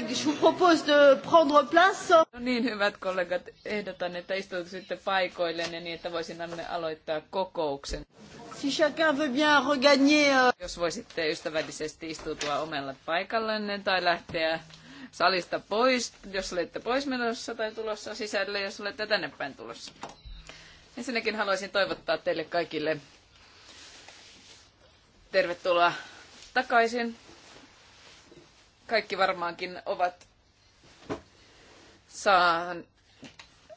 collègues, je vous propose de prendre place. No niin, hyvät kollegat, ehdotan, että istutuisitte paikoilleen niin, että voisin aloittaa kokouksen. Si chacun veut bien regagner... Euh, jos voisitte ystävällisesti istutua omalla paikallenne tai lähteä salista pois, jos olette pois menossa tai tulossa sisälle, jos olette tänne päin tulossa. Ensinnäkin haluaisin toivottaa teille kaikille tervetuloa takaisin kaikki varmaankin ovat, saan,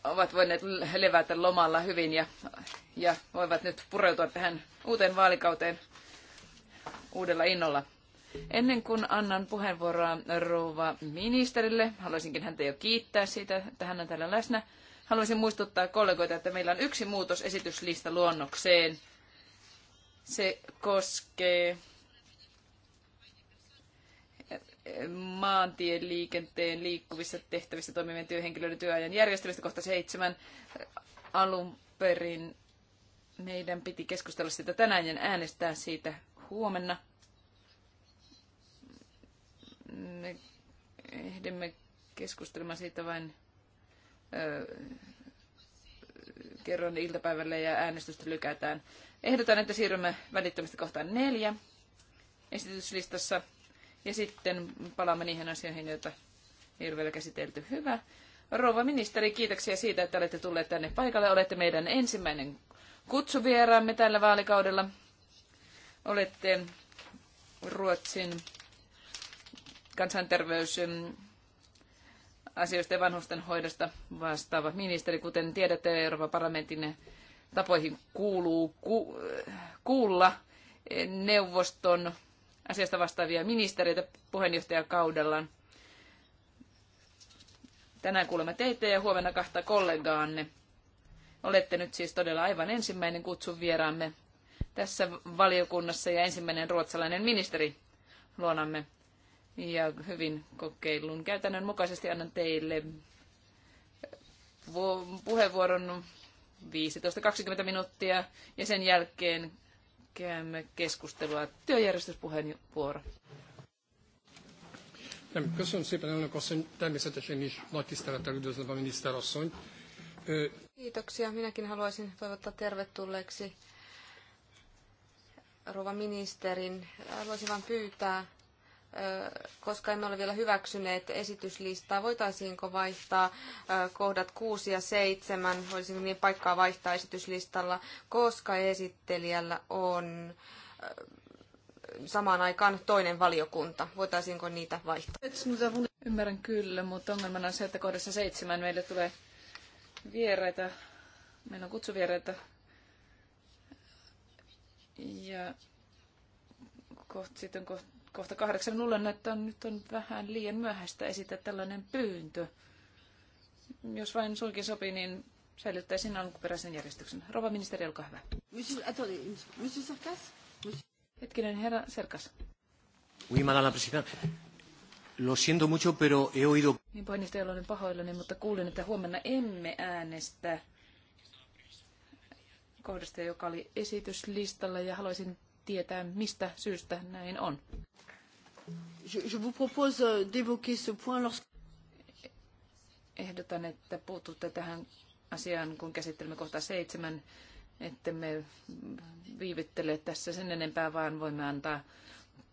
ovat voineet levätä lomalla hyvin ja, ja voivat nyt pureutua tähän uuteen vaalikauteen uudella innolla. Ennen kuin annan puheenvuoroa rouva ministerille, haluaisinkin häntä jo kiittää siitä, että hän on täällä läsnä. Haluaisin muistuttaa kollegoita, että meillä on yksi muutosesityslista luonnokseen. Se koskee maantien liikenteen liikkuvissa tehtävissä toimivien työhenkilöiden työajan järjestelystä kohta seitsemän. Alun perin meidän piti keskustella sitä tänään ja äänestää siitä huomenna. Me ehdimme keskustelemaan siitä vain ö, kerran iltapäivälle ja äänestystä lykätään. Ehdotan, että siirrymme välittömästi kohtaan neljä esityslistassa ja sitten palaamme niihin asioihin, joita ei ole vielä käsitelty. Hyvä. Rouva ministeri, kiitoksia siitä, että olette tulleet tänne paikalle. Olette meidän ensimmäinen kutsuvieraamme tällä vaalikaudella. Olette Ruotsin kansanterveysasioista ja vanhusten hoidosta vastaava ministeri. Kuten tiedätte, Euroopan parlamentin tapoihin kuuluu ku, kuulla neuvoston asiasta vastaavia ministereitä puheenjohtajakaudellaan. Tänään kuulemme teitä ja huomenna kahta kollegaanne. Olette nyt siis todella aivan ensimmäinen kutsun vieraamme tässä valiokunnassa ja ensimmäinen ruotsalainen ministeri luonamme. Ja hyvin kokeilun käytännön mukaisesti annan teille puheenvuoron 15-20 minuuttia ja sen jälkeen käymme keskustelua. Työjärjestyspuheenvuoro. Nem, köszönöm szépen, elnök asszony. Természetesen is nagy tisztelettel üdvözlöm a miniszterasszonyt. Kiitoksia. Minäkin haluaisin toivottaa tervetulleeksi rouva ministerin. Haluaisin vain pyytää, koska emme ole vielä hyväksyneet esityslistaa, voitaisiinko vaihtaa kohdat 6 ja 7, olisi niin paikkaa vaihtaa esityslistalla, koska esittelijällä on samaan aikaan toinen valiokunta. Voitaisiinko niitä vaihtaa? Ymmärrän kyllä, mutta ongelmana on se, että kohdassa 7 meille tulee vieraita, meillä on kutsuvieraita ja kohta, sitten kohta kohta kahdeksan luulen, että on, nyt on vähän liian myöhäistä esittää tällainen pyyntö. Jos vain sulkin sopii, niin säilyttäisin alkuperäisen järjestyksen. Rova ministeri, olkaa hyvä. Monsieur, attendez, Hetkinen, herra Serkas. Oui, madame la Lo siento mucho, pero he oído... Niin puheenjohtaja olen pahoillani, mutta kuulin, että huomenna emme äänestä kohdasta, joka oli esityslistalla, ja haluaisin tietää, mistä syystä näin on. Je vous propose d'évoquer ce point lorsque... Ehdotan, että puututte tähän asiaan, kun käsittelemme kohta seitsemän, että me viivittele tässä sen enempää, vaan voimme antaa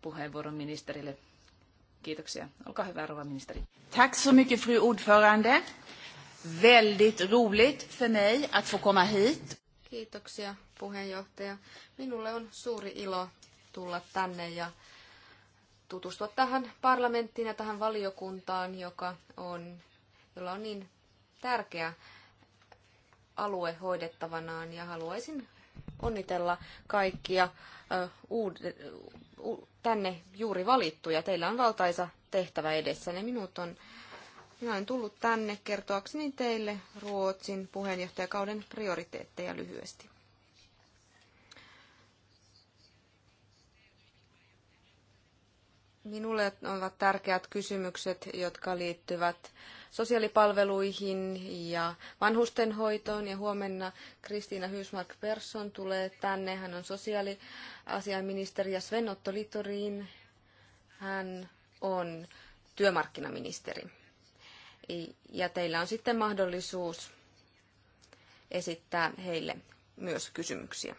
puheenvuoron ministerille. Kiitoksia. Olkaa hyvä, rouva ministeri. Tack så mycket, fru ordförande. Väldigt roligt för mig att få komma hit. Kiitoksia puheenjohtaja. Minulle on suuri ilo tulla tänne ja tutustua tähän parlamenttiin ja tähän valiokuntaan, joka on, jolla on niin tärkeä alue hoidettavanaan ja haluaisin onnitella kaikkia tänne juuri valittuja. Teillä on valtaisa tehtävä Ne Minut on, minä olen tullut tänne kertoakseni teille Ruotsin puheenjohtajakauden prioriteetteja lyhyesti. Minulle ovat tärkeät kysymykset, jotka liittyvät sosiaalipalveluihin ja vanhustenhoitoon. Ja huomenna Kristiina Hysmark Persson tulee tänne. Hän on sosiaaliasiaministeri ja Sven Otto Litorin. Hän on työmarkkinaministeri. Ja teillä on sitten mahdollisuus esittää heille myös kysymyksiä.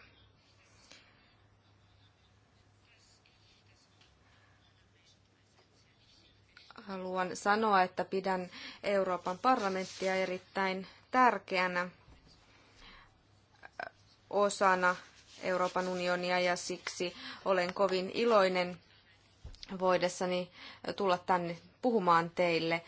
haluan sanoa, että pidän Euroopan parlamenttia erittäin tärkeänä osana Euroopan unionia ja siksi olen kovin iloinen voidessani tulla tänne puhumaan teille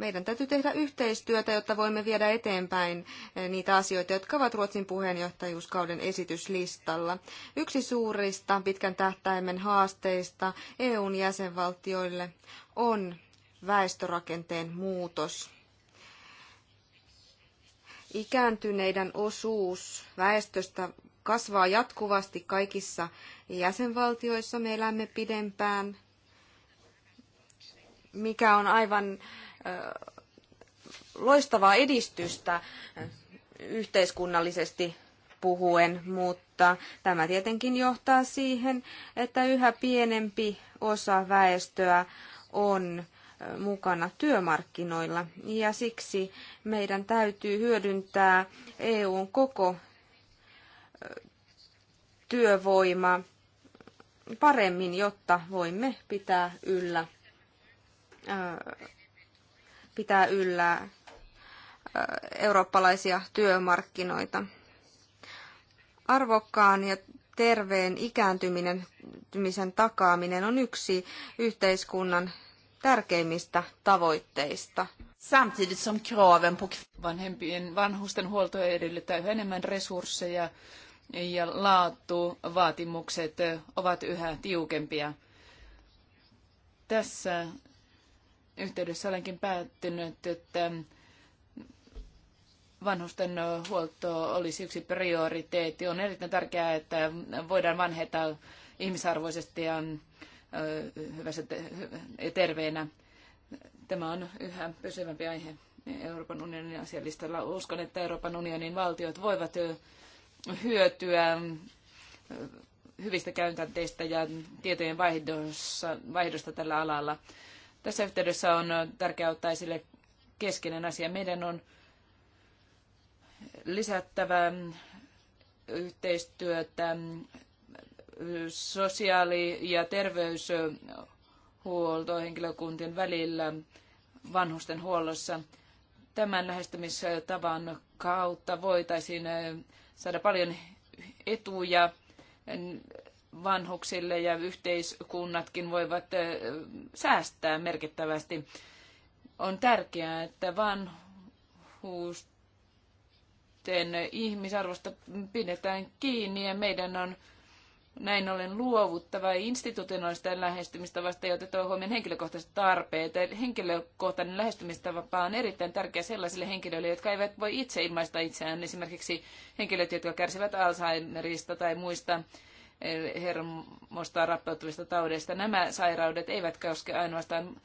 Meidän täytyy tehdä yhteistyötä, jotta voimme viedä eteenpäin eh, niitä asioita, jotka ovat Ruotsin puheenjohtajuuskauden esityslistalla. Yksi suurista pitkän tähtäimen haasteista EUn jäsenvaltioille on väestörakenteen muutos ikääntyneiden osuus väestöstä kasvaa jatkuvasti kaikissa jäsenvaltioissa. Me elämme pidempään, mikä on aivan loistavaa edistystä yhteiskunnallisesti puhuen, mutta tämä tietenkin johtaa siihen, että yhä pienempi osa väestöä on mukana työmarkkinoilla ja siksi meidän täytyy hyödyntää EUn koko työvoima paremmin, jotta voimme pitää yllä pitää yllä eurooppalaisia työmarkkinoita. Arvokkaan ja terveen ikääntymisen takaaminen on yksi yhteiskunnan tärkeimmistä tavoitteista. Samtidigt som kraven på vanhempien vanhusten huolto edellyttää yhä enemmän resursseja ja laatuvaatimukset ovat yhä tiukempia. Tässä yhteydessä olenkin päättynyt, että vanhusten huolto olisi yksi prioriteetti. On erittäin tärkeää, että voidaan vanheta ihmisarvoisesti ja hyvässä terveenä. Tämä on yhä pysyvämpi aihe Euroopan unionin asialistalla. Uskon, että Euroopan unionin valtiot voivat hyötyä hyvistä käytänteistä ja tietojen vaihdosta tällä alalla. Tässä yhteydessä on tärkeää ottaa esille keskeinen asia. Meidän on lisättävä yhteistyötä sosiaali- ja terveyshuoltohenkilökuntien välillä huollossa. Tämän lähestymistavan kautta voitaisiin saada paljon etuja vanhuksille ja yhteiskunnatkin voivat säästää merkittävästi. On tärkeää, että vanhuusten ihmisarvosta pidetään kiinni ja meidän on näin ollen luovuttava institutionaalista lähestymistä vasta ja otettava huomioon henkilökohtaiset tarpeet. Henkilökohtainen lähestymistapa on erittäin tärkeä sellaisille henkilöille, jotka eivät voi itse ilmaista itseään, esimerkiksi henkilöt, jotka kärsivät Alzheimerista tai muista hermostoa rappeutuvista taudeista. Nämä sairaudet eivät koske ainoastaan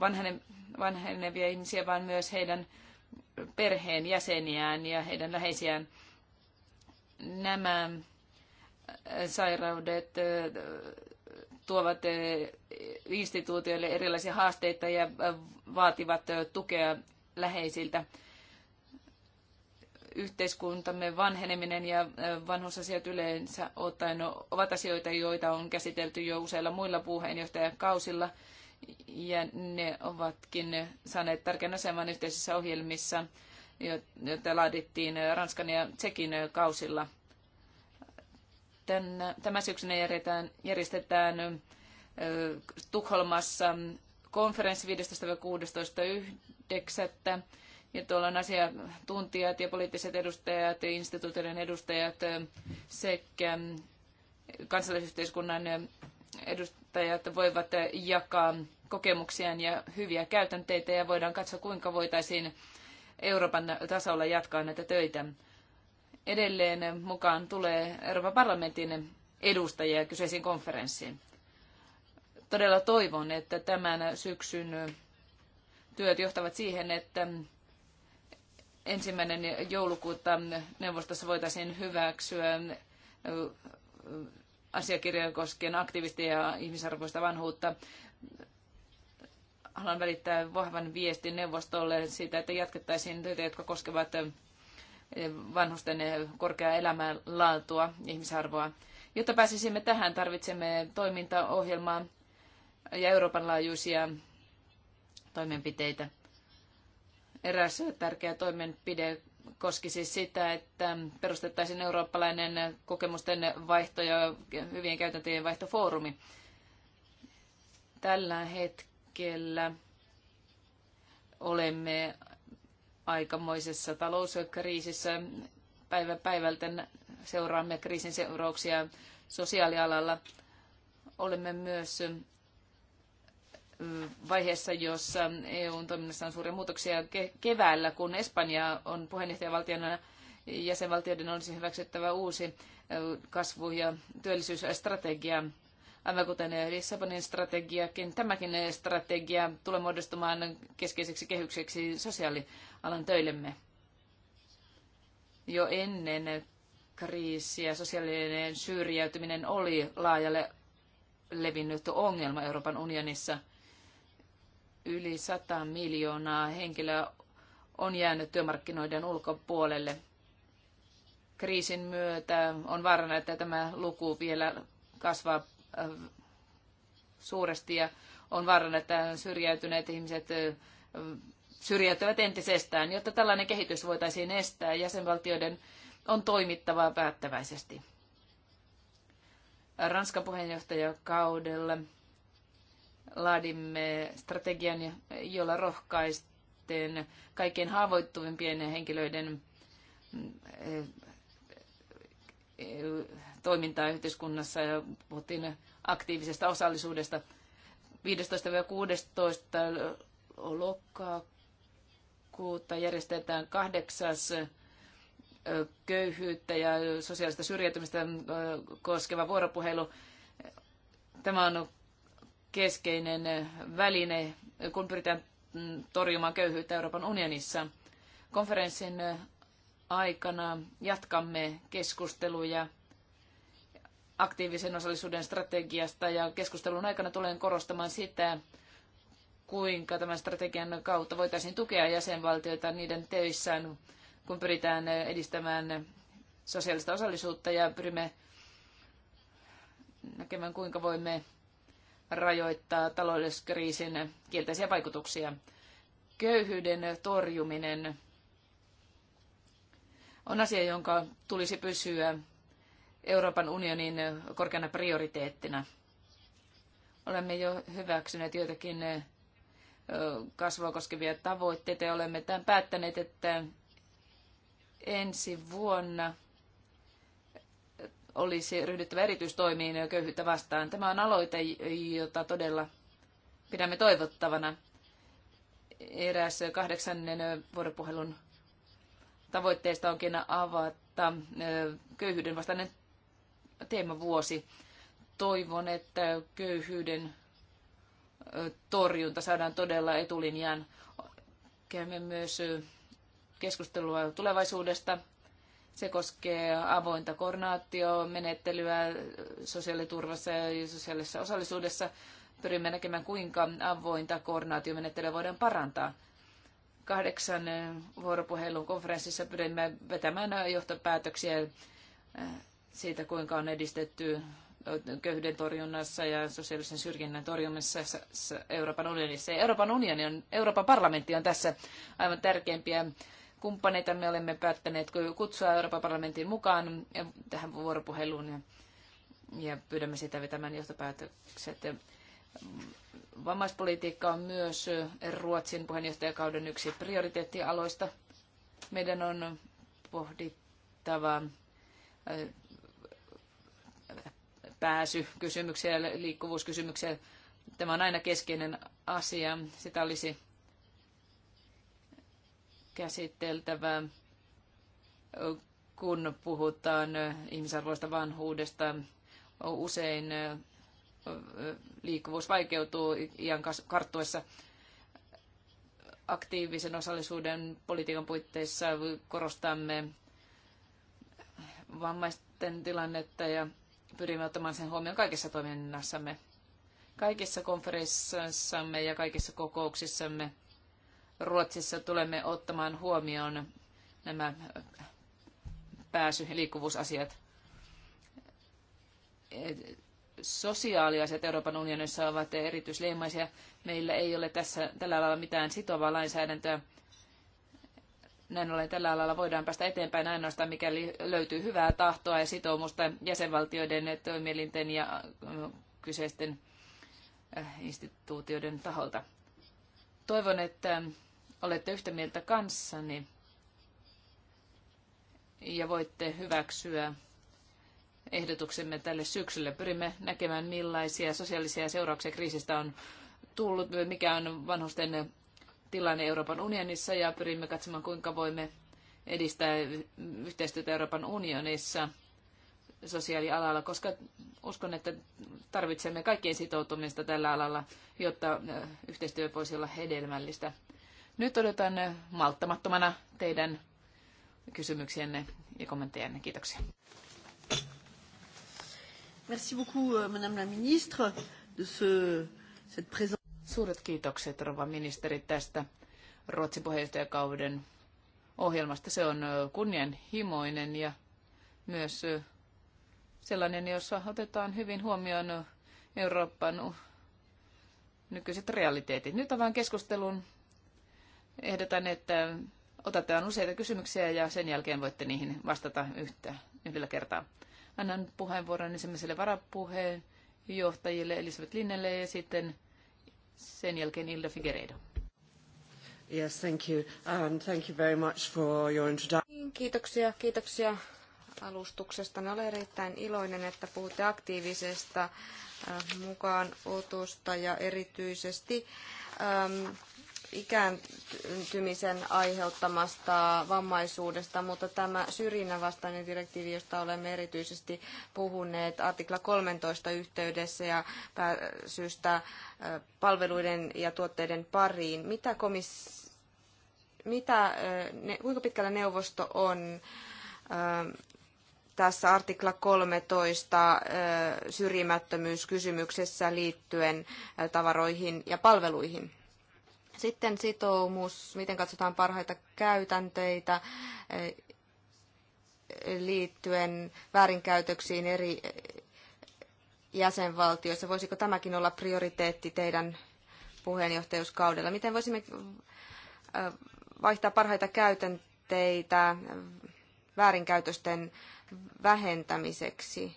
vanhene, vanhenevia ihmisiä, vaan myös heidän perheen jäseniään ja heidän läheisiään. Nämä äh, sairaudet äh, tuovat äh, instituutioille erilaisia haasteita ja vaativat tukea läheisiltä yhteiskuntamme vanheneminen ja vanhusasiat yleensä ottaen ovat asioita, joita on käsitelty jo useilla muilla puheenjohtajakausilla. Ja ne ovatkin saaneet tärkeän aseman yhteisissä ohjelmissa, joita laadittiin Ranskan ja Tsekin kausilla. Tänä, tämä syksynä järjestetään, järjestetään Tukholmassa konferenssi 15.16.9 ja tuolla on asiantuntijat ja poliittiset edustajat, instituutioiden edustajat sekä kansalaisyhteiskunnan edustajat voivat jakaa kokemuksiaan ja hyviä käytänteitä ja voidaan katsoa, kuinka voitaisiin Euroopan tasolla jatkaa näitä töitä. Edelleen mukaan tulee Euroopan parlamentin edustajia kyseisiin konferenssiin. Todella toivon, että tämän syksyn työt johtavat siihen, että ensimmäinen joulukuuta neuvostossa voitaisiin hyväksyä asiakirja koskien aktivistia ja ihmisarvoista vanhuutta. Haluan välittää vahvan viestin neuvostolle siitä, että jatkettaisiin töitä, jotka koskevat vanhusten korkeaa elämänlaatua, ihmisarvoa. Jotta pääsisimme tähän, tarvitsemme toimintaohjelmaa ja Euroopan laajuisia toimenpiteitä. Eräs tärkeä toimenpide koskisi siis sitä, että perustettaisiin eurooppalainen kokemusten vaihto ja hyvien käytäntöjen vaihtofoorumi. Tällä hetkellä olemme aikamoisessa talouskriisissä. Päivä päivältä seuraamme kriisin seurauksia sosiaalialalla. Olemme myös vaiheessa, jossa EUn toiminnassa on suuria muutoksia keväällä, kun Espanja on puheenjohtajavaltiona jäsenvaltioiden olisi hyväksyttävä uusi kasvu- ja työllisyysstrategia. Aivan kuten Lissabonin strategiakin, tämäkin strategia tulee muodostumaan keskeiseksi kehykseksi sosiaalialan töillemme. Jo ennen kriisiä sosiaalinen syrjäytyminen oli laajalle levinnyt ongelma Euroopan unionissa – yli 100 miljoonaa henkilöä on jäänyt työmarkkinoiden ulkopuolelle. Kriisin myötä on vaarana, että tämä luku vielä kasvaa äh, suuresti ja on vaarana, että syrjäytyneet ihmiset äh, syrjäytyvät entisestään. Jotta tällainen kehitys voitaisiin estää, jäsenvaltioiden on toimittava päättäväisesti. Ranskan puheenjohtajakaudella kaudella laadimme strategian, jolla rohkaisten kaikkein haavoittuvimpien henkilöiden eh, toimintaa yhteiskunnassa ja puhuttiin aktiivisesta osallisuudesta 15-16 lokakuuta järjestetään kahdeksas eh, köyhyyttä ja sosiaalista syrjäytymistä eh, koskeva vuoropuhelu. Tämä on keskeinen väline, kun pyritään mm, torjumaan köyhyyttä Euroopan unionissa. Konferenssin aikana jatkamme keskusteluja aktiivisen osallisuuden strategiasta ja keskustelun aikana tulen korostamaan sitä, kuinka tämän strategian kautta voitaisiin tukea jäsenvaltioita niiden töissään, kun pyritään edistämään sosiaalista osallisuutta ja pyrimme näkemään, kuinka voimme rajoittaa kriisin kielteisiä vaikutuksia. Köyhyyden torjuminen on asia, jonka tulisi pysyä Euroopan unionin korkeana prioriteettina. Olemme jo hyväksyneet joitakin kasvua koskevia tavoitteita ja olemme tämän päättäneet, että ensi vuonna olisi ryhdyttävä erityistoimiin köyhyyttä vastaan. Tämä on aloite, jota todella pidämme toivottavana. Eräs kahdeksannen vuoropuhelun tavoitteista onkin avata köyhyyden vastainen teemavuosi. Toivon, että köyhyyden torjunta saadaan todella etulinjaan. Käymme myös keskustelua tulevaisuudesta – se koskee avointa koordinaatiomenettelyä sosiaaliturvassa ja sosiaalisessa osallisuudessa. Pyrimme näkemään, kuinka avointa koordinaatiomenettelyä voidaan parantaa. Kahdeksan vuoropuhelun konferenssissa pyrimme vetämään johtopäätöksiä äh, siitä, kuinka on edistetty köyhyyden torjunnassa ja sosiaalisen syrjinnän torjumisessa Euroopan unionissa. Euroopan unioni on, Euroopan parlamentti on tässä aivan tärkeimpiä kumppaneita me olemme päättäneet kutsua Euroopan parlamentin mukaan tähän vuoropuheluun ja pyydämme sitä vetämään johtopäätökset. Vammaispolitiikka on myös Ruotsin puheenjohtajakauden yksi prioriteettialoista. Meidän on pohdittava äh, pääsykysymyksiä, liikkuvuuskysymyksiä. Tämä on aina keskeinen asia. Sitä olisi käsiteltävä, kun puhutaan ihmisarvoista vanhuudesta. Usein liikkuvuus vaikeutuu iän karttuessa aktiivisen osallisuuden politiikan puitteissa korostamme vammaisten tilannetta ja pyrimme ottamaan sen huomioon kaikessa toiminnassamme, kaikissa konferenssissamme ja kaikissa kokouksissamme Ruotsissa tulemme ottamaan huomioon nämä pääsy- ja liikkuvuusasiat. Sosiaaliasiat Euroopan unionissa ovat erityisleimaisia. Meillä ei ole tässä, tällä alalla mitään sitovaa lainsäädäntöä. Näin ollen tällä alalla voidaan päästä eteenpäin ainoastaan, mikäli löytyy hyvää tahtoa ja sitoumusta jäsenvaltioiden, toimielinten ja kyseisten instituutioiden taholta. Toivon, että olette yhtä mieltä kanssani ja voitte hyväksyä ehdotuksemme tälle syksylle. Pyrimme näkemään, millaisia sosiaalisia seurauksia kriisistä on tullut, mikä on vanhusten tilanne Euroopan unionissa ja pyrimme katsomaan, kuinka voimme edistää yhteistyötä Euroopan unionissa sosiaalialalla, koska uskon, että tarvitsemme kaikkien sitoutumista tällä alalla, jotta yhteistyö voisi olla hedelmällistä. Nyt odotan malttamattomana teidän kysymyksienne ja kommenttejanne. Kiitoksia. Merci beaucoup, euh, Madame la Ministre, de ce, cette présence. Suuret kiitokset, rouva ministeri, tästä Ruotsin puheenjohtajakauden ohjelmasta. Se on kunnianhimoinen ja myös sellainen, jossa otetaan hyvin huomioon Euroopan nykyiset realiteetit. Nyt avaan keskustelun Ehdotan, että otetaan useita kysymyksiä ja sen jälkeen voitte niihin vastata yhtä, yhdellä kertaa. Annan puheenvuoron ensimmäiselle varapuheenjohtajille Elisabeth Linnelle ja sitten sen jälkeen Ilda Figueredo. Yes, thank you. Um, thank you very much for your introduction. Niin, kiitoksia, kiitoksia alustuksesta. Olen erittäin iloinen, että puhutte aktiivisesta äh, mukaan otosta ja erityisesti ähm, ikääntymisen aiheuttamasta vammaisuudesta, mutta tämä syrjinnän vastainen direktiivi, josta olemme erityisesti puhuneet artikla 13 yhteydessä ja pääsystä palveluiden ja tuotteiden pariin. Mitä komiss, mitä, kuinka pitkällä neuvosto on tässä artikla 13 syrjimättömyyskysymyksessä liittyen tavaroihin ja palveluihin. Sitten sitoumus, miten katsotaan parhaita käytänteitä eh, liittyen väärinkäytöksiin eri eh, jäsenvaltioissa. Voisiko tämäkin olla prioriteetti teidän puheenjohtajuuskaudella? Miten voisimme eh, vaihtaa parhaita käytänteitä väärinkäytösten vähentämiseksi?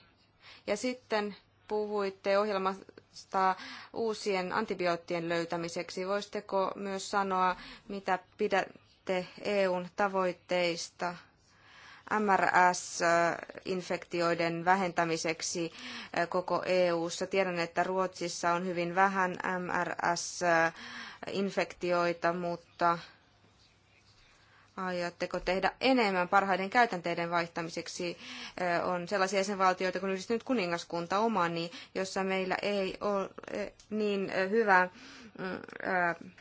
Ja sitten puhuitte ohjelma vastaa uusien antibioottien löytämiseksi. Voisitteko myös sanoa, mitä pidätte EUn tavoitteista MRS-infektioiden vähentämiseksi eh, koko EU:ssa? Tiedän, että Ruotsissa on hyvin vähän MRS-infektioita, mutta Aiotteko tehdä enemmän parhaiden käytänteiden vaihtamiseksi? On sellaisia jäsenvaltioita kuin yhdistynyt kuningaskunta omani, jossa meillä ei ole niin hyvää mm,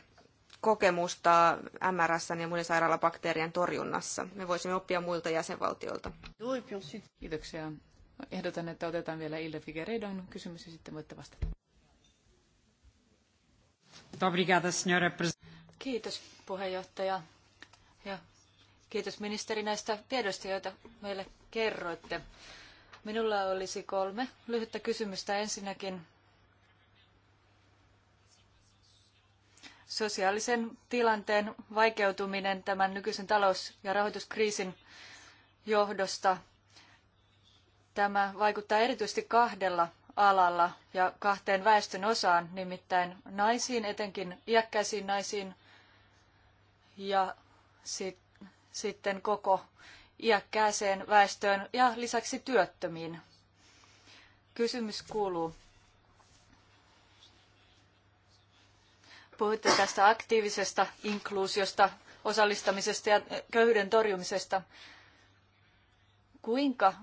kokemusta MRS ja muiden sairaalabakteerien torjunnassa. Me voisimme oppia muilta jäsenvaltioilta. Kiitoksia. Ehdotan, että otetaan vielä Ilde Figueiredon kysymys ja sitten voitte vastata. Kiitos puheenjohtaja. Ja kiitos ministeri näistä tiedoista, joita meille kerroitte. Minulla olisi kolme lyhyttä kysymystä. Ensinnäkin sosiaalisen tilanteen vaikeutuminen tämän nykyisen talous- ja rahoituskriisin johdosta. Tämä vaikuttaa erityisesti kahdella alalla ja kahteen väestön osaan, nimittäin naisiin, etenkin iäkkäisiin naisiin ja sit, sitten koko iäkkääseen väestöön ja lisäksi työttömiin. Kysymys kuuluu, puhuitte tästä aktiivisesta inkluusiosta, osallistamisesta ja köyhyyden torjumisesta. Kuinka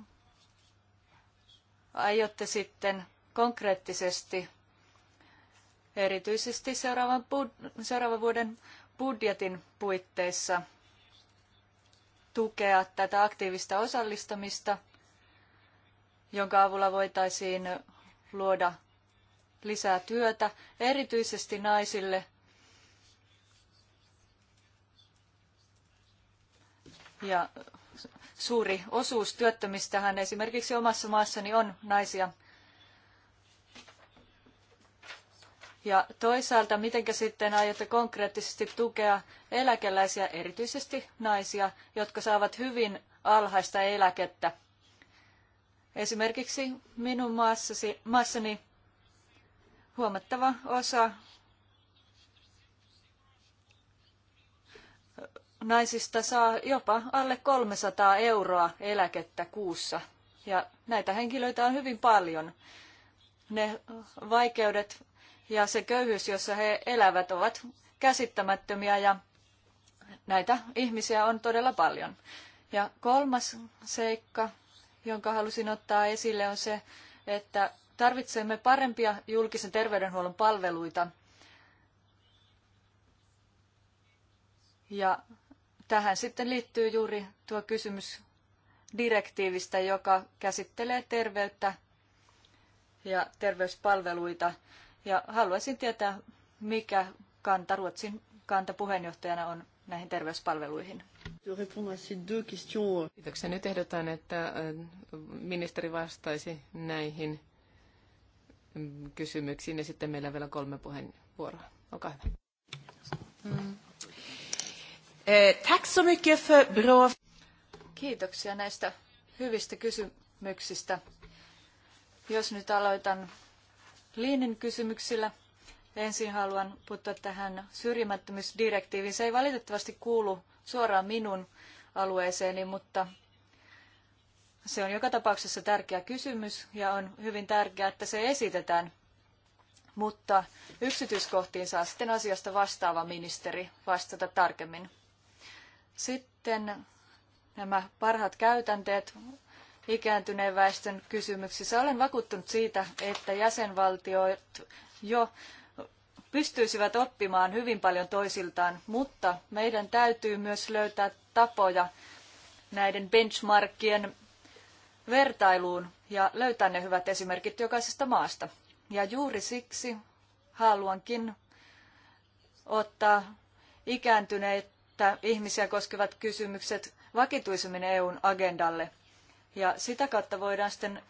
aiotte sitten konkreettisesti erityisesti seuraavan, seuraavan vuoden budjetin puitteissa tukea tätä aktiivista osallistamista, jonka avulla voitaisiin luoda lisää työtä, erityisesti naisille. Ja suuri osuus työttömistähän esimerkiksi omassa maassani on naisia Ja toisaalta, miten sitten aiotte konkreettisesti tukea eläkeläisiä, erityisesti naisia, jotka saavat hyvin alhaista eläkettä? Esimerkiksi minun maassasi, maassani huomattava osa naisista saa jopa alle 300 euroa eläkettä kuussa. Ja näitä henkilöitä on hyvin paljon. Ne vaikeudet ja se köyhyys, jossa he elävät, ovat käsittämättömiä ja näitä ihmisiä on todella paljon. Ja kolmas seikka, jonka halusin ottaa esille, on se, että tarvitsemme parempia julkisen terveydenhuollon palveluita. Ja tähän sitten liittyy juuri tuo kysymys direktiivistä, joka käsittelee terveyttä ja terveyspalveluita. Ja haluaisin tietää, mikä kanta Ruotsin kanta puheenjohtajana on näihin terveyspalveluihin. Kiitoksia. Nyt ehdotan, että äh, ministeri vastaisi näihin mm, kysymyksiin ja sitten meillä on vielä kolme puheenvuoroa. Olkaa hyvä. Mm. Äh, Kiitoksia näistä hyvistä kysymyksistä. Jos nyt aloitan Liinin kysymyksillä. Ensin haluan puuttua tähän syrjimättömyysdirektiiviin. Se ei valitettavasti kuulu suoraan minun alueeseeni, mutta se on joka tapauksessa tärkeä kysymys ja on hyvin tärkeää, että se esitetään. Mutta yksityiskohtiin saa sitten asiasta vastaava ministeri vastata tarkemmin. Sitten nämä parhaat käytänteet ikääntyneen väestön kysymyksissä. Olen vakuuttunut siitä, että jäsenvaltiot jo pystyisivät oppimaan hyvin paljon toisiltaan, mutta meidän täytyy myös löytää tapoja näiden benchmarkien vertailuun ja löytää ne hyvät esimerkit jokaisesta maasta. Ja juuri siksi haluankin ottaa ikääntyneitä ihmisiä koskevat kysymykset vakituisemmin EUn agendalle – ja sitä kautta voidaan sitten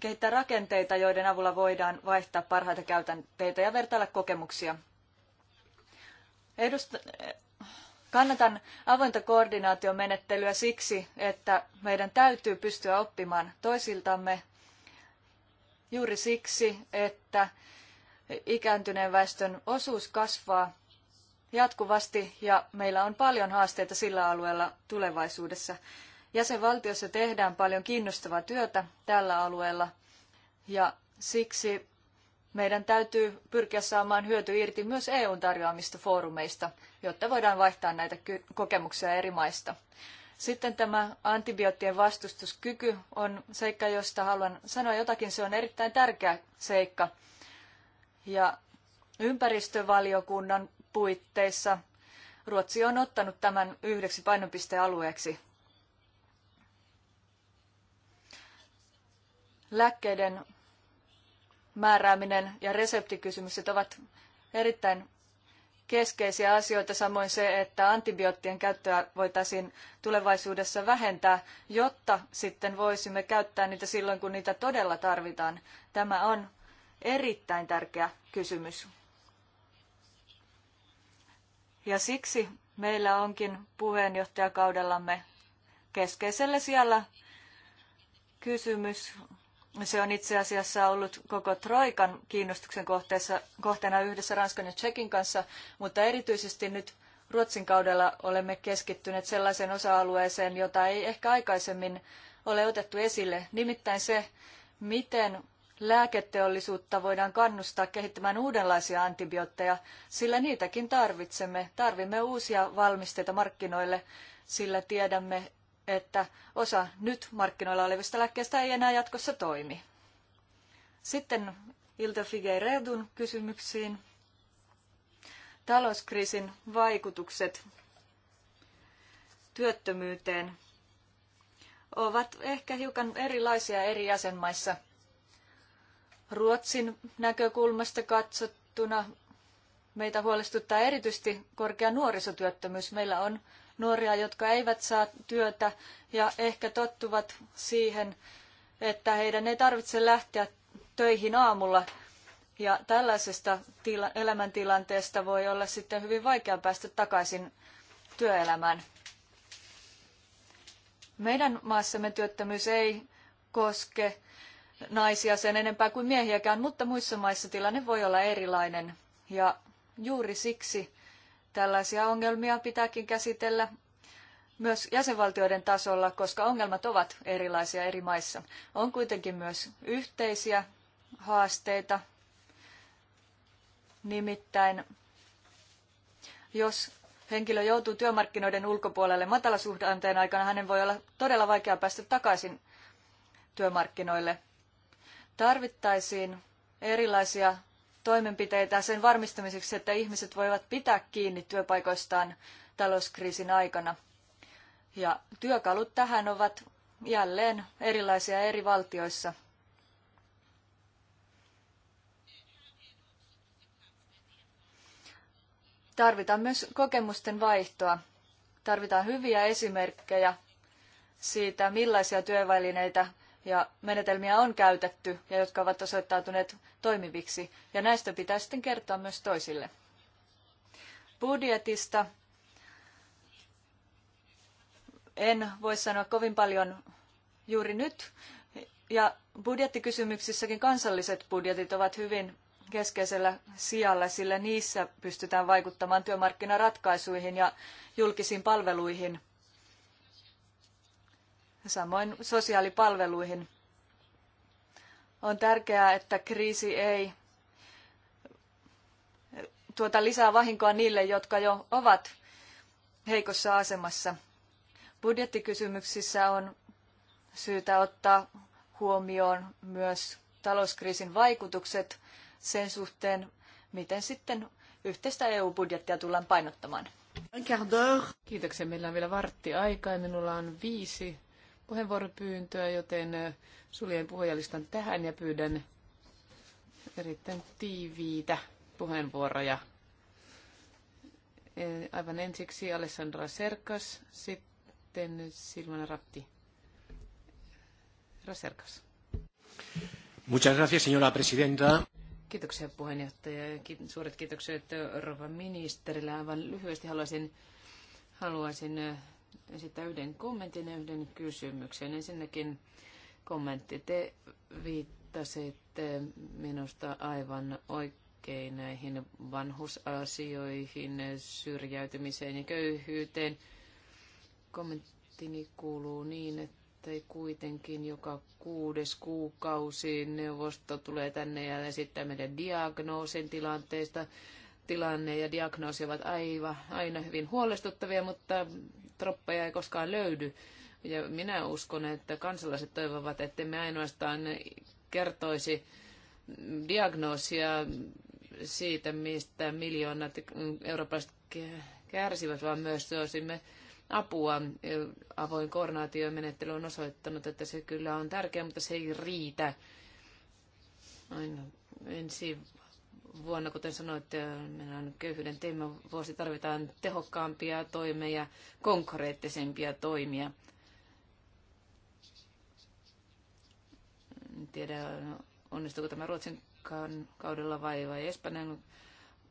kehittää rakenteita, joiden avulla voidaan vaihtaa parhaita käytänteitä ja vertailla kokemuksia. Edust- Kannatan avointa koordinaatiomenettelyä siksi, että meidän täytyy pystyä oppimaan toisiltamme juuri siksi, että ikääntyneen väestön osuus kasvaa jatkuvasti ja meillä on paljon haasteita sillä alueella tulevaisuudessa. Jäsenvaltiossa tehdään paljon kiinnostavaa työtä tällä alueella ja siksi meidän täytyy pyrkiä saamaan hyöty irti myös EUn tarjoamista foorumeista, jotta voidaan vaihtaa näitä kokemuksia eri maista. Sitten tämä antibioottien vastustuskyky on seikka, josta haluan sanoa jotakin. Se on erittäin tärkeä seikka. Ja ympäristövaliokunnan puitteissa Ruotsi on ottanut tämän yhdeksi painopistealueeksi lääkkeiden määrääminen ja reseptikysymykset ovat erittäin keskeisiä asioita, samoin se, että antibioottien käyttöä voitaisiin tulevaisuudessa vähentää, jotta sitten voisimme käyttää niitä silloin, kun niitä todella tarvitaan. Tämä on erittäin tärkeä kysymys. Ja siksi meillä onkin puheenjohtajakaudellamme keskeisellä siellä kysymys se on itse asiassa ollut koko Troikan kiinnostuksen kohteessa, kohteena yhdessä Ranskan ja Tsekin kanssa, mutta erityisesti nyt Ruotsin kaudella olemme keskittyneet sellaiseen osa-alueeseen, jota ei ehkä aikaisemmin ole otettu esille, nimittäin se, miten lääketeollisuutta voidaan kannustaa kehittämään uudenlaisia antibiootteja, sillä niitäkin tarvitsemme. Tarvimme uusia valmisteita markkinoille, sillä tiedämme, että osa nyt markkinoilla olevista lääkkeistä ei enää jatkossa toimi. Sitten Ilta Figueiredun kysymyksiin. Talouskriisin vaikutukset työttömyyteen ovat ehkä hiukan erilaisia eri jäsenmaissa. Ruotsin näkökulmasta katsottuna meitä huolestuttaa erityisesti korkea nuorisotyöttömyys. Meillä on nuoria, jotka eivät saa työtä ja ehkä tottuvat siihen, että heidän ei tarvitse lähteä töihin aamulla. Ja tällaisesta tila- elämäntilanteesta voi olla sitten hyvin vaikea päästä takaisin työelämään. Meidän maassamme työttömyys ei koske naisia sen enempää kuin miehiäkään, mutta muissa maissa tilanne voi olla erilainen. Ja juuri siksi Tällaisia ongelmia pitääkin käsitellä myös jäsenvaltioiden tasolla, koska ongelmat ovat erilaisia eri maissa. On kuitenkin myös yhteisiä haasteita. Nimittäin, jos henkilö joutuu työmarkkinoiden ulkopuolelle matalasuhdanteen aikana, hänen voi olla todella vaikea päästä takaisin työmarkkinoille. Tarvittaisiin erilaisia toimenpiteitä sen varmistamiseksi, että ihmiset voivat pitää kiinni työpaikoistaan talouskriisin aikana. Ja työkalut tähän ovat jälleen erilaisia eri valtioissa. Tarvitaan myös kokemusten vaihtoa. Tarvitaan hyviä esimerkkejä siitä, millaisia työvälineitä ja menetelmiä on käytetty ja jotka ovat osoittautuneet toimiviksi. Ja näistä pitää sitten kertoa myös toisille. Budjetista en voi sanoa kovin paljon juuri nyt. Ja budjettikysymyksissäkin kansalliset budjetit ovat hyvin keskeisellä sijalla, sillä niissä pystytään vaikuttamaan työmarkkinaratkaisuihin ja julkisiin palveluihin – samoin sosiaalipalveluihin. On tärkeää, että kriisi ei tuota lisää vahinkoa niille, jotka jo ovat heikossa asemassa. Budjettikysymyksissä on syytä ottaa huomioon myös talouskriisin vaikutukset sen suhteen, miten sitten yhteistä EU-budjettia tullaan painottamaan. Kiitoksia. Meillä on vielä vartti aikaa ja minulla on viisi puheenvuoropyyntöä, joten suljen puhujalistan tähän ja pyydän erittäin tiiviitä puheenvuoroja. Aivan ensiksi Alessandra Serkas, sitten Silvana Ratti. Raserkas. Muchas gracias, señora presidenta. Kiitoksia puheenjohtaja ja suuret kiitokset rouva ministerille. Aivan lyhyesti haluaisin, haluaisin esittää yhden kommentin ja yhden kysymyksen. Ensinnäkin kommentti. Te viittasitte minusta aivan oikein näihin vanhusasioihin, syrjäytymiseen ja köyhyyteen. Kommenttini kuuluu niin, että ei kuitenkin joka kuudes kuukausi neuvosto tulee tänne ja esittää meidän diagnoosin tilanteesta. Tilanne ja diagnoosi ovat aivan, aina hyvin huolestuttavia, mutta troppeja ei koskaan löydy. Ja minä uskon, että kansalaiset toivovat, että me ainoastaan kertoisi diagnoosia siitä, mistä miljoonat eurooppalaiset kärsivät, vaan myös suosimme apua. Avoin koordinaatiomenettely on osoittanut, että se kyllä on tärkeä, mutta se ei riitä. Aina ensi vuonna, kuten sanoitte, meillä on köyhyyden vuosi tarvitaan tehokkaampia toimia, konkreettisempia toimia. En tiedä, onnistuuko tämä Ruotsin kaudella vai, vai Espanjan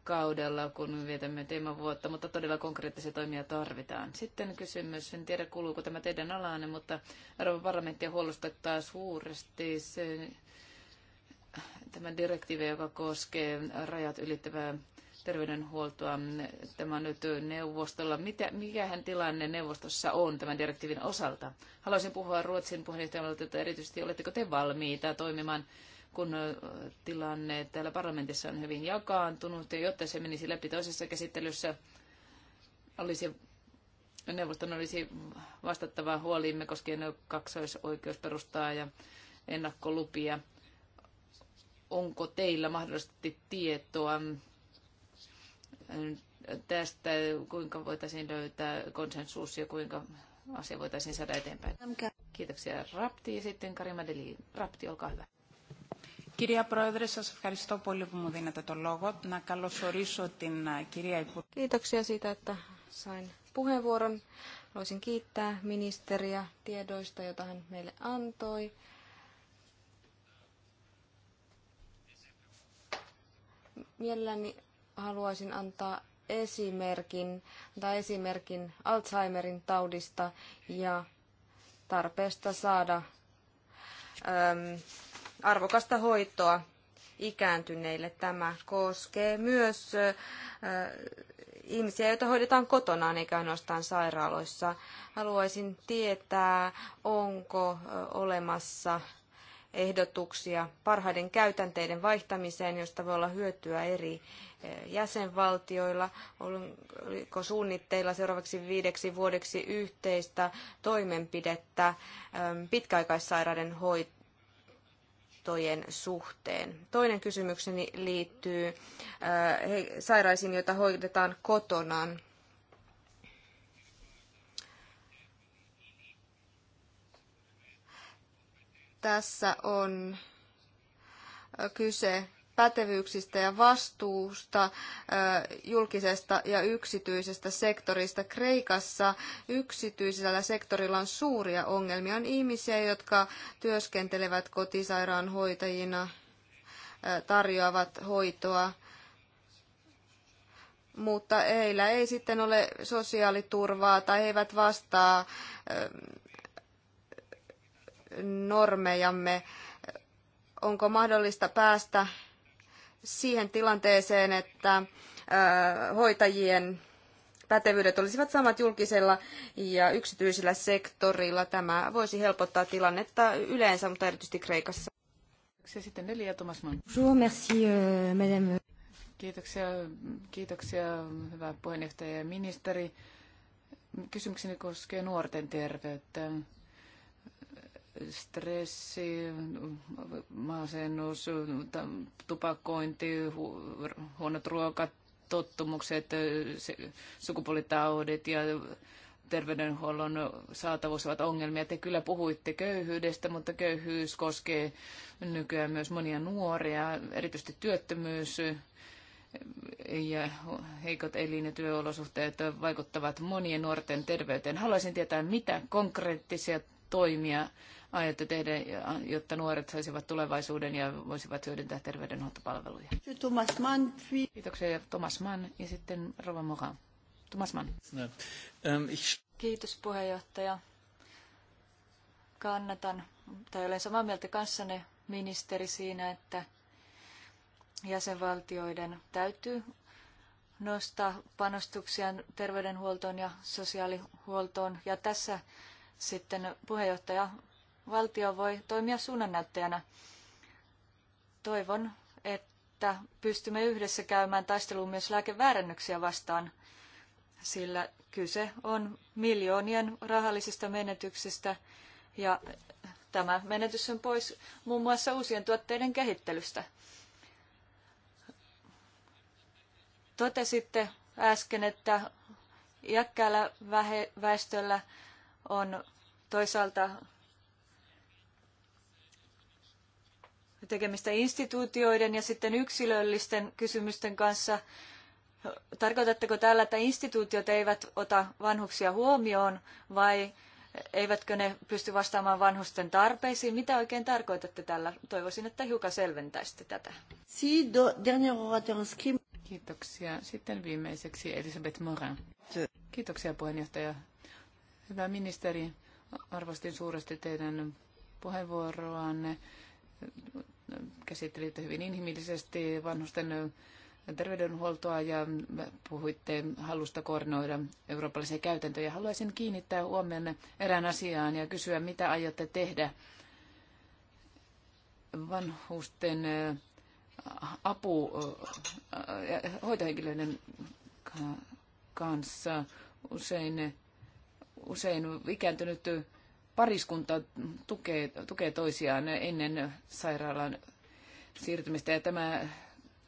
kaudella, kun vietämme vuotta, mutta todella konkreettisia toimia tarvitaan. Sitten kysymys, en tiedä kuuluuko tämä teidän alaanne, mutta Euroopan parlamenttia huolestuttaa suuresti se, tämä direktiivi, joka koskee rajat ylittävää terveydenhuoltoa. Tämä on nyt neuvostolla. Mitä, mikähän tilanne neuvostossa on tämän direktiivin osalta? Haluaisin puhua Ruotsin puheenjohtajalta, että erityisesti oletteko te valmiita toimimaan, kun tilanne täällä parlamentissa on hyvin jakaantunut, ja jotta se menisi läpi toisessa käsittelyssä, olisi neuvoston olisi vastattava huoliimme koskien kaksoisoikeusperustaa ja ennakkolupia onko teillä mahdollisesti tietoa mm, tästä, kuinka voitaisiin löytää konsensus ja kuinka asia voitaisiin saada eteenpäin. Kiitoksia Rapti ja sitten Karima Deli. Rapti, olkaa hyvä. Κυρία Πρόεδρε, σας ευχαριστώ πολύ που μου δίνετε το λόγο. Να καλωσορίσω την κυρία Kiitoksia siitä, että sain puheenvuoron. Haluaisin kiittää ministeriä tiedoista, joita hän meille antoi. Mielelläni haluaisin antaa esimerkin, tai esimerkin Alzheimerin taudista ja tarpeesta saada äm, arvokasta hoitoa ikääntyneille. Tämä koskee myös äh, ihmisiä, joita hoidetaan kotonaan eikä ainoastaan sairaaloissa. Haluaisin tietää, onko olemassa ehdotuksia parhaiden käytänteiden vaihtamiseen, josta voi olla hyötyä eri eh, jäsenvaltioilla. Oliko suunnitteilla seuraavaksi viideksi vuodeksi yhteistä toimenpidettä ehm, pitkäaikaissairaiden hoitojen suhteen. Toinen kysymykseni liittyy eh, sairaisiin, joita hoidetaan kotonaan. Tässä on kyse pätevyyksistä ja vastuusta julkisesta ja yksityisestä sektorista. Kreikassa yksityisellä sektorilla on suuria ongelmia. On ihmisiä, jotka työskentelevät kotisairaanhoitajina, tarjoavat hoitoa, mutta heillä ei sitten ole sosiaaliturvaa tai he eivät vastaa normejamme. Onko mahdollista päästä siihen tilanteeseen, että hoitajien pätevyydet olisivat samat julkisella ja yksityisellä sektorilla. Tämä voisi helpottaa tilannetta yleensä, mutta erityisesti Kreikassa. Kiitoksia sitten Nelia euh, madame. Kiitoksia, kiitoksia hyvä puheenjohtaja ja ministeri. Kysymykseni koskee nuorten terveyttä stressi, masennus, tupakointi, huonot ruokatottumukset, sukupuolitaudit ja terveydenhuollon saatavuus ovat ongelmia. Te kyllä puhuitte köyhyydestä, mutta köyhyys koskee nykyään myös monia nuoria, erityisesti työttömyys ja heikot elin- ja työolosuhteet vaikuttavat monien nuorten terveyteen. Haluaisin tietää, mitä konkreettisia toimia aiotte tehdä, jotta nuoret saisivat tulevaisuuden ja voisivat hyödyntää terveydenhuoltopalveluja? Thomas Mann. Kiitoksia Thomas Mann ja sitten Rova Moha. Thomas Mann. Ähm, Kiitos puheenjohtaja. Kannatan, tai olen samaa mieltä kanssanne ministeri siinä, että jäsenvaltioiden täytyy nostaa panostuksia terveydenhuoltoon ja sosiaalihuoltoon. Ja tässä sitten puheenjohtaja valtio voi toimia suunnannäyttäjänä. Toivon, että pystymme yhdessä käymään taisteluun myös lääkeväärännyksiä vastaan, sillä kyse on miljoonien rahallisista menetyksistä ja tämä menetys on pois muun muassa uusien tuotteiden kehittelystä. Totesitte äsken, että iäkkäällä väestöllä on toisaalta tekemistä instituutioiden ja sitten yksilöllisten kysymysten kanssa. Tarkoitatteko tällä, että instituutiot eivät ota vanhuksia huomioon vai eivätkö ne pysty vastaamaan vanhusten tarpeisiin? Mitä oikein tarkoitatte tällä? Toivoisin, että hiukan selventäisitte tätä. Kiitoksia. Sitten viimeiseksi Elisabeth Morin. Kiitoksia puheenjohtaja. Hyvä ministeri, arvostin suuresti teidän puheenvuoroanne käsittelitte hyvin inhimillisesti vanhusten terveydenhuoltoa ja puhuitte halusta koordinoida eurooppalaisia käytäntöjä. Haluaisin kiinnittää huomenna erään asiaan ja kysyä, mitä aiotte tehdä vanhusten äh, apu äh, hoitohenkilöiden kanssa. Usein, usein ikääntynyt pariskunta tukee, tukee toisiaan ennen sairaalan siirtymistä ja tämä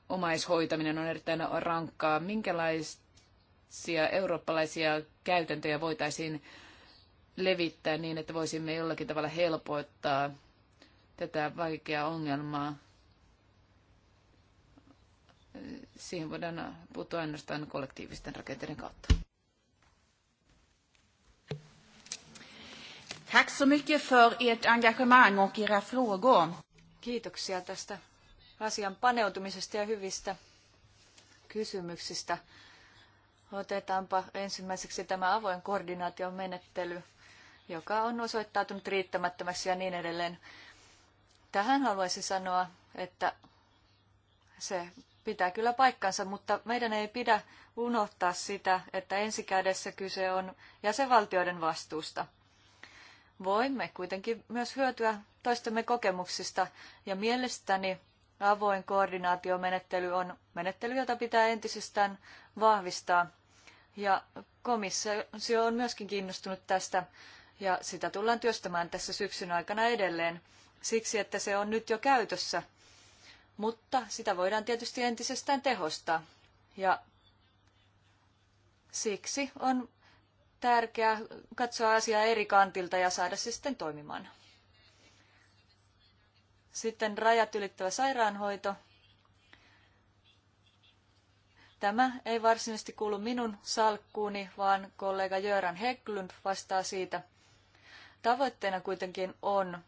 omaishoitaminen on erittäin rankkaa. Minkälaisia eurooppalaisia käytäntöjä voitaisiin levittää niin, että voisimme jollakin tavalla helpoittaa tätä vaikeaa ongelmaa? Siihen voidaan puuttua ainoastaan kollektiivisten rakenteiden kautta. Tack så mycket för ert engagemang och era frågor. Kiitoksia tästä asian paneutumisesta ja hyvistä kysymyksistä. Otetaanpa ensimmäiseksi tämä avoin menettely, joka on osoittautunut riittämättömäksi ja niin edelleen. Tähän haluaisin sanoa, että se pitää kyllä paikkansa, mutta meidän ei pidä unohtaa sitä, että ensikädessä kyse on jäsenvaltioiden vastuusta – voimme kuitenkin myös hyötyä toistemme kokemuksista ja mielestäni avoin koordinaatiomenettely on menettely, jota pitää entisestään vahvistaa. Ja komissio on myöskin kiinnostunut tästä ja sitä tullaan työstämään tässä syksyn aikana edelleen siksi, että se on nyt jo käytössä. Mutta sitä voidaan tietysti entisestään tehostaa. Ja siksi on tärkeää katsoa asiaa eri kantilta ja saada se sitten toimimaan. Sitten rajat ylittävä sairaanhoito. Tämä ei varsinaisesti kuulu minun salkkuuni, vaan kollega Jöran Hecklund vastaa siitä. Tavoitteena kuitenkin on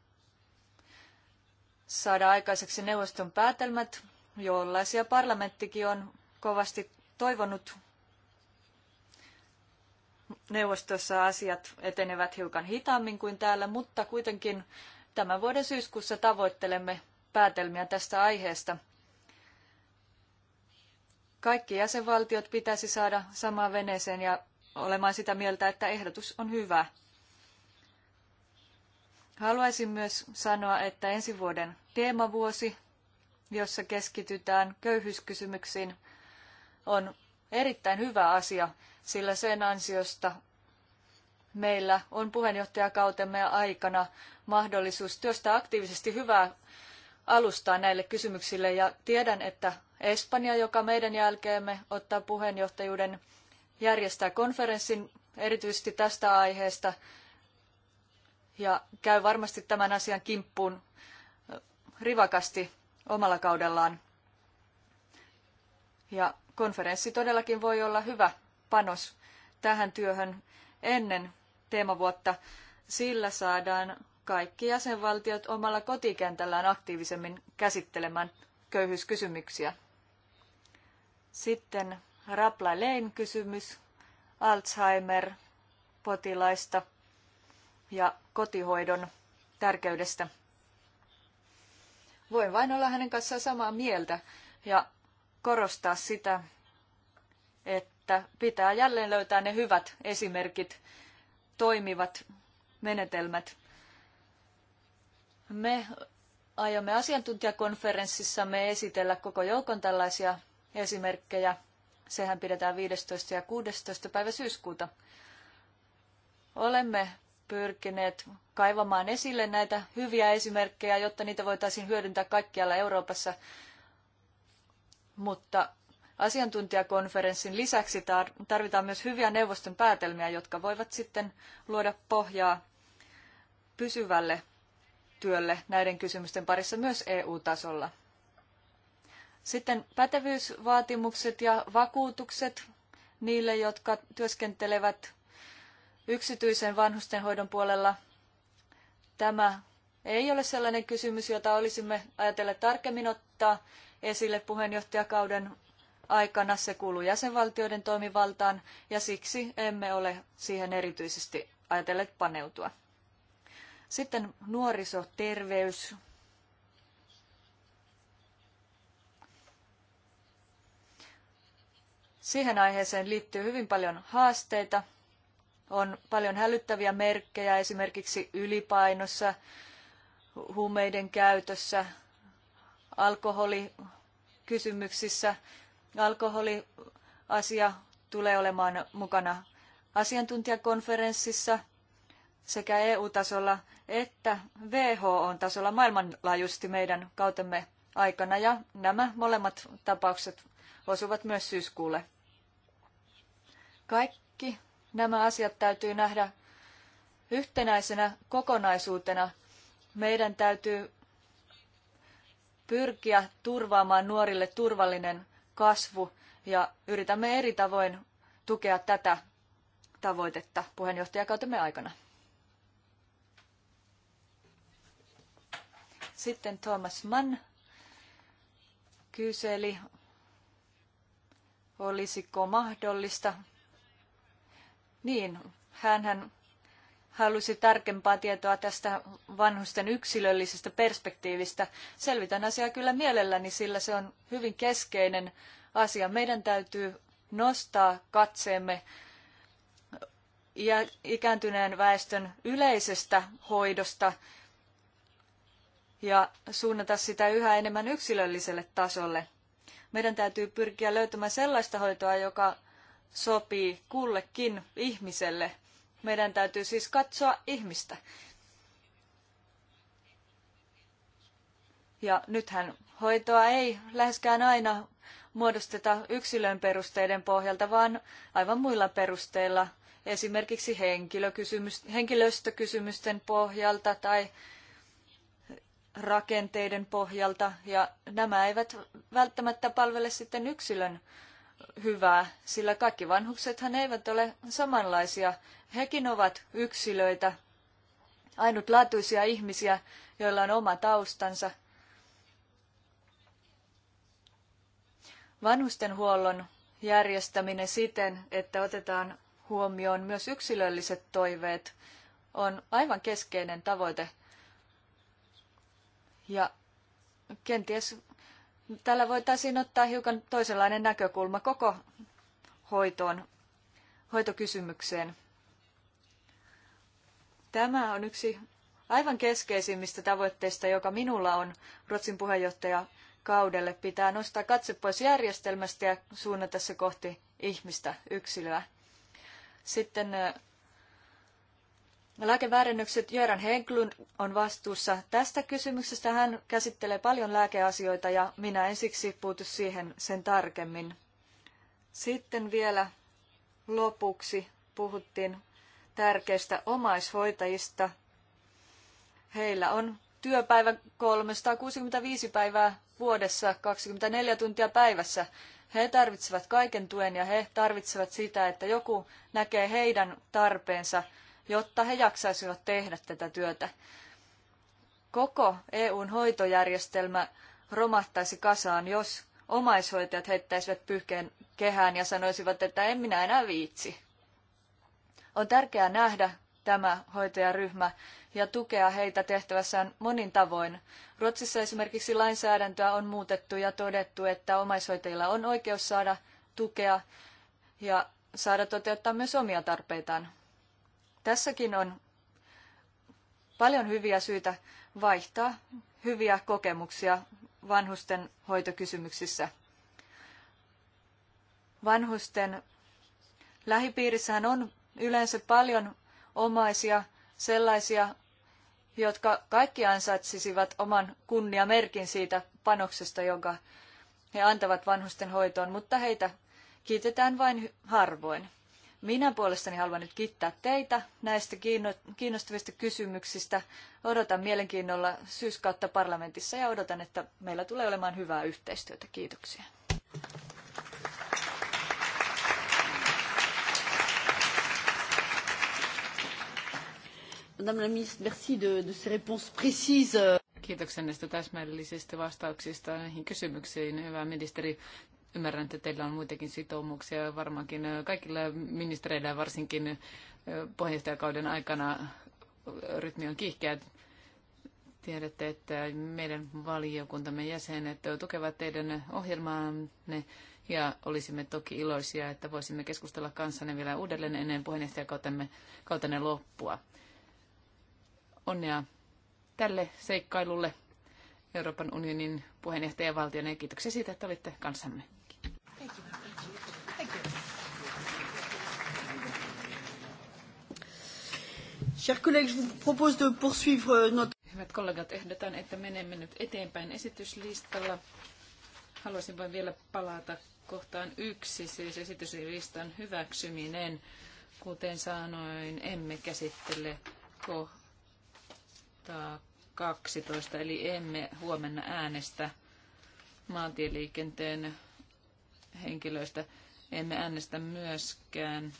saada aikaiseksi neuvoston päätelmät, jollaisia parlamenttikin on kovasti toivonut neuvostossa asiat etenevät hiukan hitaammin kuin täällä, mutta kuitenkin tämän vuoden syyskuussa tavoittelemme päätelmiä tästä aiheesta. Kaikki jäsenvaltiot pitäisi saada samaan veneeseen ja olemaan sitä mieltä, että ehdotus on hyvä. Haluaisin myös sanoa, että ensi vuoden teemavuosi, jossa keskitytään köyhyyskysymyksiin, on erittäin hyvä asia sillä sen ansiosta meillä on puheenjohtajakautemme aikana mahdollisuus työstää aktiivisesti hyvää alustaa näille kysymyksille ja tiedän, että Espanja, joka meidän jälkeemme ottaa puheenjohtajuuden, järjestää konferenssin erityisesti tästä aiheesta ja käy varmasti tämän asian kimppuun äh, rivakasti omalla kaudellaan. Ja konferenssi todellakin voi olla hyvä panos tähän työhön ennen teemavuotta. Sillä saadaan kaikki jäsenvaltiot omalla kotikentällään aktiivisemmin käsittelemään köyhyyskysymyksiä. Sitten Rapla Lein kysymys Alzheimer-potilaista ja kotihoidon tärkeydestä. Voin vain olla hänen kanssaan samaa mieltä ja korostaa sitä, että että pitää jälleen löytää ne hyvät esimerkit, toimivat menetelmät. Me aiomme asiantuntijakonferenssissamme esitellä koko joukon tällaisia esimerkkejä. Sehän pidetään 15. ja 16. päivä syyskuuta. Olemme pyrkineet kaivamaan esille näitä hyviä esimerkkejä, jotta niitä voitaisiin hyödyntää kaikkialla Euroopassa. Mutta Asiantuntijakonferenssin lisäksi tarvitaan myös hyviä neuvoston päätelmiä, jotka voivat sitten luoda pohjaa pysyvälle työlle näiden kysymysten parissa myös EU-tasolla. Sitten pätevyysvaatimukset ja vakuutukset niille, jotka työskentelevät yksityisen vanhustenhoidon puolella. Tämä ei ole sellainen kysymys, jota olisimme ajatelleet tarkemmin ottaa esille puheenjohtajakauden aikana. Se kuuluu jäsenvaltioiden toimivaltaan ja siksi emme ole siihen erityisesti ajatelleet paneutua. Sitten nuorisoterveys. Siihen aiheeseen liittyy hyvin paljon haasteita. On paljon hälyttäviä merkkejä esimerkiksi ylipainossa, huumeiden käytössä, alkoholikysymyksissä Alkoholiasia tulee olemaan mukana asiantuntijakonferenssissa sekä EU-tasolla että WHO-tasolla maailmanlaajuisesti meidän kautemme aikana ja nämä molemmat tapaukset osuvat myös syyskuulle. Kaikki nämä asiat täytyy nähdä yhtenäisenä kokonaisuutena. Meidän täytyy pyrkiä turvaamaan nuorille turvallinen kasvu ja yritämme eri tavoin tukea tätä tavoitetta puheenjohtajakautemme aikana. Sitten Thomas Mann kyseli, olisiko mahdollista. Niin, hänhän halusi tarkempaa tietoa tästä vanhusten yksilöllisestä perspektiivistä. Selvitän asiaa kyllä mielelläni, sillä se on hyvin keskeinen asia. Meidän täytyy nostaa katseemme ikääntyneen väestön yleisestä hoidosta ja suunnata sitä yhä enemmän yksilölliselle tasolle. Meidän täytyy pyrkiä löytämään sellaista hoitoa, joka sopii kullekin ihmiselle – meidän täytyy siis katsoa ihmistä. Ja nythän hoitoa ei läheskään aina muodosteta yksilön perusteiden pohjalta, vaan aivan muilla perusteilla, esimerkiksi henkilöstökysymysten pohjalta tai rakenteiden pohjalta, ja nämä eivät välttämättä palvele sitten yksilön hyvää, sillä kaikki vanhuksethan eivät ole samanlaisia Hekin ovat yksilöitä, ainutlaatuisia ihmisiä, joilla on oma taustansa. Vanhustenhuollon järjestäminen siten, että otetaan huomioon myös yksilölliset toiveet, on aivan keskeinen tavoite. Ja kenties tällä voitaisiin ottaa hiukan toisenlainen näkökulma koko hoitoon, hoitokysymykseen. Tämä on yksi aivan keskeisimmistä tavoitteista, joka minulla on Ruotsin puheenjohtaja kaudelle. Pitää nostaa katse pois järjestelmästä ja suunnata se kohti ihmistä, yksilöä. Sitten Lääkeväärennökset Jöran Henklun on vastuussa tästä kysymyksestä. Hän käsittelee paljon lääkeasioita ja minä en siksi puutu siihen sen tarkemmin. Sitten vielä lopuksi puhuttiin tärkeistä omaishoitajista. Heillä on työpäivä 365 päivää vuodessa, 24 tuntia päivässä. He tarvitsevat kaiken tuen ja he tarvitsevat sitä, että joku näkee heidän tarpeensa, jotta he jaksaisivat tehdä tätä työtä. Koko EUn hoitojärjestelmä romahtaisi kasaan, jos omaishoitajat heittäisivät pyyhkeen kehään ja sanoisivat, että en minä enää viitsi. On tärkeää nähdä tämä hoitajaryhmä ja tukea heitä tehtävässään monin tavoin. Ruotsissa esimerkiksi lainsäädäntöä on muutettu ja todettu, että omaishoitajilla on oikeus saada tukea ja saada toteuttaa myös omia tarpeitaan. Tässäkin on paljon hyviä syitä vaihtaa hyviä kokemuksia vanhusten hoitokysymyksissä. Vanhusten lähipiirissähän on yleensä paljon omaisia, sellaisia, jotka kaikki ansaitsisivat oman kunniamerkin siitä panoksesta, jonka he antavat vanhusten hoitoon, mutta heitä kiitetään vain harvoin. Minä puolestani haluan nyt kiittää teitä näistä kiinnostavista kysymyksistä. Odotan mielenkiinnolla syyskautta parlamentissa ja odotan, että meillä tulee olemaan hyvää yhteistyötä. Kiitoksia. Madame la ministre, merci de, de ces réponses précises. Kiitoksen näistä täsmällisistä vastauksista näihin kysymyksiin. Hyvä ministeri, ymmärrän, että teillä on muitakin sitoumuksia varmaankin kaikilla ministereillä varsinkin puheenjohtajakauden aikana rytmi on kiihkeä. Tiedätte, että meidän valiokuntamme jäsenet tukevat teidän ohjelmaanne ja olisimme toki iloisia, että voisimme keskustella kanssanne vielä uudelleen ennen puheenjohtajakautenne kautenne loppua. Onnea tälle seikkailulle Euroopan unionin puheenjohtajavaltiona ja kiitoksia siitä, että olitte kanssamme. Hyvät kollegat, ehdotan, että menemme nyt eteenpäin esityslistalla. Haluaisin vain vielä palata kohtaan yksi, siis esityslistan hyväksyminen. Kuten sanoin, emme käsittele kohtaa 112, eli emme huomenna äänestä maantieliikenteen henkilöistä. Emme äänestä myöskään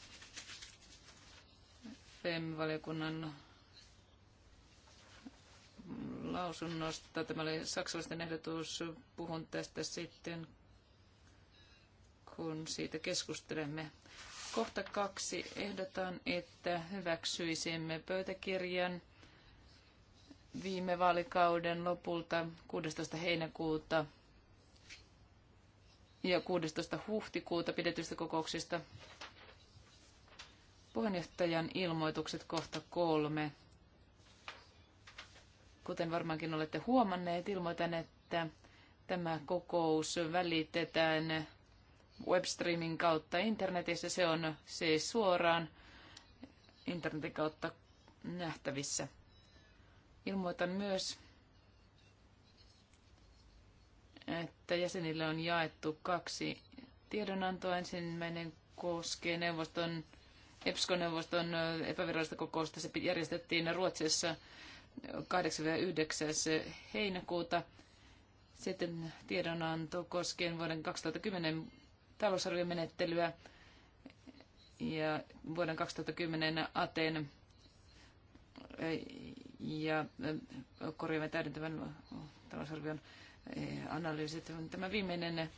FEM-valiokunnan lausunnosta. Tämä oli saksalaisten ehdotus. Puhun tästä sitten, kun siitä keskustelemme. Kohta kaksi ehdotan, että hyväksyisimme pöytäkirjan viime vaalikauden lopulta 16. heinäkuuta ja 16. huhtikuuta pidetyistä kokouksista. Puheenjohtajan ilmoitukset kohta kolme. Kuten varmaankin olette huomanneet, ilmoitan, että tämä kokous välitetään webstreamin kautta internetissä. Se on siis suoraan internetin kautta nähtävissä. Ilmoitan myös, että jäsenille on jaettu kaksi tiedonantoa. Ensimmäinen koskee neuvoston, EPSCO-neuvoston epävirallista kokousta. Se järjestettiin Ruotsissa 8-9. heinäkuuta. Sitten tiedonanto koskien vuoden 2010 talousarviomenettelyä ja vuoden 2010 Aten ja korjaamme täydentävän talousarvion analyysit. Tämä viimeinen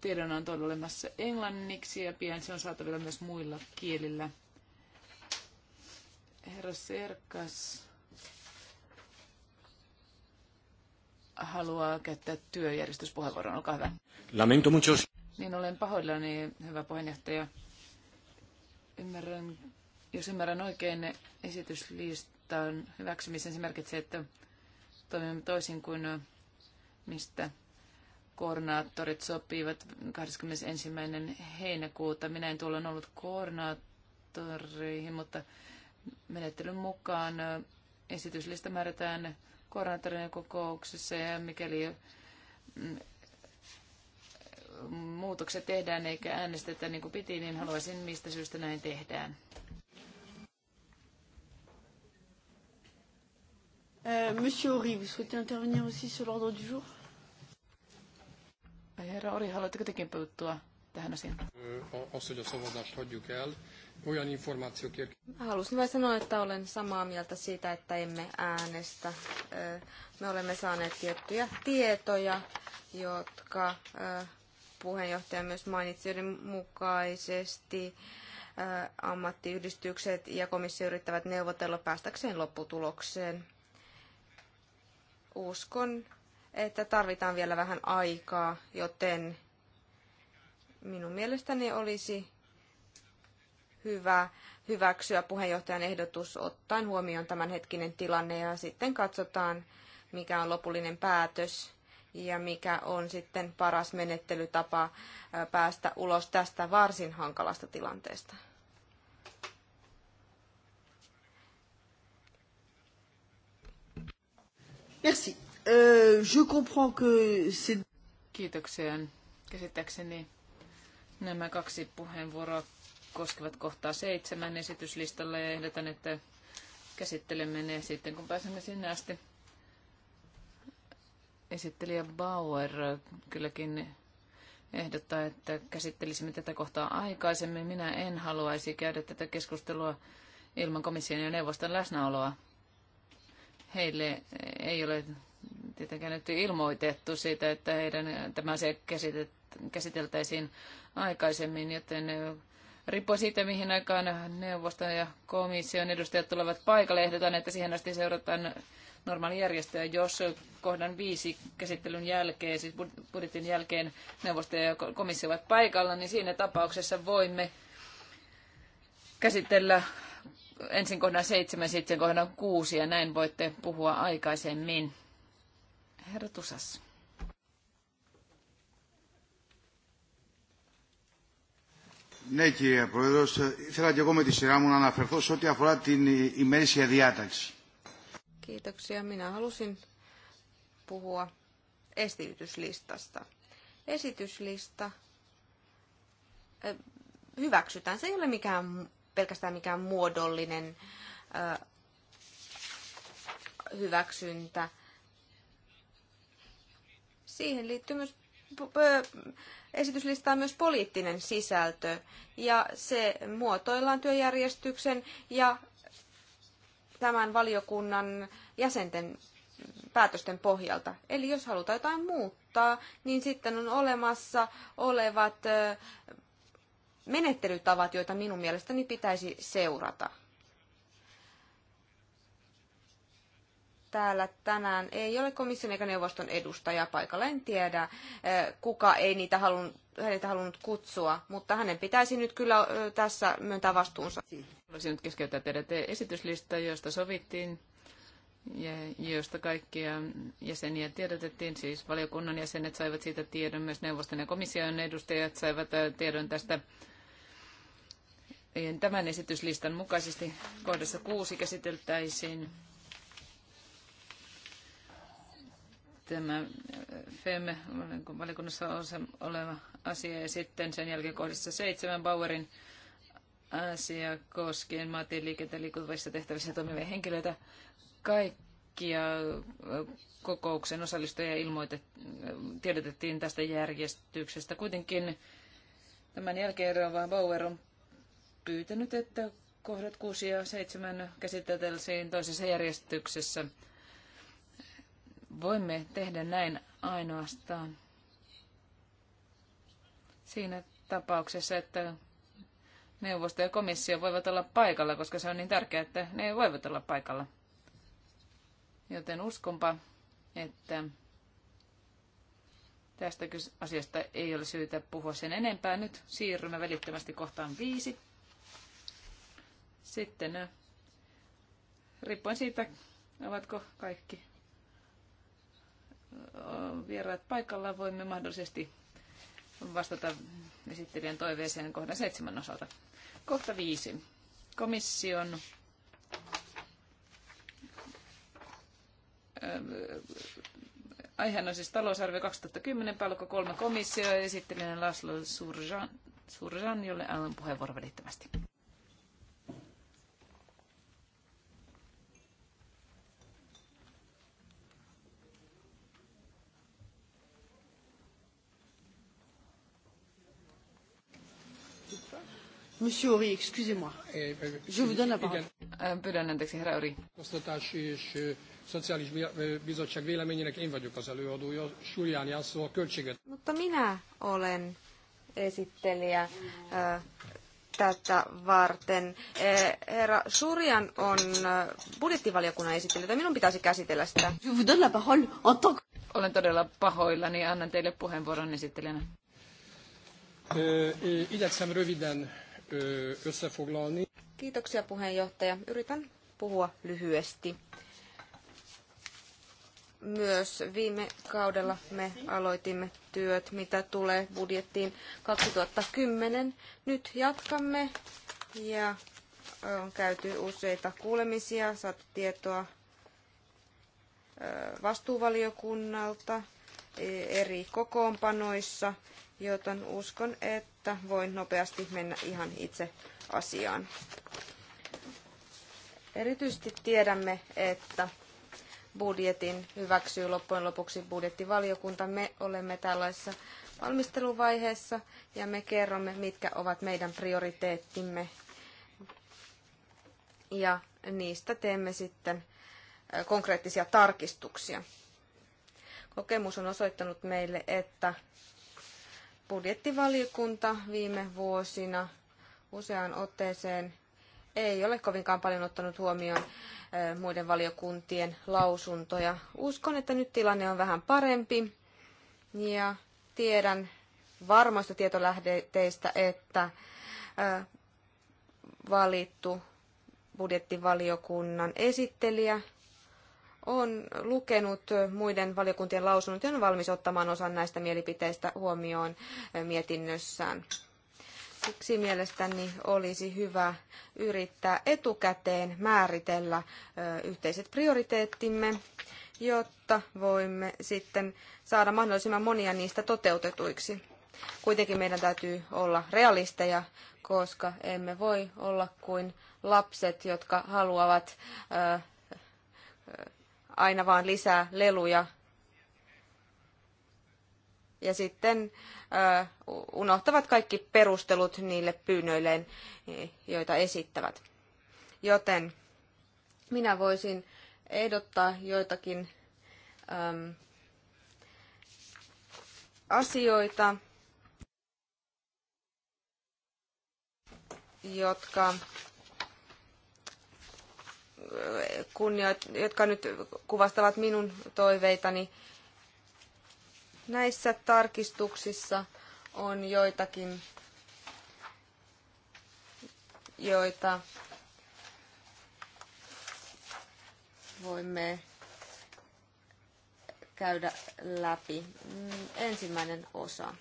tiedonanto on olemassa englanniksi ja pian se on saatavilla myös muilla kielillä. Herra Serkas haluaa käyttää työjärjestyspuheenvuoron. Olkaa hyvä. Lamento muchos. Niin olen pahoillani, hyvä puheenjohtaja. Ymmärrän jos ymmärrän oikein, esityslistan hyväksymisen se merkitsee, että toimimme toisin kuin äh, mistä koordinaattorit sopivat 21. heinäkuuta. Minä en tuolloin ollut koordinaattoriin, mutta menettelyn mukaan äh, esityslista määrätään koordinaattorien kokouksessa ja mikäli äh, muutokset tehdään eikä äänestetä niin kuin piti, niin haluaisin, mistä syystä näin tehdään. Euh, Monsieur Horry, vous souhaitez intervenir aussi sur l'ordre du jour äh, Herra Ori, haluatteko tekin puuttua tähän asiaan? Halusin vain sanoa, että olen samaa mieltä siitä, että emme äänestä. Me olemme saaneet tiettyjä tietoja, jotka puheenjohtaja myös mainitsi mukaisesti ammattiyhdistykset ja komissio yrittävät neuvotella päästäkseen lopputulokseen uskon, että tarvitaan vielä vähän aikaa, joten minun mielestäni olisi hyvä hyväksyä puheenjohtajan ehdotus ottaen huomioon tämänhetkinen tilanne ja sitten katsotaan, mikä on lopullinen päätös ja mikä on sitten paras menettelytapa päästä ulos tästä varsin hankalasta tilanteesta. Merci. Euh, je comprends que c'est... Kiitoksia. Käsittääkseni nämä kaksi puheenvuoroa koskevat kohtaa seitsemän esityslistalla ja ehdotan, että käsittelemme ne sitten, kun pääsemme sinne asti. Esittelijä Bauer kylläkin ehdottaa, että käsittelisimme tätä kohtaa aikaisemmin. Minä en haluaisi käydä tätä keskustelua ilman komission ja neuvoston läsnäoloa heille ei ole tietenkään nyt ilmoitettu siitä, että heidän tämä asia käsiteltäisiin aikaisemmin, joten riippuen siitä, mihin aikaan neuvoston ja komission edustajat tulevat paikalle, ehdotan, että siihen asti seurataan normaali järjestöä, jos kohdan viisi käsittelyn jälkeen, siis budjetin jälkeen neuvosto ja komissio ovat paikalla, niin siinä tapauksessa voimme käsitellä ensin kohdan seitsemän, sitten kohdan kuusi ja näin voitte puhua aikaisemmin. Herra Tusas. Ναι κύριε Πρόεδρο, ήθελα και εγώ με τη σειρά μου να αναφερθώ σε ό,τι αφορά την ημέρησια διάταξη. Kiitoksia. Minä halusin puhua esityslistasta. Esityslista hyväksytään. Se ei ole mikään pelkästään mikään muodollinen hyväksyntä. Siihen liittyy myös esityslistaan myös poliittinen sisältö ja se muotoillaan työjärjestyksen ja tämän valiokunnan jäsenten päätösten pohjalta. Eli jos halutaan jotain muuttaa, niin sitten on olemassa olevat menettelytavat, joita minun mielestäni pitäisi seurata. Täällä tänään ei ole komission eikä neuvoston edustajaa paikalla. En tiedä, eh, kuka ei niitä halunnut, heitä halunnut kutsua, mutta hänen pitäisi nyt kyllä eh, tässä myöntää vastuunsa. Haluaisin nyt keskeyttää teidän esityslista, josta sovittiin ja josta kaikkia jäseniä tiedotettiin, siis valiokunnan jäsenet saivat siitä tiedon, myös neuvoston ja komission edustajat saivat eh, tiedon tästä niin, tämän esityslistan mukaisesti kohdassa kuusi käsiteltäisiin tämä äh, femme valikunnassa oleva asia ja sitten sen jälkeen kohdassa seitsemän Bauerin asia koskien maantien liikenteen liikkuvissa tehtävissä toimivia henkilöitä. Kaikkia äh, kokouksen osallistujia tiedotettiin tästä järjestyksestä. Kuitenkin tämän jälkeen Rova Bauer on pyytänyt, että kohdat 6 ja 7 käsiteltäisiin toisessa järjestyksessä. Voimme tehdä näin ainoastaan siinä tapauksessa, että neuvosto ja komissio voivat olla paikalla, koska se on niin tärkeää, että ne voivat olla paikalla. Joten uskonpa, että tästä asiasta ei ole syytä puhua sen enempää. Nyt siirrymme välittömästi kohtaan viisi. Sitten äh, riippuen siitä, ovatko kaikki äh, vieraat paikalla, voimme mahdollisesti vastata esittelijän toiveeseen kohdan seitsemän osalta. Kohta viisi. Komission äh, aiheena on siis talousarvio 2010, palkko kolme komissio ja esittelijänä Laszlo Surjan, jolle annan puheenvuoron välittömästi. Monsieur Ori, excusez-moi. Je vous donne la parole. Euh, Pyydän anteeksi, herra Ori. és véleményének én vagyok az előadója. Súlyán Jászó a költséget. Mutta minä olen esittelijä tätä varten. Herra Surjan on budjettivaliokunnan esittelijä, ja minun pitäisi käsitellä sitä. Olen todella pahoillani ja annan teille puheenvuoron esittelijänä. Igyekszem röviden összefoglalni. Eh, Kiitoksia puheenjohtaja. Yritän puhua lyhyesti. Myös viime kaudella me aloitimme työt, mitä tulee budjettiin 2010. Nyt jatkamme ja on käyty useita kuulemisia, saatu tietoa vastuuvaliokunnalta e, eri kokoonpanoissa, joten uskon, että että voin nopeasti mennä ihan itse asiaan. Erityisesti tiedämme, että budjetin hyväksyy loppujen lopuksi budjettivaliokunta. Me olemme tällaisessa valmisteluvaiheessa ja me kerromme, mitkä ovat meidän prioriteettimme. Ja niistä teemme sitten konkreettisia tarkistuksia. Kokemus on osoittanut meille, että budjettivaliokunta viime vuosina useaan otteeseen ei ole kovinkaan paljon ottanut huomioon muiden valiokuntien lausuntoja. Uskon, että nyt tilanne on vähän parempi ja tiedän varmoista tietolähteistä, että valittu budjettivaliokunnan esittelijä on lukenut muiden valiokuntien lausunnot ja on valmis ottamaan osan näistä mielipiteistä huomioon eh, mietinnössään. Siksi mielestäni olisi hyvä yrittää etukäteen määritellä eh, yhteiset prioriteettimme, jotta voimme sitten saada mahdollisimman monia niistä toteutetuiksi. Kuitenkin meidän täytyy olla realisteja, koska emme voi olla kuin lapset, jotka haluavat eh, aina vaan lisää leluja ja sitten unohtavat kaikki perustelut niille pyynnöilleen, e, joita esittävät. Joten minä voisin ehdottaa joitakin ähm, asioita, jotka kunnia, jotka nyt kuvastavat minun toiveitani. Näissä tarkistuksissa on joitakin, joita voimme käydä läpi. Mm, ensimmäinen osa.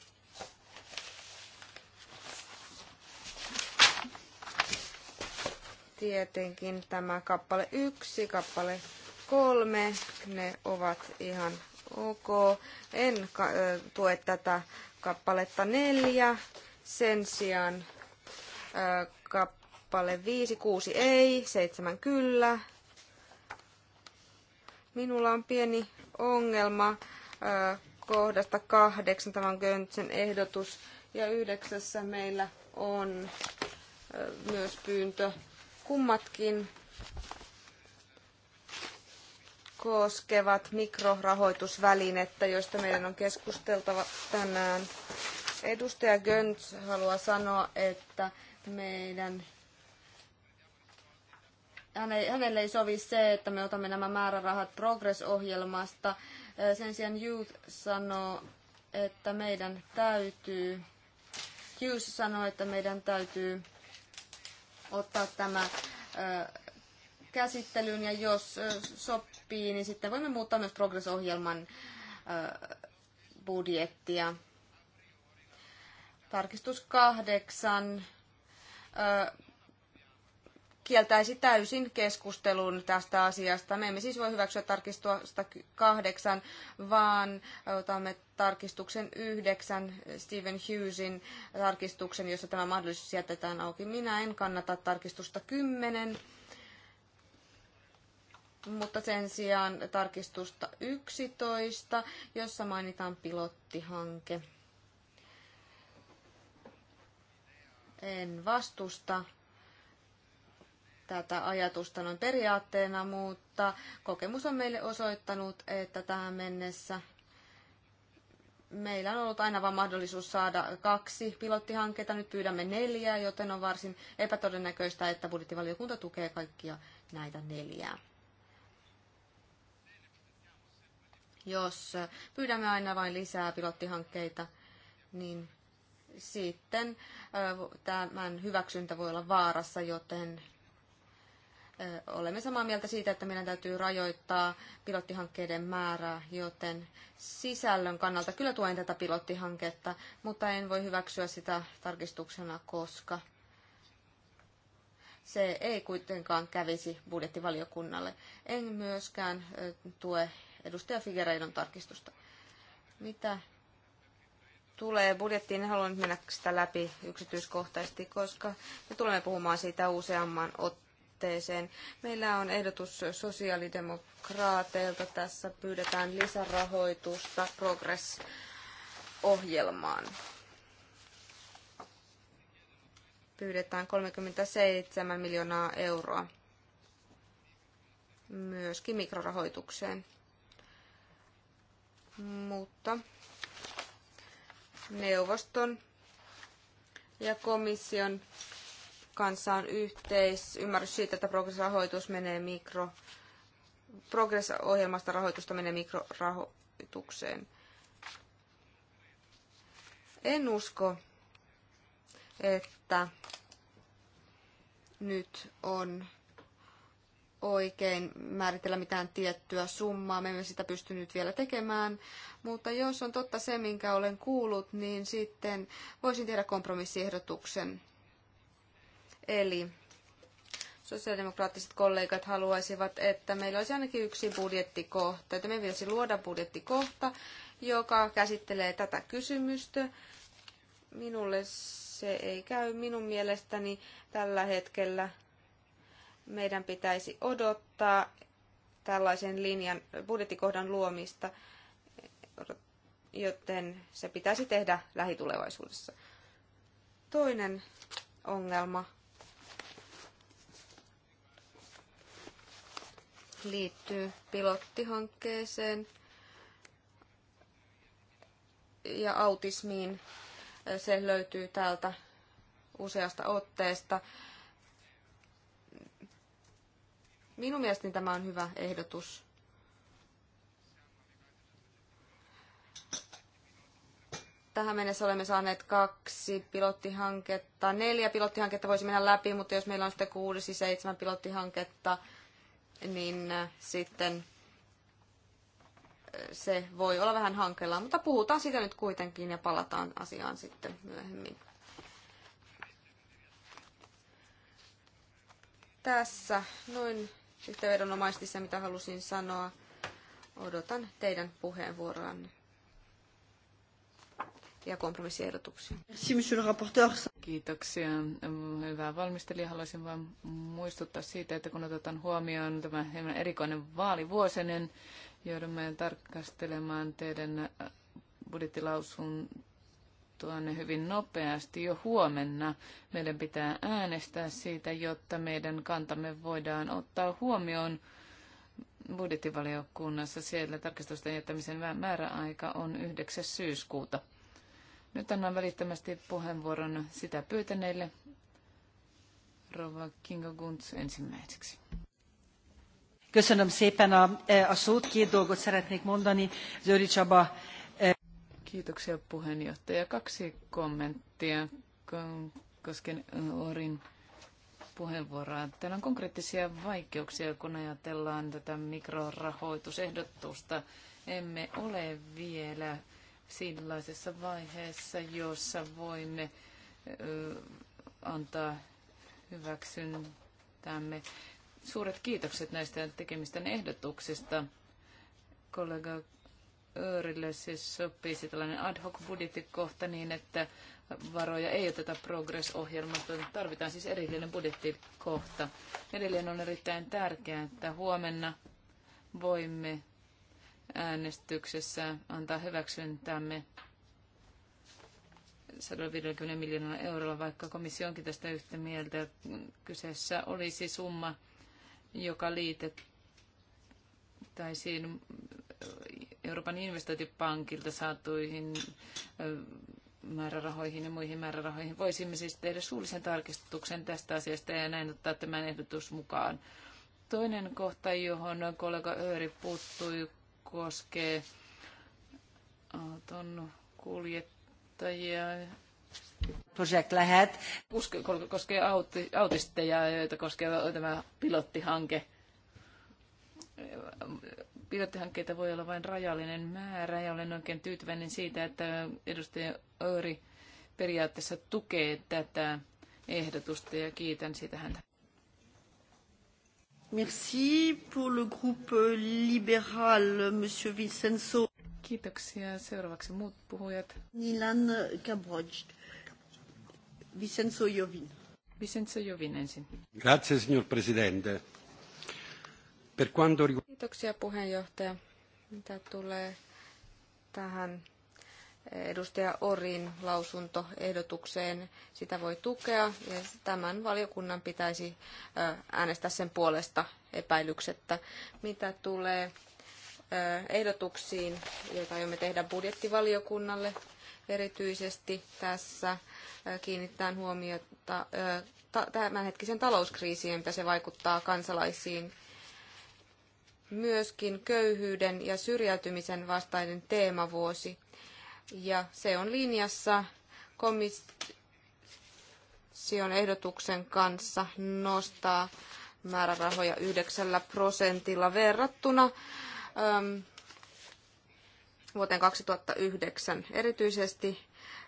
tietenkin tämä kappale 1, kappale 3, ne ovat ihan ok. En tue tätä kappaletta 4, sen sijaan kappale 5, 6 ei, 7 kyllä. Minulla on pieni ongelma kohdasta kahdeksan, tämän Göntsen ehdotus, ja yhdeksässä meillä on myös pyyntö kummatkin koskevat mikrorahoitusvälinettä, josta meidän on keskusteltava tänään. Edustaja Gönz haluaa sanoa, että meidän hänelle ei sovi se, että me otamme nämä määrärahat Progress-ohjelmasta. Sen sijaan Youth sanoo, että meidän täytyy, Hughes sanoo, että meidän täytyy ottaa tämä käsittelyyn ja jos sopii, niin sitten voimme muuttaa myös progressohjelman budjettia. Tarkistus kahdeksan kieltäisi täysin keskustelun tästä asiasta. Me emme siis voi hyväksyä tarkistusta kahdeksan, vaan otamme tarkistuksen yhdeksän, Stephen Hughesin tarkistuksen, jossa tämä mahdollisuus jätetään auki. Minä en kannata tarkistusta kymmenen, mutta sen sijaan tarkistusta 11, jossa mainitaan pilottihanke. En vastusta tätä ajatusta noin periaatteena, mutta kokemus on meille osoittanut, että tähän mennessä meillä on ollut aina vain mahdollisuus saada kaksi pilottihanketta, nyt pyydämme neljää, joten on varsin epätodennäköistä, että budjettivaliokunta tukee kaikkia näitä neljää. Jos pyydämme aina vain lisää pilottihankkeita, niin sitten tämän hyväksyntä voi olla vaarassa, joten olemme samaa mieltä siitä, että meidän täytyy rajoittaa pilottihankkeiden määrää, joten sisällön kannalta kyllä tuen tätä pilottihanketta, mutta en voi hyväksyä sitä tarkistuksena, koska se ei kuitenkaan kävisi budjettivaliokunnalle. En myöskään tue edustaja Figereidon tarkistusta. Mitä tulee budjettiin, en halua nyt mennä sitä läpi yksityiskohtaisesti, koska me tulemme puhumaan siitä useamman otteen tavoitteeseen. Meillä on ehdotus sosiaalidemokraateilta. Tässä pyydetään lisärahoitusta Progress-ohjelmaan. Pyydetään 37 miljoonaa euroa myöskin mikrorahoitukseen. Mutta neuvoston ja komission kanssa on yhteisymmärrys siitä, että progress menee mikro, ohjelmasta rahoitusta menee mikrorahoitukseen. En usko, että nyt on oikein määritellä mitään tiettyä summaa. Me emme sitä nyt vielä tekemään, mutta jos on totta se, minkä olen kuullut, niin sitten voisin tehdä kompromissiehdotuksen. Eli sosiaalidemokraattiset kollegat haluaisivat, että meillä olisi ainakin yksi budjettikohta, että me pitäisi luoda budjettikohta, joka käsittelee tätä kysymystä. Minulle se ei käy minun mielestäni tällä hetkellä. Meidän pitäisi odottaa tällaisen linjan budjettikohdan luomista, joten se pitäisi tehdä lähitulevaisuudessa. Toinen ongelma liittyy pilottihankkeeseen ja autismiin. Se löytyy täältä useasta otteesta. Minun mielestäni tämä on hyvä ehdotus. tähän mennessä olemme saaneet kaksi pilottihanketta, neljä pilottihanketta voisi mennä läpi, mutta jos meillä on sitten kuusi, siis seitsemän pilottihanketta, niin äh, sitten äh, se voi olla vähän hankalaa, mutta puhutaan siitä nyt kuitenkin ja palataan asiaan sitten myöhemmin. Tässä noin vedonomaisesti se, mitä halusin sanoa. Odotan teidän puheenvuoroanne ja kompromissiehdotuksia. Merci, monsieur le rapporteur. Kiitoksia. Hyvää valmistelija. Haluaisin vain muistuttaa siitä, että kun otetaan huomioon tämä hieman erikoinen vaalivuosinen, joudumme tarkastelemaan teidän tuonne hyvin nopeasti jo huomenna. Meidän pitää äänestää siitä, jotta meidän kantamme voidaan ottaa huomioon budjettivaliokunnassa. Siellä tarkistusten jättämisen määräaika on 9. syyskuuta. Nyt annan välittömästi puheenvuoron sitä pyytäneille. Rova Kinga Gunz ensimmäiseksi. Köszönöm szépen a, e, a szót. Két dolgot szeretnék mondani. Zöri Csaba. E- Kiitoksia puheenjohtaja. Kaksi kommenttia kosken Orin puheenvuoroa. Täällä on konkreettisia vaikeuksia, kun ajatellaan tätä mikrorahoitusehdotusta. Emme ole vielä sellaisessa vaiheessa, jossa voimme antaa hyväksyntämme. Suuret kiitokset näistä tekemistä ehdotuksista. Kollega Öörille siis sopii tällainen ad hoc budjettikohta niin, että varoja ei oteta Progress-ohjelmasta. Tarvitaan siis erillinen budjettikohta. Edelleen on erittäin tärkeää, että huomenna voimme äänestyksessä antaa hyväksyntämme 150 miljoonaa eurolla, vaikka komissio onkin tästä yhtä mieltä. Kyseessä olisi summa, joka liitettäisiin Euroopan investointipankilta saatuihin määrärahoihin ja muihin määrärahoihin. Voisimme siis tehdä suullisen tarkistuksen tästä asiasta ja näin ottaa tämän ehdotus mukaan. Toinen kohta, johon kollega Ööri puuttui, koskee auton äh, kuljettajia. Project Lähet. Koskee autisteja, joita koskee tämä pilottihanke. Pilottihankkeita voi olla vain rajallinen määrä ja olen oikein tyytyväinen siitä, että edustaja Öri periaatteessa tukee tätä ehdotusta ja kiitän siitä häntä. Merci pour le groupe euh, libéral, euh, Monsieur Vincenzo. Kiitoksia. Seuraavaksi muut puhujat. Nilan Kabroj. Vincenzo Jovin. Vincenzo Jovin ensin. Grazie, signor Presidente. Per quanto... riguarda... Kiitoksia puheenjohtaja. Mitä tulee tähän edustaja Orin lausuntoehdotukseen. Sitä voi tukea ja tämän valiokunnan pitäisi äänestää sen puolesta epäilyksettä. Mitä tulee ehdotuksiin, joita aiomme tehdä budjettivaliokunnalle erityisesti tässä kiinnitetään huomiota tämänhetkisen talouskriisiin, mitä se vaikuttaa kansalaisiin myöskin köyhyyden ja syrjäytymisen vastainen teemavuosi ja se on linjassa komission ehdotuksen kanssa nostaa määrärahoja 9 prosentilla verrattuna äm, vuoteen 2009. Erityisesti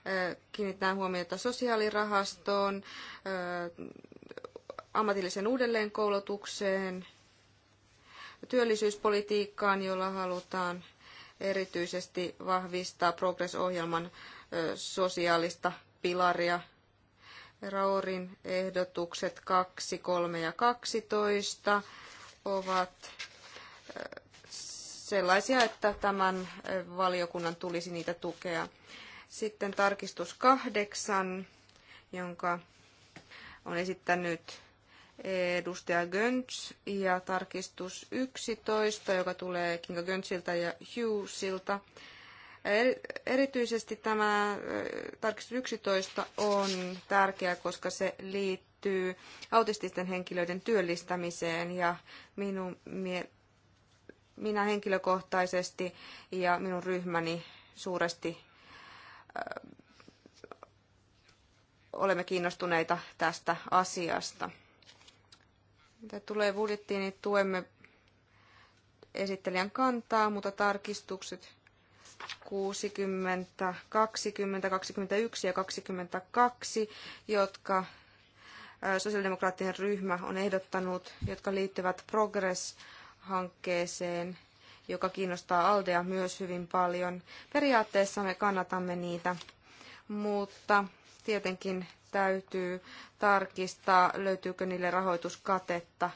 äh, kiinnitetään huomiota sosiaalirahastoon, äh, ammatilliseen uudelleenkoulutukseen, työllisyyspolitiikkaan, jolla halutaan erityisesti vahvistaa Progress-ohjelman sosiaalista pilaria. Raurin ehdotukset 2, 3 ja 12 ovat sellaisia, että tämän valiokunnan tulisi niitä tukea. Sitten tarkistus kahdeksan, jonka on esittänyt edustaja Gönch ja tarkistus 11, joka tulee Kinga Gönciltä ja Hughesilta. Erityisesti tämä äh, tarkistus 11 on tärkeä, koska se liittyy autististen henkilöiden työllistämiseen ja minun, minä henkilökohtaisesti ja minun ryhmäni suuresti äh, olemme kiinnostuneita tästä asiasta. Mitä tulee budjettiin, niin tuemme esittelijän kantaa, mutta tarkistukset 60, 20, 21 ja 22, jotka sosiaalidemokraattinen ryhmä on ehdottanut, jotka liittyvät Progress-hankkeeseen, joka kiinnostaa Aldea myös hyvin paljon. Periaatteessa me kannatamme niitä, mutta tietenkin täytyy tarkistaa, löytyykö niille rahoituskatetta.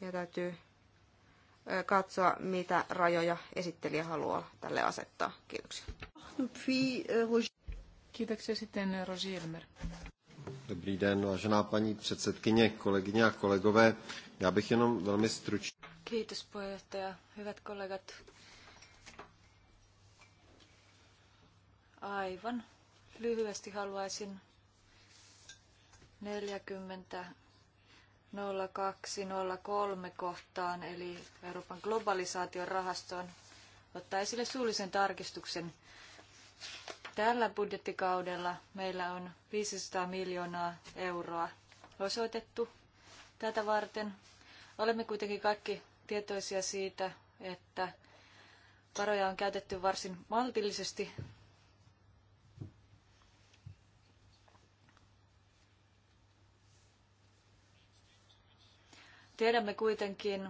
Ja täytyy katsoa, mitä rajoja esittelijä haluaa tälle asettaa. Kiitoksia. Kiitoksia sitten Rosilmer. Dobrý den, vážená paní předsedkyně, kolegyně a kolegové. Já bych jenom velmi stručně. Kiitos puheenjohtaja. Hyvät kollegat. Aivan lyhyesti haluaisin 40 kohtaan, eli Euroopan globalisaation rahastoon, ottaa esille suullisen tarkistuksen. Tällä budjettikaudella meillä on 500 miljoonaa euroa osoitettu tätä varten. Olemme kuitenkin kaikki tietoisia siitä, että varoja on käytetty varsin maltillisesti Tiedämme kuitenkin,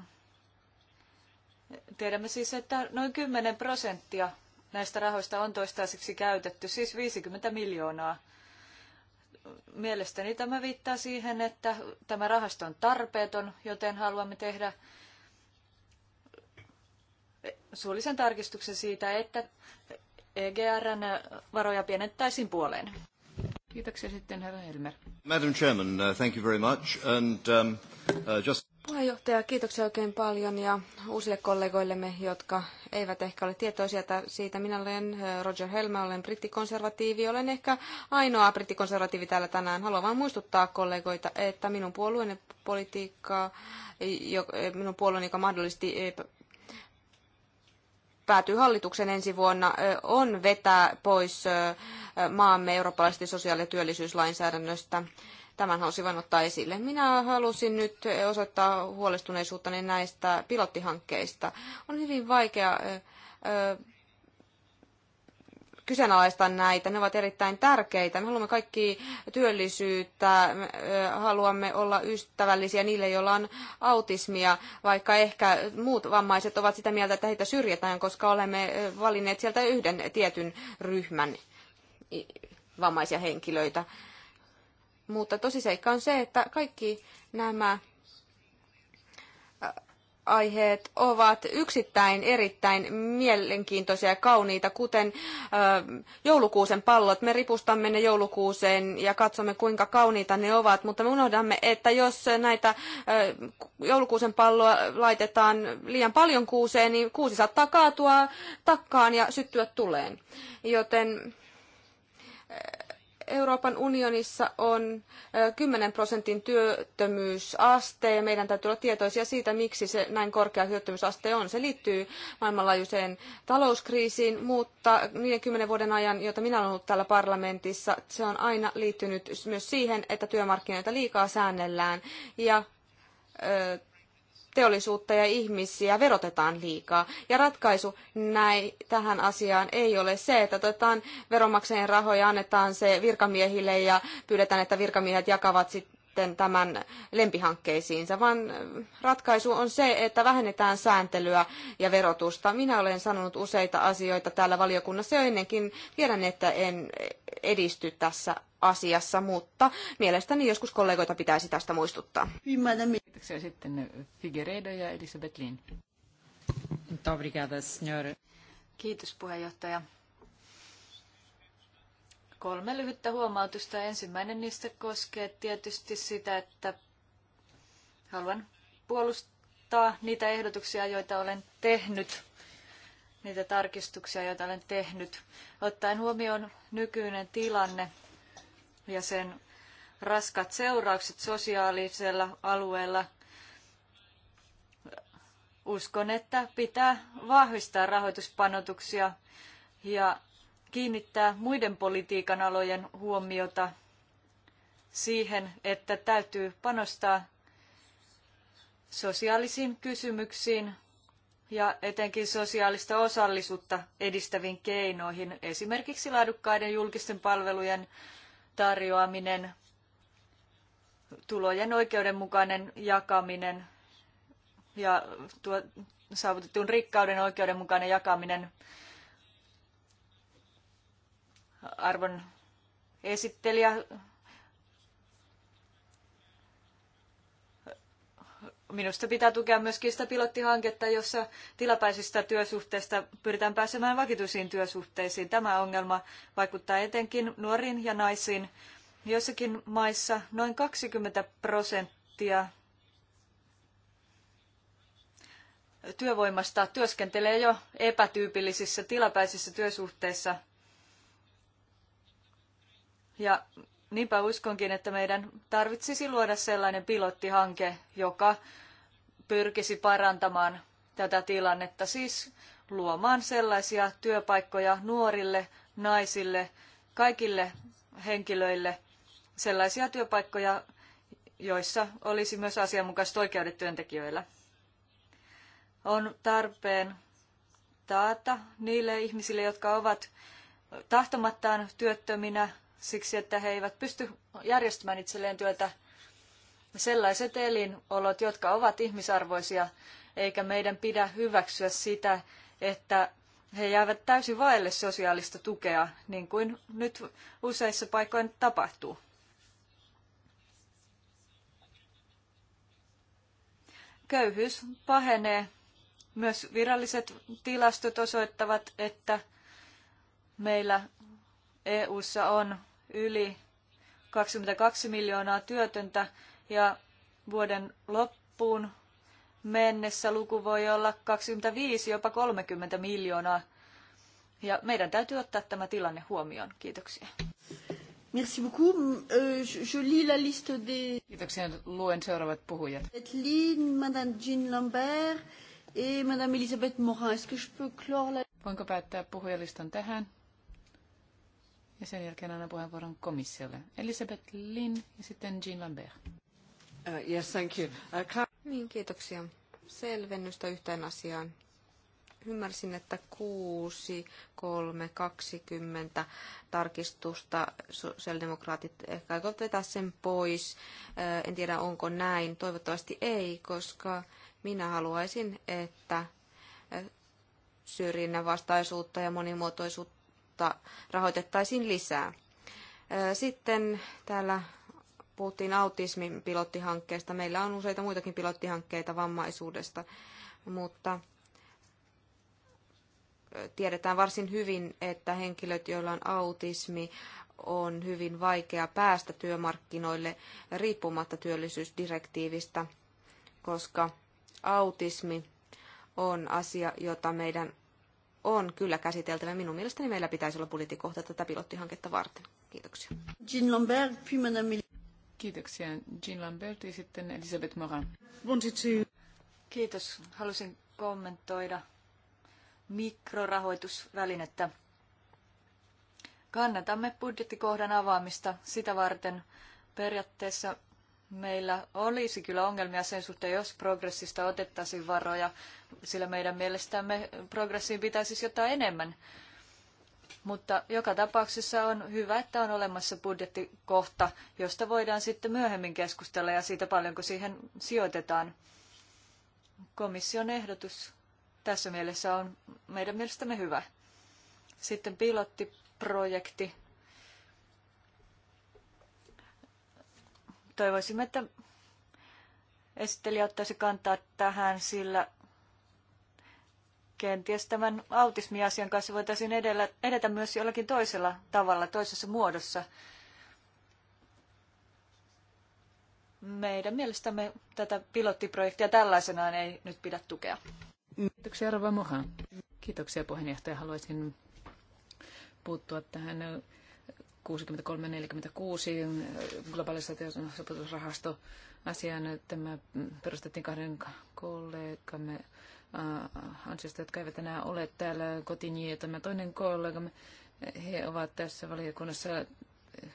tiedämme siis, että noin 10 prosenttia näistä rahoista on toistaiseksi käytetty, siis 50 miljoonaa. Mielestäni tämä viittaa siihen, että tämä rahasto on tarpeeton, joten haluamme tehdä suullisen tarkistuksen siitä, että EGRn varoja pienentäisiin puoleen. Kiitoksia sitten, herra Helmer. Madam Chairman, uh, thank you very much. And, um, uh, just... Puheenjohtaja, kiitoksia oikein paljon ja uusille kollegoillemme, jotka eivät ehkä ole tietoisia siitä. Minä olen Roger Helmä, olen brittikonservatiivi. Olen ehkä ainoa brittikonservatiivi täällä tänään. Haluan vain muistuttaa kollegoita, että minun puolueeni politiikka, minun puolueeni, joka mahdollisesti päätyy hallituksen ensi vuonna, on vetää pois maamme eurooppalaisesta sosiaali- ja työllisyyslainsäädännöstä. Tämän halusin vain ottaa esille. Minä halusin nyt osoittaa huolestuneisuuttani näistä pilottihankkeista. On hyvin vaikea kyseenalaistaa näitä. Ne ovat erittäin tärkeitä. Me haluamme kaikki työllisyyttä, haluamme olla ystävällisiä niille, joilla on autismia, vaikka ehkä muut vammaiset ovat sitä mieltä, että heitä syrjätään, koska olemme valinneet sieltä yhden tietyn ryhmän vammaisia henkilöitä. Mutta tosiseikka on se, että kaikki nämä äh, aiheet ovat yksittäin erittäin mielenkiintoisia ja kauniita, kuten äh, joulukuusen pallot. Me ripustamme ne joulukuuseen ja katsomme, kuinka kauniita ne ovat, mutta me unohdamme, että jos näitä äh, joulukuusen palloa laitetaan liian paljon kuuseen, niin kuusi saattaa kaatua takkaan ja syttyä tuleen. Joten Euroopan unionissa on 10 prosentin työttömyysaste ja meidän täytyy olla tietoisia siitä, miksi se näin korkea työttömyysaste on. Se liittyy maailmanlaajuiseen talouskriisiin, mutta niiden kymmenen vuoden ajan, jota minä olen ollut täällä parlamentissa, se on aina liittynyt myös siihen, että työmarkkinoita liikaa säännellään ja teollisuutta ja ihmisiä verotetaan liikaa. Ja ratkaisu näin, tähän asiaan ei ole se, että otetaan veronmaksajien rahoja, annetaan se virkamiehille ja pyydetään, että virkamiehet jakavat sitten sitten tämän lempihankkeisiinsa, vaan ratkaisu on se, että vähennetään sääntelyä ja verotusta. Minä olen sanonut useita asioita täällä valiokunnassa jo ennenkin. Tiedän, että en edisty tässä asiassa, mutta mielestäni joskus kollegoita pitäisi tästä muistuttaa. Kiitoksia sitten Figueredo ja Elisabeth Lin. Kiitos puheenjohtaja kolme lyhyttä huomautusta. Ensimmäinen niistä koskee tietysti sitä, että haluan puolustaa niitä ehdotuksia, joita olen tehnyt, niitä tarkistuksia, joita olen tehnyt, ottaen huomioon nykyinen tilanne ja sen raskat seuraukset sosiaalisella alueella. Uskon, että pitää vahvistaa rahoituspanotuksia ja kiinnittää muiden politiikan alojen huomiota siihen, että täytyy panostaa sosiaalisiin kysymyksiin ja etenkin sosiaalista osallisuutta edistäviin keinoihin, esimerkiksi laadukkaiden julkisten palvelujen tarjoaminen, tulojen oikeudenmukainen jakaminen ja saavutetun rikkauden oikeudenmukainen jakaminen arvon esittelijä minusta pitää tukea myöskin sitä pilottihanketta, jossa tilapäisistä työsuhteista pyritään pääsemään vakituisiin työsuhteisiin. Tämä ongelma vaikuttaa etenkin nuoriin ja naisiin. Joissakin maissa noin 20 prosenttia työvoimasta työskentelee jo epätyypillisissä tilapäisissä työsuhteissa – ja niinpä uskonkin, että meidän tarvitsisi luoda sellainen pilottihanke, joka pyrkisi parantamaan tätä tilannetta, siis luomaan sellaisia työpaikkoja nuorille, naisille, kaikille henkilöille, sellaisia työpaikkoja, joissa olisi myös asianmukaiset oikeudet työntekijöillä. On tarpeen taata niille ihmisille, jotka ovat tahtomattaan työttöminä siksi, että he eivät pysty järjestämään itselleen työtä sellaiset elinolot, jotka ovat ihmisarvoisia, eikä meidän pidä hyväksyä sitä, että he jäävät täysin vaille sosiaalista tukea, niin kuin nyt useissa paikoin tapahtuu. Köyhyys pahenee. Myös viralliset tilastot osoittavat, että meillä EU:ssa on yli 22 miljoonaa työtöntä ja vuoden loppuun mennessä luku voi olla 25, jopa 30 miljoonaa. Ja meidän täytyy ottaa tämä tilanne huomioon. Kiitoksia. Merci beaucoup. Euh, je lis la liste des... Kiitoksia. Luen seuraavat puhujat. Lynn, Madame Jean Lambert et Madame Elisabeth Morin. Est-ce que je peux clore la... Voinko päättää puhujalistan tähän? Ja sen jälkeen annan puheenvuoron komissiolle. Elisabeth Lin ja sitten Jean Lambert. Uh, yes, thank you. Uh, niin, kiitoksia. Selvennystä yhteen asiaan. Ymmärsin, että 6, 3, 20 tarkistusta sosiaalidemokraatit ehkä aikovat vetää sen pois. Uh, en tiedä, onko näin. Toivottavasti ei, koska minä haluaisin, että uh, syrjinnän vastaisuutta ja monimuotoisuutta jotta rahoitettaisiin lisää. Sitten täällä puhuttiin autismin pilottihankkeesta. Meillä on useita muitakin pilottihankkeita vammaisuudesta, mutta tiedetään varsin hyvin, että henkilöt, joilla on autismi, on hyvin vaikea päästä työmarkkinoille riippumatta työllisyysdirektiivistä, koska autismi on asia, jota meidän on kyllä käsiteltävä. Minun mielestäni meillä pitäisi olla budjettikohta tätä pilottihanketta varten. Kiitoksia. Jean Lambert, puis Kiitoksia Jean Lambert ja sitten Elisabeth Moran. Kiitos. Halusin kommentoida mikrorahoitusvälinettä. Kannatamme budjettikohdan avaamista sitä varten. Periaatteessa meillä olisi kyllä ongelmia sen suhteen, jos progressista otettaisiin varoja sillä meidän mielestämme progressiin pitäisi siis jotain enemmän. Mutta joka tapauksessa on hyvä, että on olemassa budjettikohta, josta voidaan sitten myöhemmin keskustella ja siitä paljonko siihen sijoitetaan. Komission ehdotus tässä mielessä on meidän mielestämme hyvä. Sitten pilottiprojekti. Toivoisimme, että esittelijä ottaisi kantaa tähän, sillä kenties tämän autismiasian kanssa voitaisiin edellä, edetä myös jollakin toisella tavalla, toisessa muodossa. Meidän mielestämme tätä pilottiprojektia tällaisenaan ei nyt pidä tukea. Kiitoksia Rova Moha. Kiitoksia puheenjohtaja. Haluaisin puuttua tähän 63-46 globalisaatiosopimusrahasto asiaan. Tämä perustettiin kahden kollegamme Äh, ansiosta, jotka eivät enää ole täällä ja niin Tämä toinen kollega, he ovat tässä valiokunnassa äh,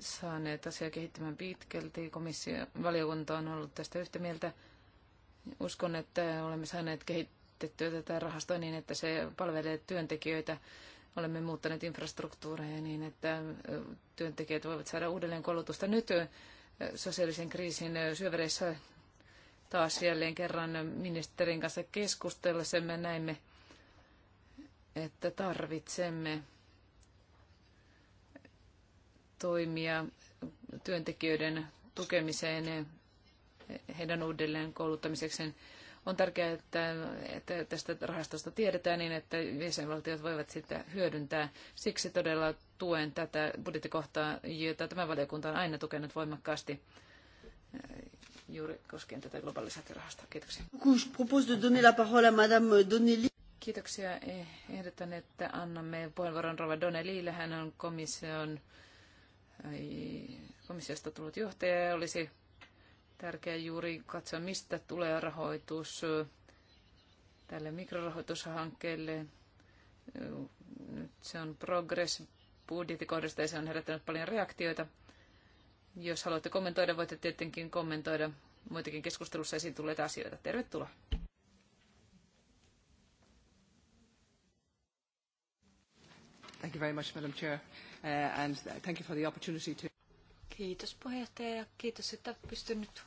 saaneet asiaa kehittämään pitkälti. Komissio, valiokunta on ollut tästä yhtä mieltä. Uskon, että olemme saaneet kehitettyä tätä rahastoa niin, että se palvelee työntekijöitä. Olemme muuttaneet infrastruktuureja niin, että äh, työntekijät voivat saada uudelleen koulutusta. Nyt sosiaalisen kriisin syövereissä taas jälleen kerran ministerin kanssa keskustella. me näimme, että tarvitsemme toimia työntekijöiden tukemiseen heidän uudelleen kouluttamisekseen. On tärkeää, että, että tästä rahastosta tiedetään niin, että jäsenvaltiot voivat sitä hyödyntää. Siksi todella tuen tätä budjettikohtaa, jota tämä valiokunta on aina tukenut voimakkaasti juuri koskien tätä globalisaatiorahastoa. Kiitoksia. Kiitoksia. Ehdotan, että annamme puheenvuoron Rova Donnellylle. Hän on komission, komissiosta tullut johtaja ja olisi tärkeää juuri katsoa, mistä tulee rahoitus tälle mikrorahoitushankkeelle. Nyt se on progress budjettikohdasta ja se on herättänyt paljon reaktioita. Jos haluatte kommentoida, voitte tietenkin kommentoida muitakin keskustelussa esiin tulleita asioita. Tervetuloa. Thank you very much, Madam Chair, uh, and thank you for the opportunity to... Kiitos puheenjohtaja ja kiitos, että pystyn nyt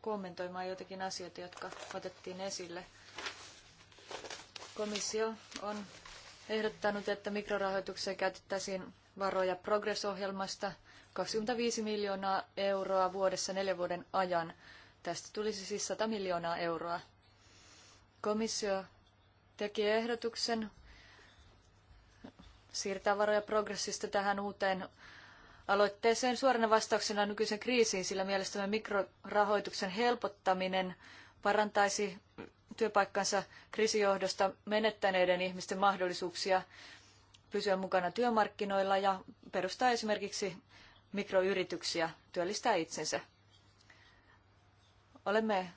kommentoimaan jotakin asioita, jotka otettiin esille. Komissio on ehdottanut, että mikrorahoitukseen käytettäisiin varoja progressohjelmasta ohjelmasta 25 miljoonaa euroa vuodessa neljän vuoden ajan. Tästä tulisi siis 100 miljoonaa euroa. Komissio teki ehdotuksen siirtää varoja progressista tähän uuteen aloitteeseen suorana vastauksena nykyisen kriisiin, sillä mielestämme mikrorahoituksen helpottaminen parantaisi työpaikkansa kriisijohdosta menettäneiden ihmisten mahdollisuuksia pysyä mukana työmarkkinoilla ja perustaa esimerkiksi mikroyrityksiä työllistää itsensä. Olemme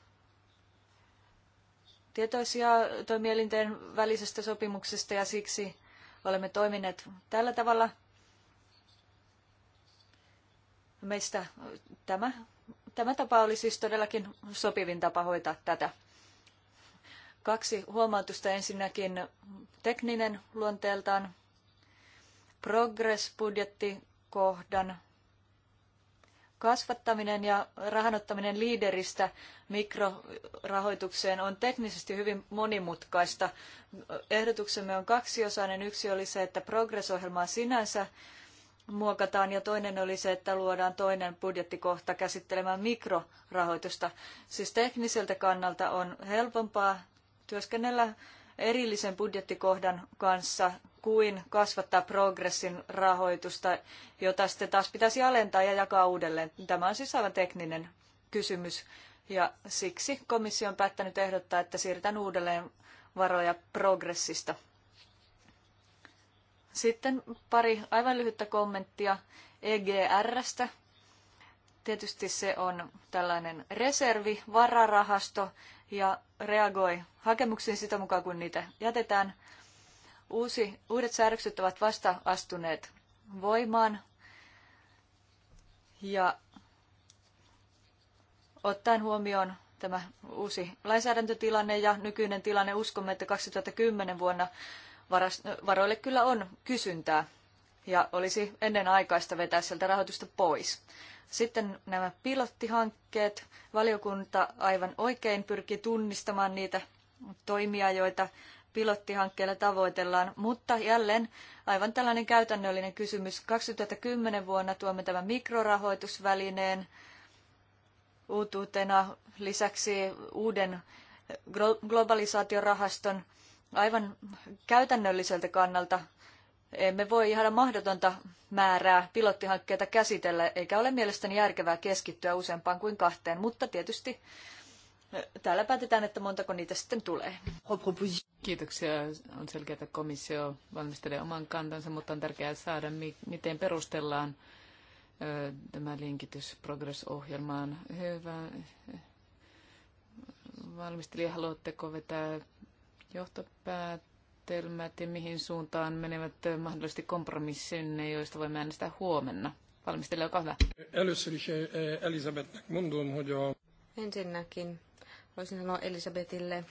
tietoisia toimielinten välisestä sopimuksesta ja siksi olemme toimineet tällä tavalla. Meistä tämä, tämä tapa oli siis todellakin sopivin tapa hoitaa tätä. Kaksi huomautusta ensinnäkin tekninen luonteeltaan. Progress-budjettikohdan kasvattaminen ja rahanottaminen liideristä mikrorahoitukseen on teknisesti hyvin monimutkaista. Ehdotuksemme on kaksiosainen. Yksi oli se, että progress-ohjelmaa sinänsä muokataan ja toinen oli se, että luodaan toinen budjettikohta käsittelemään mikrorahoitusta. Siis tekniseltä kannalta on helpompaa työskennellä erillisen budjettikohdan kanssa kuin kasvattaa progressin rahoitusta, jota sitten taas pitäisi alentaa ja jakaa uudelleen. Tämä on siis aivan tekninen kysymys ja siksi komissio on päättänyt ehdottaa, että siirretään uudelleen varoja progressista. Sitten pari aivan lyhyttä kommenttia EGRstä. Tietysti se on tällainen reservi, vararahasto ja reagoi hakemuksiin sitä mukaan, kun niitä jätetään – Uusi, uudet säädökset ovat vasta astuneet voimaan ja ottaen huomioon tämä uusi lainsäädäntötilanne ja nykyinen tilanne, uskomme, että 2010 vuonna varoille kyllä on kysyntää ja olisi ennen aikaista vetää sieltä rahoitusta pois. Sitten nämä pilottihankkeet. Valiokunta aivan oikein pyrkii tunnistamaan niitä toimia, joita pilottihankkeella tavoitellaan, mutta jälleen aivan tällainen käytännöllinen kysymys. 2010 vuonna tuomme tämän mikrorahoitusvälineen uutuutena lisäksi uuden globalisaatiorahaston aivan käytännölliseltä kannalta emme voi ihan mahdotonta määrää pilottihankkeita käsitellä, eikä ole mielestäni järkevää keskittyä useampaan kuin kahteen, mutta tietysti täällä päätetään, että montako niitä sitten tulee. Kiitoksia. On selkeää, että komissio valmistelee oman kantansa, mutta on tärkeää saada, miten perustellaan tämä linkitys Progress-ohjelmaan. Hyvä. Valmistelija, haluatteko vetää johtopäätelmät ja mihin suuntaan menevät mahdollisesti kompromissinne, joista voimme äänestää huomenna? Valmistelija, olkaa hyvä. Eh, Ensinnäkin Voisin sanoa Elisabetille,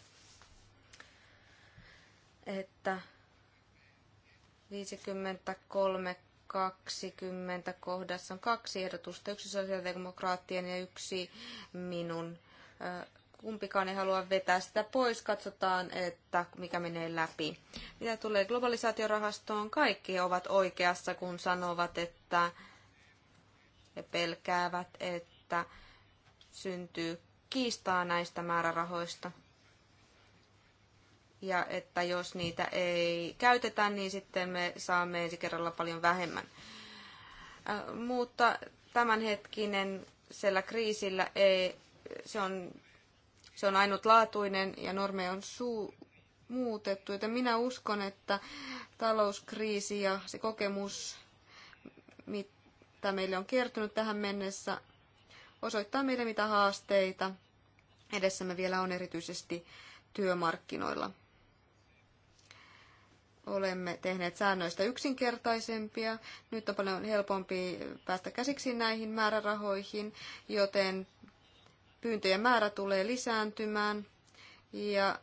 että 53 20 kohdassa on kaksi ehdotusta, yksi sosiaalidemokraattien ja yksi minun. Kumpikaan ei halua vetää sitä pois, katsotaan, että mikä menee läpi. Mitä tulee globalisaatiorahastoon, kaikki ovat oikeassa, kun sanovat, että he pelkäävät, että syntyy kiistaa näistä määrärahoista. Ja että jos niitä ei käytetä, niin sitten me saamme ensi kerralla paljon vähemmän. Äh, mutta tämänhetkinen sillä kriisillä ei, se on, se on ainutlaatuinen ja normeja on suu, muutettu. Joten minä uskon, että talouskriisi ja se kokemus, mitä meille on kertynyt tähän mennessä, osoittaa meille mitä haasteita edessämme vielä on erityisesti työmarkkinoilla. Olemme tehneet säännöistä yksinkertaisempia. Nyt on paljon helpompi päästä käsiksi näihin määrärahoihin, joten pyyntöjen määrä tulee lisääntymään. Ja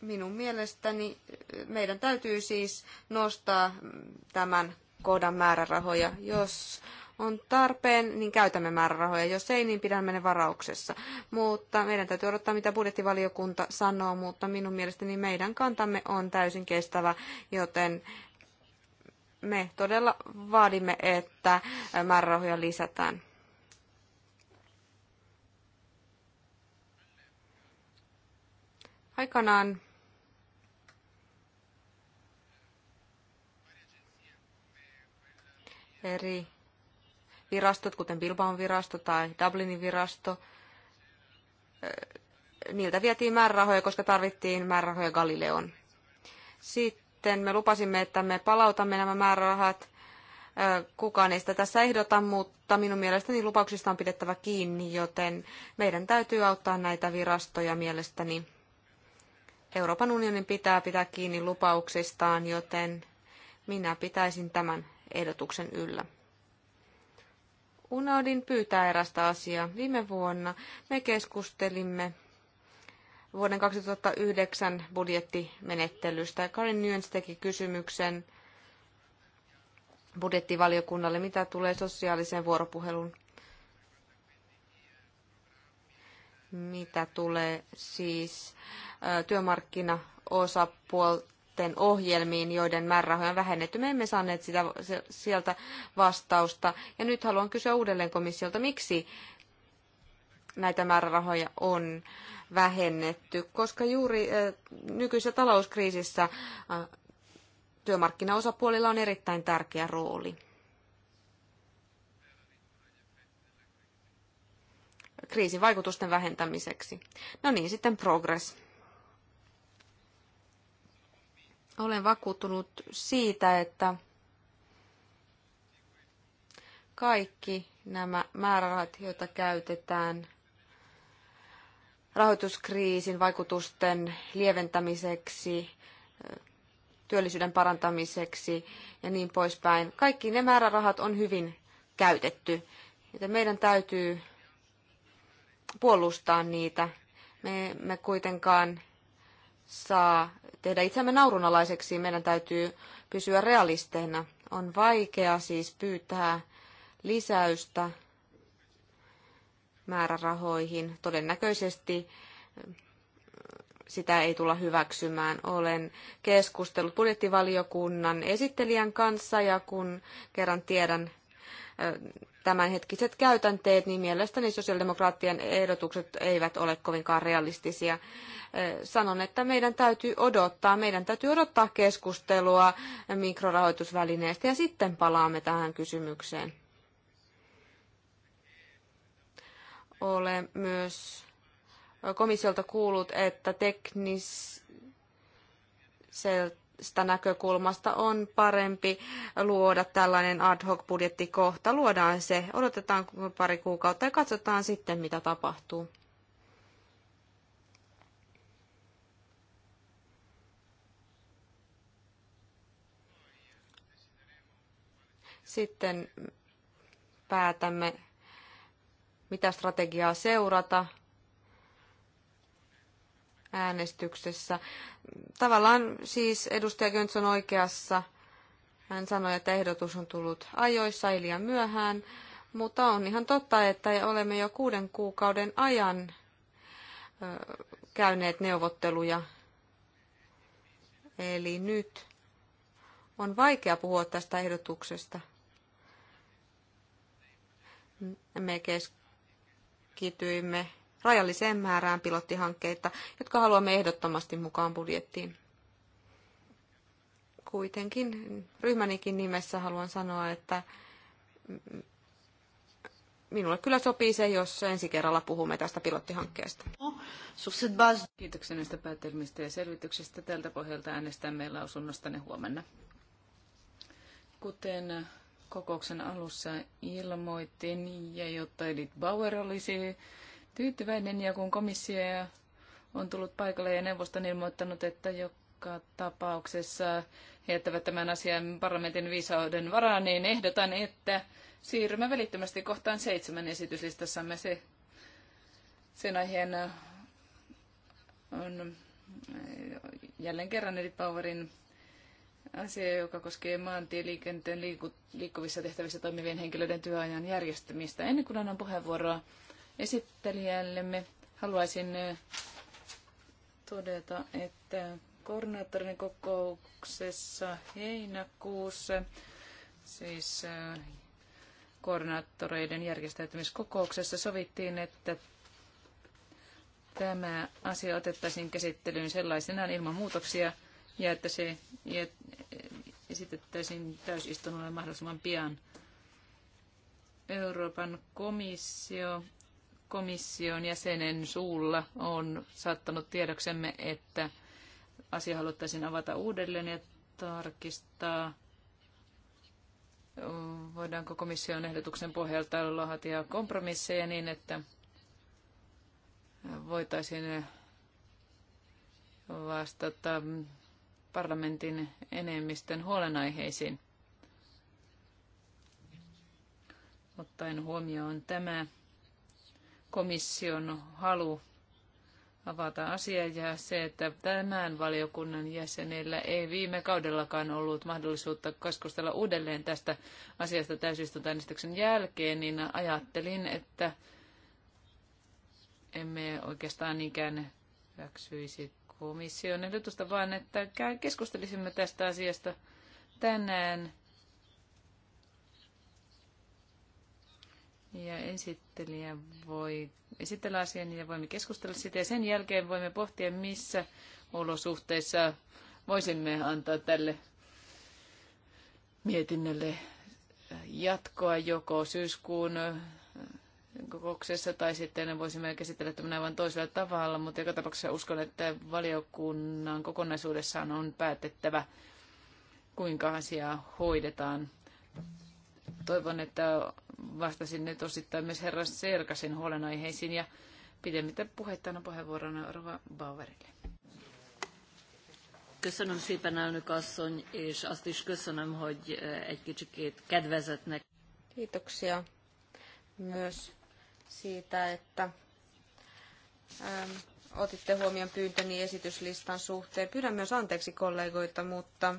minun mielestäni meidän täytyy siis nostaa tämän kohdan määrärahoja, jos on tarpeen, niin käytämme määrärahoja. Jos ei, niin pidämme ne varauksessa. Mutta meidän täytyy odottaa, mitä budjettivaliokunta sanoo, mutta minun mielestäni meidän kantamme on täysin kestävä, joten me todella vaadimme, että määrärahoja lisätään. Aikanaan eri virastot, kuten Bilbaon virasto tai Dublinin virasto, eh, niiltä vietiin määrärahoja, koska tarvittiin määrärahoja Galileon. Sitten me lupasimme, että me palautamme nämä määrärahat. Eh, kukaan ei sitä tässä ehdota, mutta minun mielestäni lupauksista on pidettävä kiinni, joten meidän täytyy auttaa näitä virastoja mielestäni. Euroopan unionin pitää pitää kiinni lupauksistaan, joten minä pitäisin tämän ehdotuksen yllä. Unohdin pyytää erästä asiaa. Viime vuonna me keskustelimme vuoden 2009 budjettimenettelystä. Karin Nyens teki kysymyksen budjettivaliokunnalle, mitä tulee sosiaaliseen vuoropuheluun. Mitä tulee siis työmarkkinaosapuolta? sitten ohjelmiin, joiden määrärahoja on vähennetty. Me emme saaneet sitä, sieltä vastausta. Ja nyt haluan kysyä uudelleen komissiolta, miksi näitä määrärahoja on vähennetty, koska juuri nykyisessä talouskriisissä työmarkkinaosapuolilla on erittäin tärkeä rooli. kriisin vaikutusten vähentämiseksi. No niin, sitten progress. Olen vakuuttunut siitä, että kaikki nämä määrärahat, joita käytetään rahoituskriisin vaikutusten lieventämiseksi, työllisyyden parantamiseksi ja niin poispäin. Kaikki ne määrärahat on hyvin käytetty, joten meidän täytyy puolustaa niitä. Me me kuitenkaan saa tehdä itsemme naurunalaiseksi. Meidän täytyy pysyä realisteina. On vaikea siis pyytää lisäystä määrärahoihin. Todennäköisesti eh, sitä ei tulla hyväksymään. Olen keskustellut budjettivaliokunnan esittelijän kanssa ja kun kerran tiedän, tämänhetkiset käytänteet, niin mielestäni sosiaalidemokraattien ehdotukset eivät ole kovinkaan realistisia. Sanon, että meidän täytyy odottaa, meidän täytyy odottaa keskustelua mikrorahoitusvälineestä ja sitten palaamme tähän kysymykseen. Olen myös komissiolta kuullut, että tekniseltä sitä näkökulmasta on parempi luoda tällainen ad hoc budjettikohta. Luodaan se, odotetaan pari kuukautta ja katsotaan sitten, mitä tapahtuu. Sitten päätämme, mitä strategiaa seurata, äänestyksessä. Tavallaan siis edustaja Gönts on oikeassa. Hän sanoi, että ehdotus on tullut ajoissa, ei liian myöhään, mutta on ihan totta, että olemme jo kuuden kuukauden ajan käyneet neuvotteluja. Eli nyt on vaikea puhua tästä ehdotuksesta. Me keskityimme rajalliseen määrään pilottihankkeita, jotka haluamme ehdottomasti mukaan budjettiin. Kuitenkin ryhmänikin nimessä haluan sanoa, että minulle kyllä sopii se, jos ensi kerralla puhumme tästä pilottihankkeesta. Kiitoksia näistä päätelmistä ja selvityksestä. Tältä pohjalta äänestämme lausunnostanne huomenna. Kuten kokouksen alussa ilmoitin, ja jotta Edith Bauer olisi tyytyväinen ja kun komissio on tullut paikalle ja neuvosto on ilmoittanut, että joka tapauksessa jättävät tämän asian parlamentin viisauden varaan, niin ehdotan, että siirrymme välittömästi kohtaan seitsemän esityslistassamme. Se, sen aiheena on eh, jälleen kerran eli Powerin asia, joka koskee maantieliikenteen liiku- liikkuvissa tehtävissä toimivien henkilöiden työajan järjestämistä. Ennen kuin annan puheenvuoroa esittelijällemme. Haluaisin todeta, että koordinaattorin kokouksessa heinäkuussa, siis koordinaattoreiden järjestäytymiskokouksessa sovittiin, että tämä asia otettaisiin käsittelyyn sellaisenaan ilman muutoksia ja että se esitettäisiin täysistunnolle mahdollisimman pian. Euroopan komissio komission jäsenen suulla on saattanut tiedoksemme, että asia haluttaisiin avata uudelleen ja tarkistaa, voidaanko komission ehdotuksen pohjalta laatia kompromisseja niin, että voitaisiin vastata parlamentin enemmistön huolenaiheisiin. Ottaen huomioon tämä komission halu avata asia ja se, että tämän valiokunnan jäsenillä ei viime kaudellakaan ollut mahdollisuutta keskustella uudelleen tästä asiasta täysistuntoäänestyksen jälkeen, niin ajattelin, että emme oikeastaan niinkään hyväksyisi komission ehdotusta, vaan että keskustelisimme tästä asiasta tänään ja esittelijä voi esitellä asian ja voimme keskustella sitä Ja sen jälkeen voimme pohtia, missä olosuhteissa voisimme antaa tälle mietinnölle jatkoa joko syyskuun kokouksessa tai sitten voisimme käsitellä tämän aivan toisella tavalla, mutta joka tapauksessa uskon, että valiokunnan kokonaisuudessaan on päätettävä, kuinka asiaa hoidetaan toivon, että vastasin nyt osittain myös herra Serkasin huolenaiheisiin ja pidemmittä puhetta on puheenvuorona Rova Bauerille. Köszönöm szépen, elnök asszony, és azt is köszönöm, hogy eh, egy kicsikét kedvezetnek. Kiitoksia myös siitä, että ähm, otitte huomioon pyyntöni esityslistan suhteen. Pyydän myös anteeksi kollegoita, mutta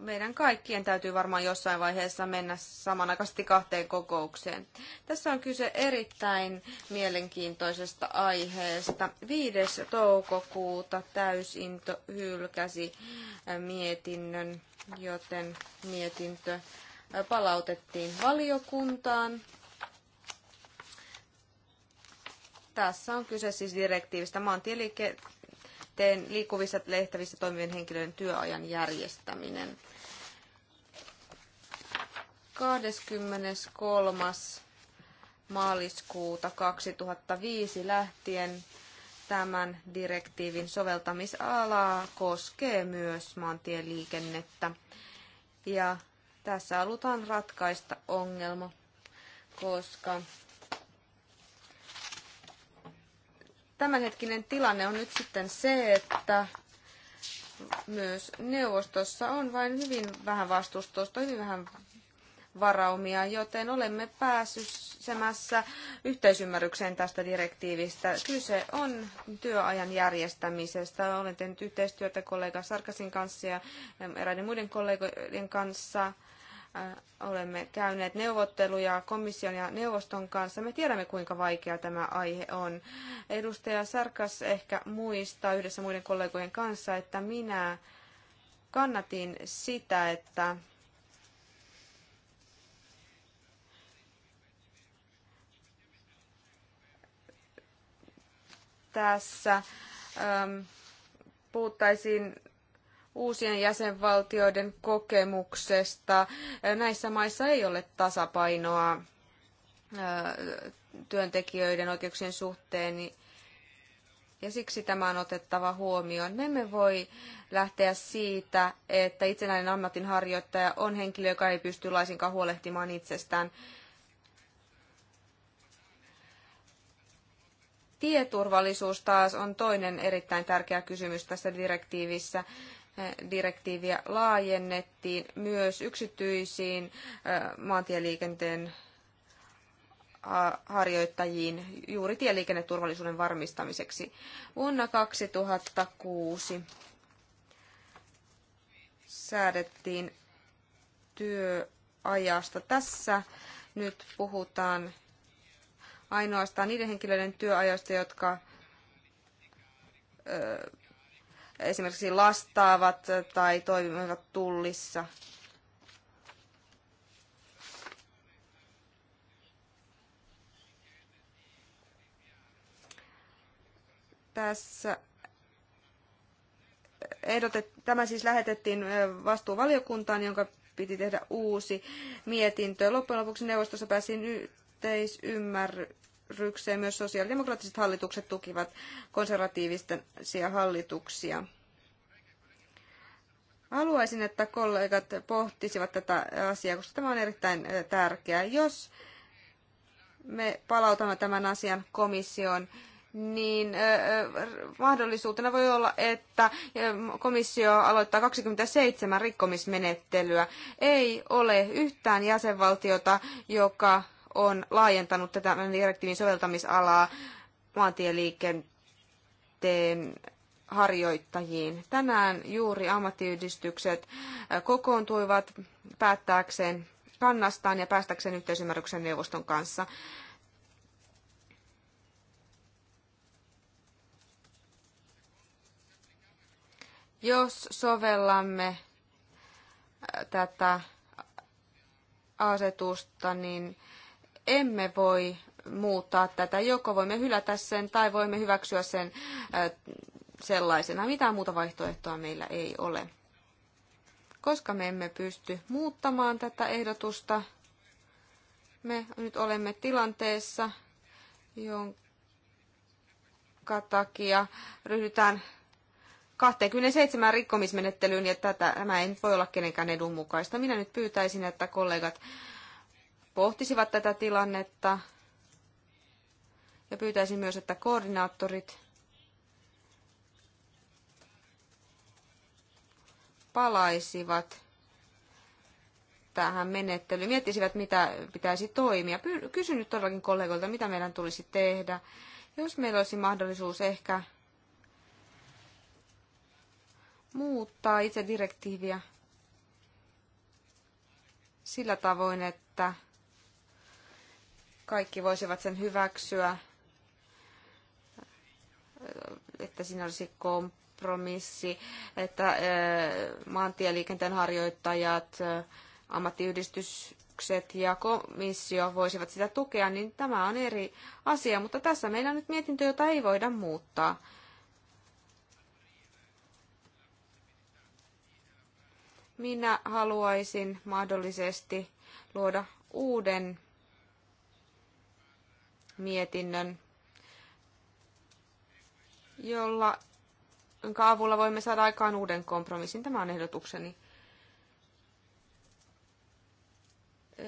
meidän kaikkien täytyy varmaan jossain vaiheessa mennä samanaikaisesti kahteen kokoukseen. Tässä on kyse erittäin mielenkiintoisesta aiheesta. 5. toukokuuta täysinto hylkäsi mietinnön, joten mietintö palautettiin valiokuntaan. Tässä on kyse siis direktiivistä maantieliikenteen sitten liikkuvissa lehtävissä toimivien henkilöiden työajan järjestäminen. 23. maaliskuuta 2005 lähtien tämän direktiivin soveltamisalaa koskee myös maantieliikennettä. Ja tässä halutaan ratkaista ongelma, koska tämänhetkinen tilanne on nyt sitten se, että myös neuvostossa on vain hyvin vähän vastustusta, hyvin vähän varaumia, joten olemme pääsysemässä yhteisymmärrykseen tästä direktiivistä. Kyse on työajan järjestämisestä. Olen tehnyt yhteistyötä kollega Sarkasin kanssa ja eräiden muiden kollegojen kanssa Äh, olemme käyneet neuvotteluja komission ja neuvoston kanssa. Me tiedämme, kuinka vaikea tämä aihe on. Edustaja Sarkas ehkä muistaa yhdessä muiden kollegojen kanssa, että minä kannatin sitä, että tässä ähm, puhuttaisiin uusien jäsenvaltioiden kokemuksesta. Näissä maissa ei ole tasapainoa äh, työntekijöiden oikeuksien suhteen, ja siksi tämä on otettava huomioon. Me emme voi lähteä siitä, että itsenäinen ammatinharjoittaja on henkilö, joka ei pysty laisinkaan huolehtimaan itsestään. Tieturvallisuus taas on toinen erittäin tärkeä kysymys tässä direktiivissä direktiiviä laajennettiin myös yksityisiin äh, maantieliikenteen äh, harjoittajiin juuri tieliikenneturvallisuuden varmistamiseksi vuonna 2006 säädettiin työajasta. Tässä nyt puhutaan ainoastaan niiden henkilöiden työajasta, jotka esimerkiksi lastaavat tai toimivat tullissa. Tässä ehdotet, tämä siis lähetettiin vastuuvaliokuntaan, jonka piti tehdä uusi mietintö. Loppujen lopuksi neuvostossa pääsin yhteisymmärrykseen kierrykseen myös sosiaalidemokraattiset hallitukset tukivat konservatiivisia hallituksia. Haluaisin, että kollegat pohtisivat tätä asiaa, koska tämä on erittäin eh, tärkeää. Jos me palautamme tämän asian komissioon, niin eh, eh, mahdollisuutena voi olla, että komissio aloittaa 27 rikkomismenettelyä. Ei ole yhtään jäsenvaltiota, joka on laajentanut tätä direktiivin soveltamisalaa maantieliikenteen harjoittajiin. Tänään juuri ammattiyhdistykset kokoontuivat päättääkseen kannastaan ja päästäkseen yhteisymmärryksen neuvoston kanssa. Jos sovellamme tätä asetusta, niin emme voi muuttaa tätä. Joko voimme hylätä sen tai voimme hyväksyä sen sellaisena. Mitään muuta vaihtoehtoa meillä ei ole. Koska me emme pysty muuttamaan tätä ehdotusta, me nyt olemme tilanteessa, jonka takia ryhdytään 27 rikkomismenettelyyn, ja tätä, tämä ei voi olla kenenkään edun mukaista. Minä nyt pyytäisin, että kollegat pohtisivat tätä tilannetta. Ja pyytäisin myös, että koordinaattorit palaisivat tähän menettelyyn, miettisivät, mitä pitäisi toimia. Kysyn nyt todellakin kollegoilta, mitä meidän tulisi tehdä. Jos meillä olisi mahdollisuus ehkä muuttaa itse direktiiviä sillä tavoin, että kaikki voisivat sen hyväksyä, että siinä olisi kompromissi, että äh, maantieliikenteen harjoittajat, äh, ammattiyhdistykset ja komissio voisivat sitä tukea, niin tämä on eri asia. Mutta tässä meillä on nyt mietintö, jota ei voida muuttaa. Minä haluaisin mahdollisesti luoda uuden mietinnön, jolla, jonka avulla voimme saada aikaan uuden kompromissin. Tämä on ehdotukseni.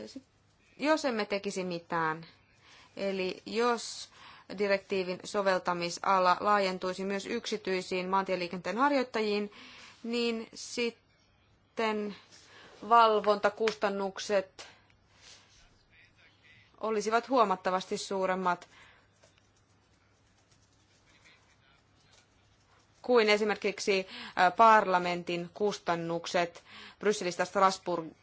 Sitten, jos emme tekisi mitään, eli jos direktiivin soveltamisala laajentuisi myös yksityisiin maantieliikenteen harjoittajiin, niin sitten valvontakustannukset olisivat huomattavasti suuremmat kuin esimerkiksi äh, parlamentin kustannukset Brysselistä Strasbourgin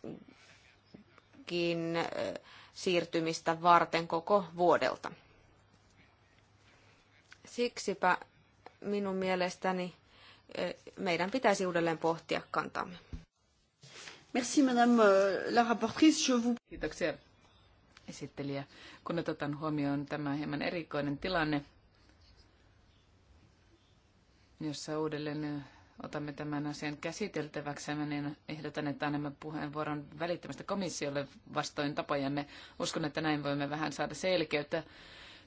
äh, siirtymistä varten koko vuodelta. Siksipä minun mielestäni äh, meidän pitäisi uudelleen pohtia kantaamme. Merci madame la Je vous... Kiitoksia esittelijä. Kun otetaan huomioon tämä hieman erikoinen tilanne, jossa uudelleen otamme tämän asian käsiteltäväksi, niin ehdotan, että annamme puheenvuoron välittömästä komissiolle vastoin tapojamme. Uskon, että näin voimme vähän saada selkeyttä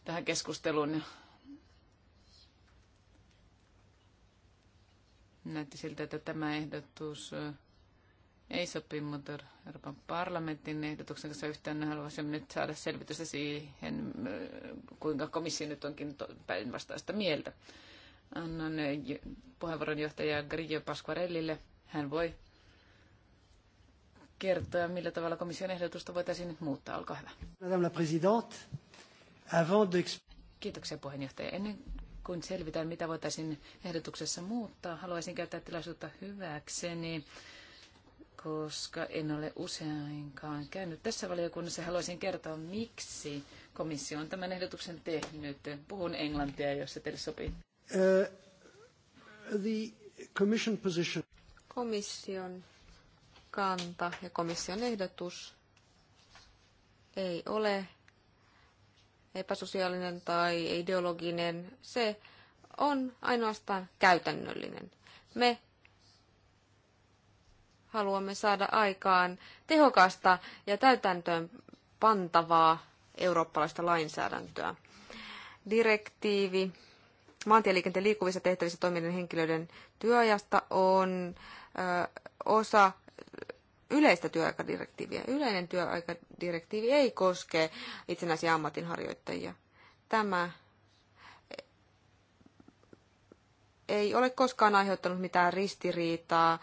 tähän keskusteluun. Näytti siltä, että tämä ehdotus ei sopi, mutta Euroopan parlamentin ehdotuksen kanssa yhtään haluaisin nyt saada selvitystä siihen, äh, kuinka komissio nyt onkin päinvastaista mieltä. Annan äh, puheenvuoronjohtaja Grillo Pasquarellille. Hän voi kertoa, millä tavalla komission ehdotusta voitaisiin nyt muuttaa. Olkaa hyvä. Madame la Présidente, avant de... Kiitoksia puheenjohtaja. Ennen kuin selvitään, mitä voitaisiin ehdotuksessa muuttaa, haluaisin käyttää tilaisuutta hyväkseni koska en ole useinkaan käynyt tässä valiokunnassa. Haluaisin kertoa, miksi komissio on tämän ehdotuksen tehnyt. Puhun englantia, jos se teille sopii. Uh, the commission position. Komission kanta ja komission ehdotus ei ole epäsosiaalinen tai ideologinen. Se on ainoastaan käytännöllinen. Me haluamme saada aikaan tehokasta ja täytäntöön pantavaa eurooppalaista lainsäädäntöä. Direktiivi maantieliikenteen liikkuvissa tehtävissä toimivien henkilöiden työajasta on osa yleistä työaikadirektiiviä. Yleinen työaikadirektiivi ei koske itsenäisiä ammatinharjoittajia. Tämä ei ole koskaan aiheuttanut mitään ristiriitaa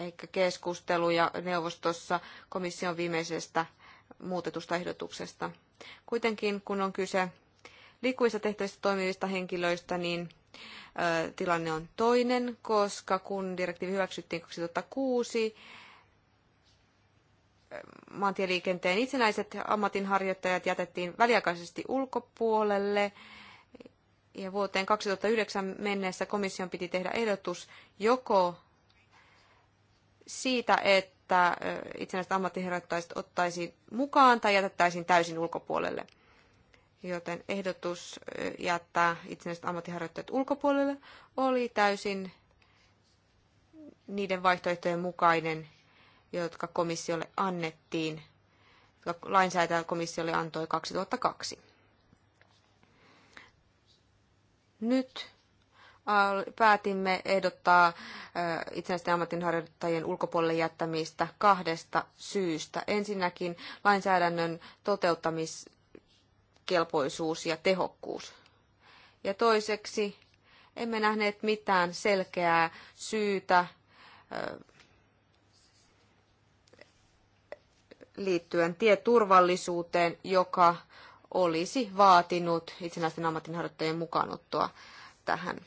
ehkä keskusteluja neuvostossa komission viimeisestä muutetusta ehdotuksesta. Kuitenkin kun on kyse liikkuvissa tehtävissä toimivista henkilöistä, niin tilanne on toinen, koska kun direktiivi hyväksyttiin 2006, maantieliikenteen itsenäiset ammatinharjoittajat jätettiin väliaikaisesti ulkopuolelle. Ja vuoteen 2009 mennessä komission piti tehdä ehdotus joko siitä, että itsenäiset ammattiherrattaiset ottaisiin mukaan tai jätettäisiin täysin ulkopuolelle. Joten ehdotus jättää itsenäiset ammattiharjoittajat ulkopuolelle oli täysin niiden vaihtoehtojen mukainen, jotka komissiolle annettiin, jotka lainsäätäjä komissiolle antoi 2002. Nyt päätimme ehdottaa itsenäisten ammatinharjoittajien ulkopuolelle jättämistä kahdesta syystä. Ensinnäkin lainsäädännön toteuttamiskelpoisuus ja tehokkuus. Ja toiseksi emme nähneet mitään selkeää syytä liittyen tieturvallisuuteen, joka olisi vaatinut itsenäisten ammatinharjoittajien mukaanottoa tähän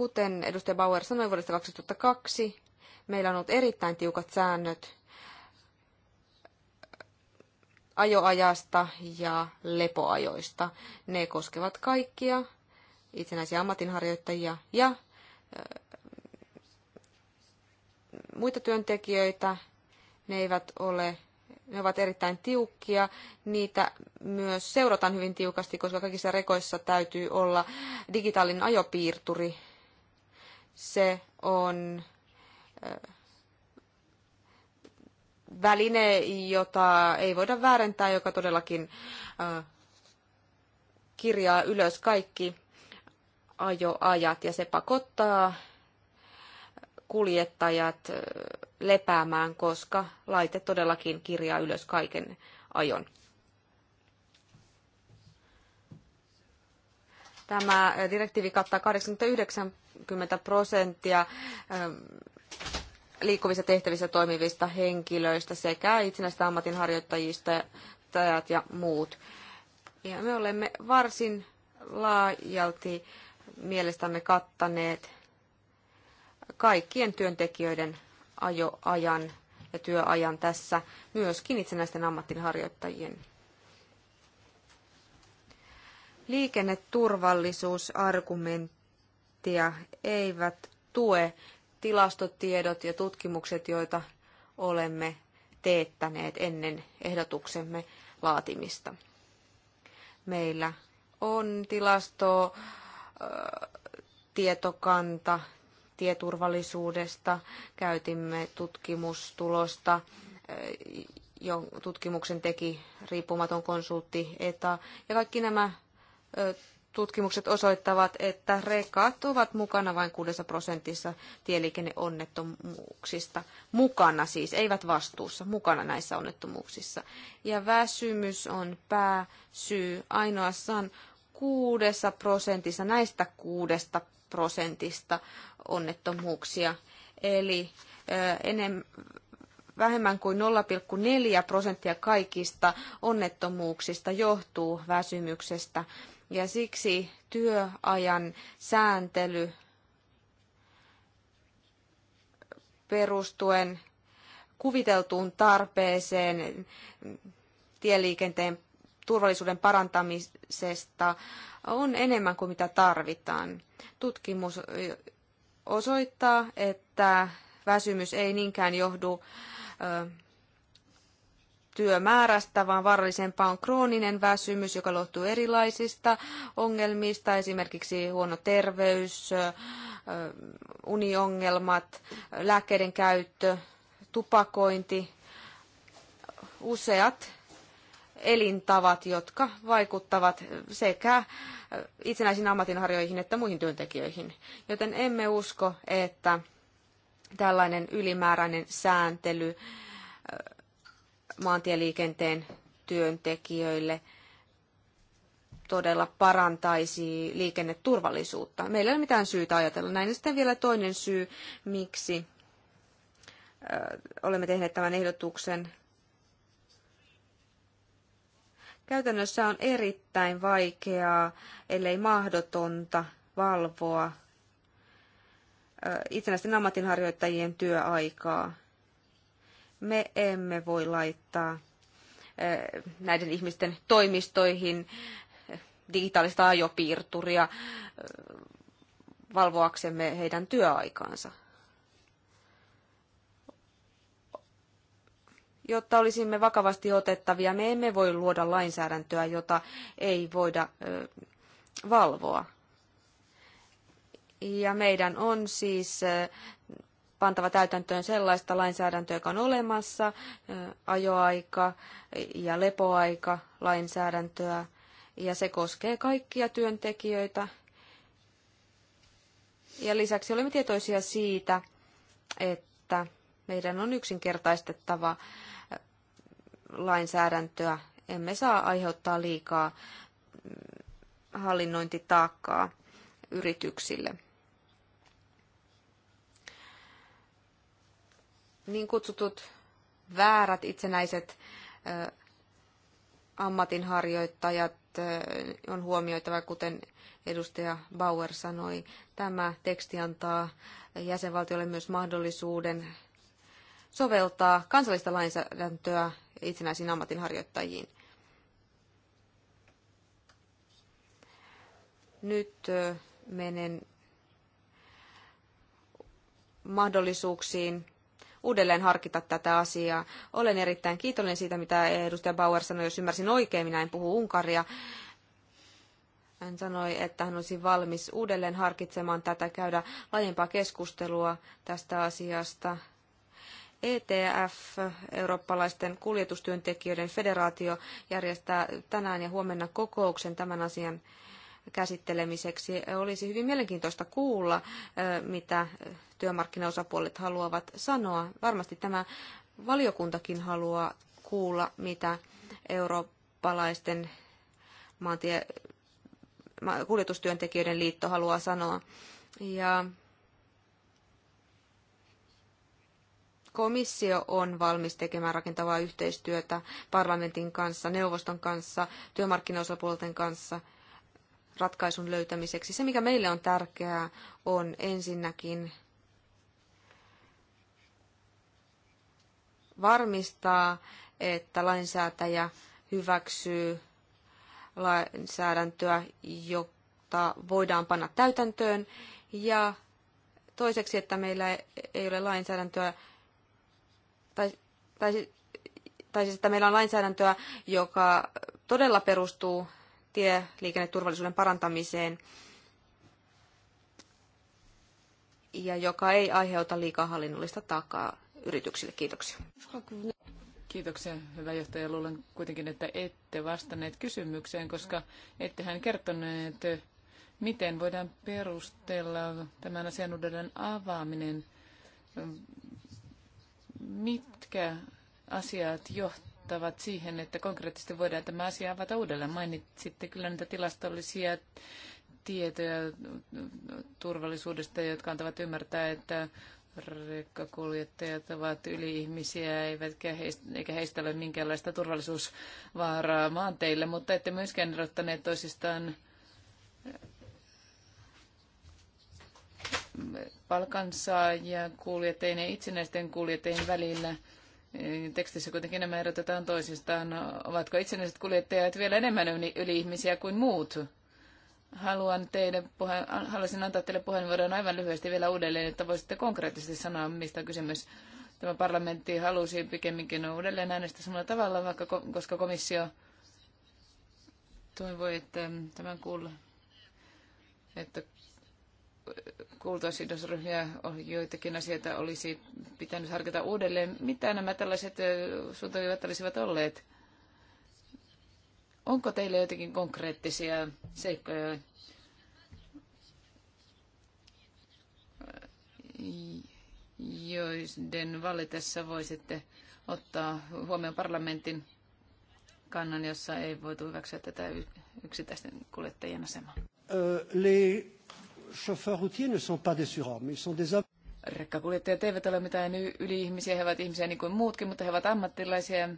Kuten edustaja Bauer sanoi vuodesta 2002, meillä on ollut erittäin tiukat säännöt ajoajasta ja lepoajoista. Ne koskevat kaikkia itsenäisiä ammatinharjoittajia ja muita työntekijöitä. Ne eivät ole ne ovat erittäin tiukkia. Niitä myös seurataan hyvin tiukasti, koska kaikissa rekoissa täytyy olla digitaalinen ajopiirturi se on väline, jota ei voida väärentää, joka todellakin kirjaa ylös kaikki ajoajat ja se pakottaa kuljettajat lepäämään, koska laite todellakin kirjaa ylös kaiken ajon. Tämä direktiivi kattaa 80-90 prosenttia liikkuvissa tehtävissä toimivista henkilöistä sekä itsenäistä ammatinharjoittajista ja muut. Ja me olemme varsin laajalti mielestämme kattaneet kaikkien työntekijöiden ajoajan ja työajan tässä, myöskin itsenäisten ammattinharjoittajien Liikenneturvallisuusargumenttia eivät tue tilastotiedot ja tutkimukset, joita olemme teettäneet ennen ehdotuksemme laatimista. Meillä on tilasto, tietokanta tieturvallisuudesta, käytimme tutkimustulosta, tutkimuksen teki riippumaton konsultti ETA, ja kaikki nämä tutkimukset osoittavat, että rekat ovat mukana vain 6 prosentissa tieliikenneonnettomuuksista. Mukana siis, eivät vastuussa, mukana näissä onnettomuuksissa. Ja väsymys on pääsyy ainoastaan 6 prosentissa näistä 6 prosentista onnettomuuksia. Eli enemmän vähemmän kuin 0,4 prosenttia kaikista onnettomuuksista johtuu väsymyksestä ja siksi työajan sääntely perustuen kuviteltuun tarpeeseen tieliikenteen turvallisuuden parantamisesta on enemmän kuin mitä tarvitaan. Tutkimus osoittaa, että väsymys ei niinkään johdu työmäärästä, vaan vaarallisempaa on krooninen väsymys, joka lohtuu erilaisista ongelmista, esimerkiksi huono terveys, uniongelmat, lääkkeiden käyttö, tupakointi, useat elintavat, jotka vaikuttavat sekä itsenäisiin ammatinharjoihin että muihin työntekijöihin. Joten emme usko, että tällainen ylimääräinen sääntely maantieliikenteen työntekijöille todella parantaisi liikenneturvallisuutta. Meillä ei ole mitään syytä ajatella näin. Ja sitten vielä toinen syy, miksi olemme tehneet tämän ehdotuksen. Käytännössä on erittäin vaikeaa, ellei mahdotonta, valvoa itsenäisten ammatinharjoittajien työaikaa. Me emme voi laittaa eh, näiden ihmisten toimistoihin eh, digitaalista ajopiirturia eh, valvoaksemme heidän työaikaansa. Jotta olisimme vakavasti otettavia, me emme voi luoda lainsäädäntöä, jota ei voida valvoa. Ja meidän on siis pantava täytäntöön sellaista lainsäädäntöä, joka on olemassa, ajoaika ja lepoaika lainsäädäntöä, ja se koskee kaikkia työntekijöitä. Ja lisäksi olemme tietoisia siitä, että meidän on yksinkertaistettava lainsäädäntöä. Emme saa aiheuttaa liikaa mm, hallinnointitaakkaa yrityksille. niin kutsutut väärät itsenäiset ammatinharjoittajat on huomioitava, kuten edustaja Bauer sanoi. Tämä teksti antaa jäsenvaltiolle myös mahdollisuuden soveltaa kansallista lainsäädäntöä itsenäisiin ammatinharjoittajiin. Nyt menen mahdollisuuksiin uudelleen harkita tätä asiaa. Olen erittäin kiitollinen siitä, mitä edustaja Bauer sanoi, jos ymmärsin oikein, minä en puhu Unkaria. Hän sanoi, että hän olisi valmis uudelleen harkitsemaan tätä, käydä laajempaa keskustelua tästä asiasta. ETF, eurooppalaisten kuljetustyöntekijöiden federaatio, järjestää tänään ja huomenna kokouksen tämän asian käsittelemiseksi. Olisi hyvin mielenkiintoista kuulla, mitä työmarkkinaosapuolet haluavat sanoa. Varmasti tämä valiokuntakin haluaa kuulla, mitä eurooppalaisten maantie- kuljetustyöntekijöiden liitto haluaa sanoa. Ja komissio on valmis tekemään rakentavaa yhteistyötä parlamentin kanssa, neuvoston kanssa, työmarkkinaosapuolten kanssa – ratkaisun löytämiseksi. Se, mikä meille on tärkeää, on ensinnäkin varmistaa, että lainsäätäjä hyväksyy lainsäädäntöä, jota voidaan panna täytäntöön, ja toiseksi, että meillä ei ole lainsäädäntöä, tai, tai, tai siis, että meillä on lainsäädäntöä, joka todella perustuu tieliikenneturvallisuuden parantamiseen ja joka ei aiheuta liikaa hallinnollista taakkaa yrityksille. Kiitoksia. Kiitoksia, hyvä johtaja. Luulen kuitenkin, että ette vastanneet kysymykseen, koska ettehän kertoneet, miten voidaan perustella tämän asian uudelleen avaaminen. Mitkä asiat johtavat? johtavat siihen, että konkreettisesti voidaan tämä asia avata uudelleen. Mainitsitte kyllä niitä tilastollisia tietoja turvallisuudesta, jotka antavat ymmärtää, että rekkakuljettajat ovat yli-ihmisiä, eivätkä heistä, eikä heistä ole minkäänlaista turvallisuusvaaraa maanteille, mutta ette myöskään erottaneet toisistaan palkansaajia kuljettajien ja itsenäisten kuljettajien välillä – Tekstissä kuitenkin nämä erotetaan toisistaan. Ovatko itsenäiset kuljettajat vielä enemmän yli-ihmisiä kuin muut? Haluan teille puhe- haluaisin antaa teille puheenvuoron aivan lyhyesti vielä uudelleen, että voisitte konkreettisesti sanoa, mistä on kysymys. Tämä parlamentti halusi pikemminkin uudelleen äänestää samalla tavalla, vaikka koska komissio toivoi, että tämän kuulla, että kuultua sidosryhmiä, joitakin asioita olisi pitänyt harkita uudelleen. Mitä nämä tällaiset suuntaviivat olisivat olleet? Onko teille jotenkin konkreettisia seikkoja, joiden valitessa voisitte ottaa huomioon parlamentin kannan, jossa ei voitu hyväksyä tätä yksittäisten kuljettajien asemaa? Les chauffeurs routiers ne sont pas des surhommes, ils sont des hommes. Rekkakuljettajat eivät ole mitään yli-ihmisiä, he ovat ihmisiä niin kuin muutkin, mutta he ovat ammattilaisia,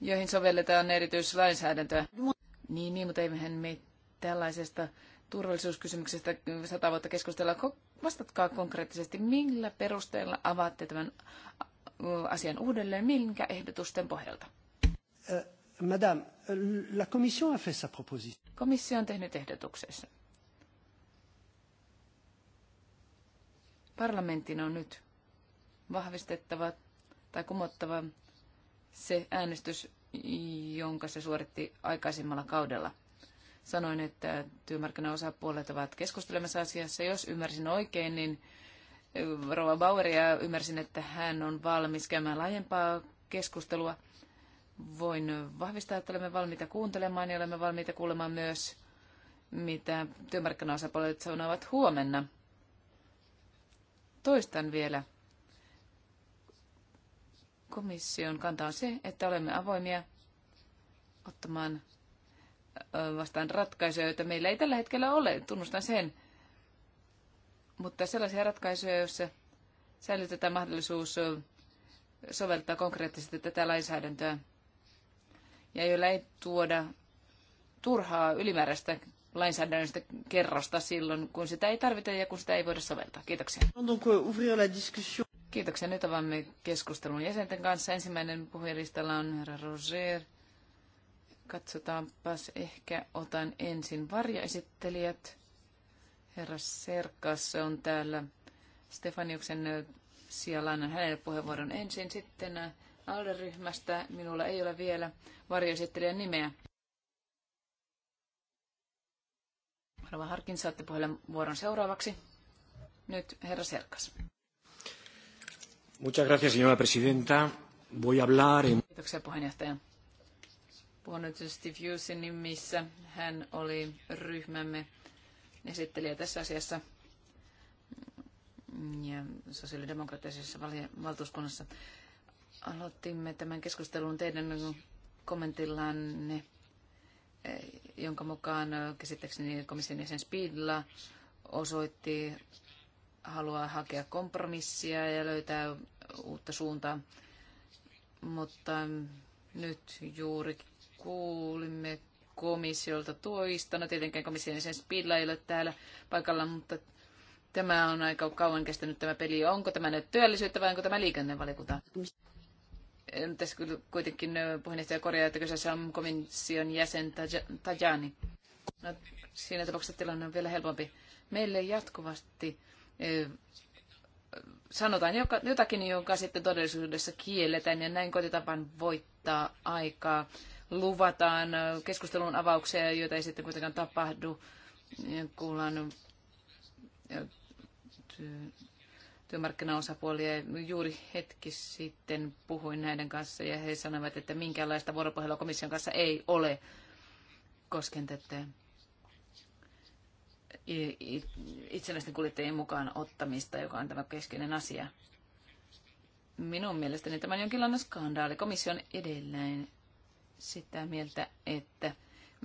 joihin sovelletaan erityislainsäädäntöä. Niin, niin, mutta eihän me tällaisesta turvallisuuskysymyksestä sata vuotta keskustella. Vastatkaa konkreettisesti, millä perusteella avaatte tämän asian uudelleen, minkä ehdotusten pohjalta? Euh, madame, euh, la commission a fait sa proposition. Komissio on tehnyt ehdotuksessa. Parlamentin on nyt vahvistettava tai kumottava se äänestys, jonka se suoritti aikaisemmalla kaudella. Sanoin, että työmarkkinaosapuolet ovat keskustelemassa asiassa. Jos ymmärsin oikein, niin Rova Baueria ymmärsin, että hän on valmis käymään laajempaa keskustelua. Voin vahvistaa, että olemme valmiita kuuntelemaan ja olemme valmiita kuulemaan myös, mitä työmarkkinaosapuolet sanovat huomenna Toistan vielä. Komission kanta on se, että olemme avoimia ottamaan vastaan ratkaisuja, joita meillä ei tällä hetkellä ole. Tunnustan sen. Mutta sellaisia ratkaisuja, joissa säilytetään mahdollisuus soveltaa konkreettisesti tätä lainsäädäntöä ja joilla ei tuoda turhaa ylimääräistä lainsäädännöllistä kerrosta silloin, kun sitä ei tarvita ja kun sitä ei voida soveltaa. Kiitoksia. Euh, Kiitoksia. Nyt avaamme keskustelun jäsenten kanssa. Ensimmäinen puhujalistalla on herra Roger. Katsotaanpas ehkä otan ensin varjoesittelijät. Herra Serkas on täällä. Stefaniuksen sijalla annan hänelle puheenvuoron ensin. Sitten alderyhmästä minulla ei ole vielä varjoesittelijän nimeä. Rova Harkin, saatte vuoron seuraavaksi. Nyt herra Serkas. Muchas gracias, señora presidenta. Voy a hablar en... Kiitoksia puheenjohtaja. Puhun nyt Steve Hughesin nimissä. Hän oli ryhmämme esittelijä tässä asiassa ja sosiaalidemokraattisessa valtuuskunnassa. Aloitimme tämän keskustelun teidän kommentillanne jonka mukaan käsittääkseni komission jäsen Spidla osoitti haluaa hakea kompromissia ja löytää uutta suuntaa. Mutta nyt juuri kuulimme komissiolta toista. No tietenkään komission jäsen Spidla ei ole täällä paikalla, mutta tämä on aika kauan kestänyt tämä peli. Onko tämä nyt työllisyyttä vai onko tämä liikennevalikunta? Tässä kuitenkin puheenjohtaja korjaa, että kyseessä on komission jäsen Tajani. No, siinä tapauksessa tilanne on vielä helpompi. Meille jatkuvasti sanotaan jotakin, jonka sitten todellisuudessa kielletään ja näin koitetaan vain voittaa aikaa. Luvataan keskustelun avauksia, joita ei sitten kuitenkaan tapahdu. Kuullaan työmarkkinaosapuolia. Juuri hetki sitten puhuin näiden kanssa ja he sanoivat, että minkäänlaista vuoropuhelua komission kanssa ei ole kosken tätä itsenäisten kuljettajien mukaan ottamista, joka on tämä keskeinen asia. Minun mielestäni tämä on jonkinlainen skandaali. komission edelleen sitä mieltä, että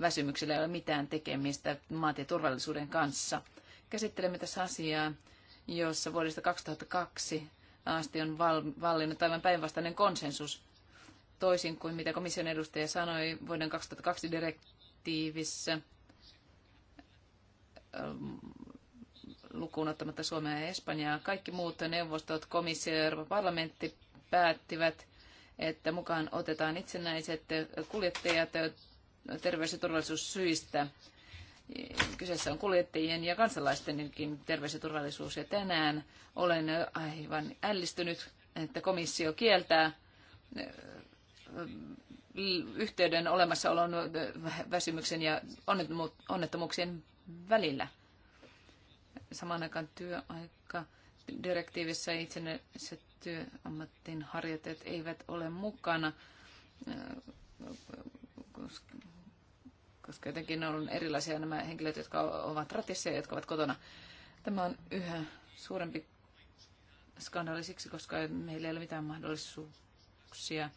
väsymyksellä ei ole mitään tekemistä maantieturvallisuuden kanssa. Käsittelemme tässä asiaa jossa vuodesta 2002 asti on vallinnut aivan päinvastainen konsensus. Toisin kuin mitä komission edustaja sanoi vuoden 2002 direktiivissä ähm, lukuun ottamatta Suomea ja Espanjaa, kaikki muut neuvostot, komissio ja Euroopan parlamentti päättivät, että mukaan otetaan itsenäiset kuljettajat terveys- ja turvallisuussyistä Kyseessä on kuljettajien ja kansalaistenkin terveys ja turvallisuus. Ja tänään olen aivan ällistynyt, että komissio kieltää äh, yhteyden olemassaolon äh, väsymyksen ja onnettomuuksien välillä. Samaan aikaan työaika direktiivissä itsenäiset työammattin harjoitteet eivät ole mukana äh, koska jotenkin on erilaisia nämä henkilöt, jotka ovat ratissa ja jotka ovat kotona. Tämä on yhä suurempi skandaali siksi, koska meillä ei ole mitään mahdollisuuksia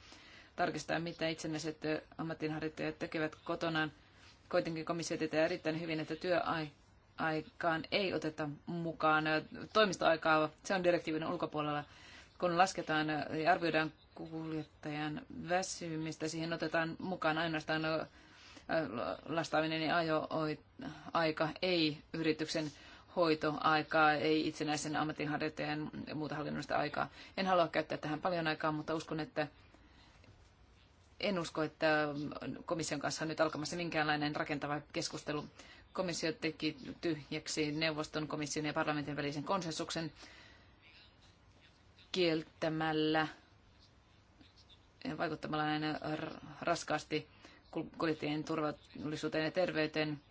tarkistaa, mitä itsenäiset ammattinharjoittajat tekevät kotonaan. Kuitenkin komissio tietää erittäin hyvin, että työaikaan ei oteta mukaan toimistoaikaa. Se on direktiivin ulkopuolella. Kun lasketaan ja arvioidaan kuljettajan väsymistä, siihen otetaan mukaan ainoastaan lastaaminen ja ajo-aika ei yrityksen hoitoaikaa, ei itsenäisen ammatinharjoittajan muuta hallinnollista aikaa. En halua käyttää tähän paljon aikaa, mutta uskon, että en usko, että komission kanssa on nyt alkamassa minkäänlainen rakentava keskustelu. Komissio teki tyhjäksi neuvoston, komission ja parlamentin välisen konsensuksen kieltämällä ja vaikuttamalla näin raskaasti kuljettajien turvallisuuteen ja terveyteen.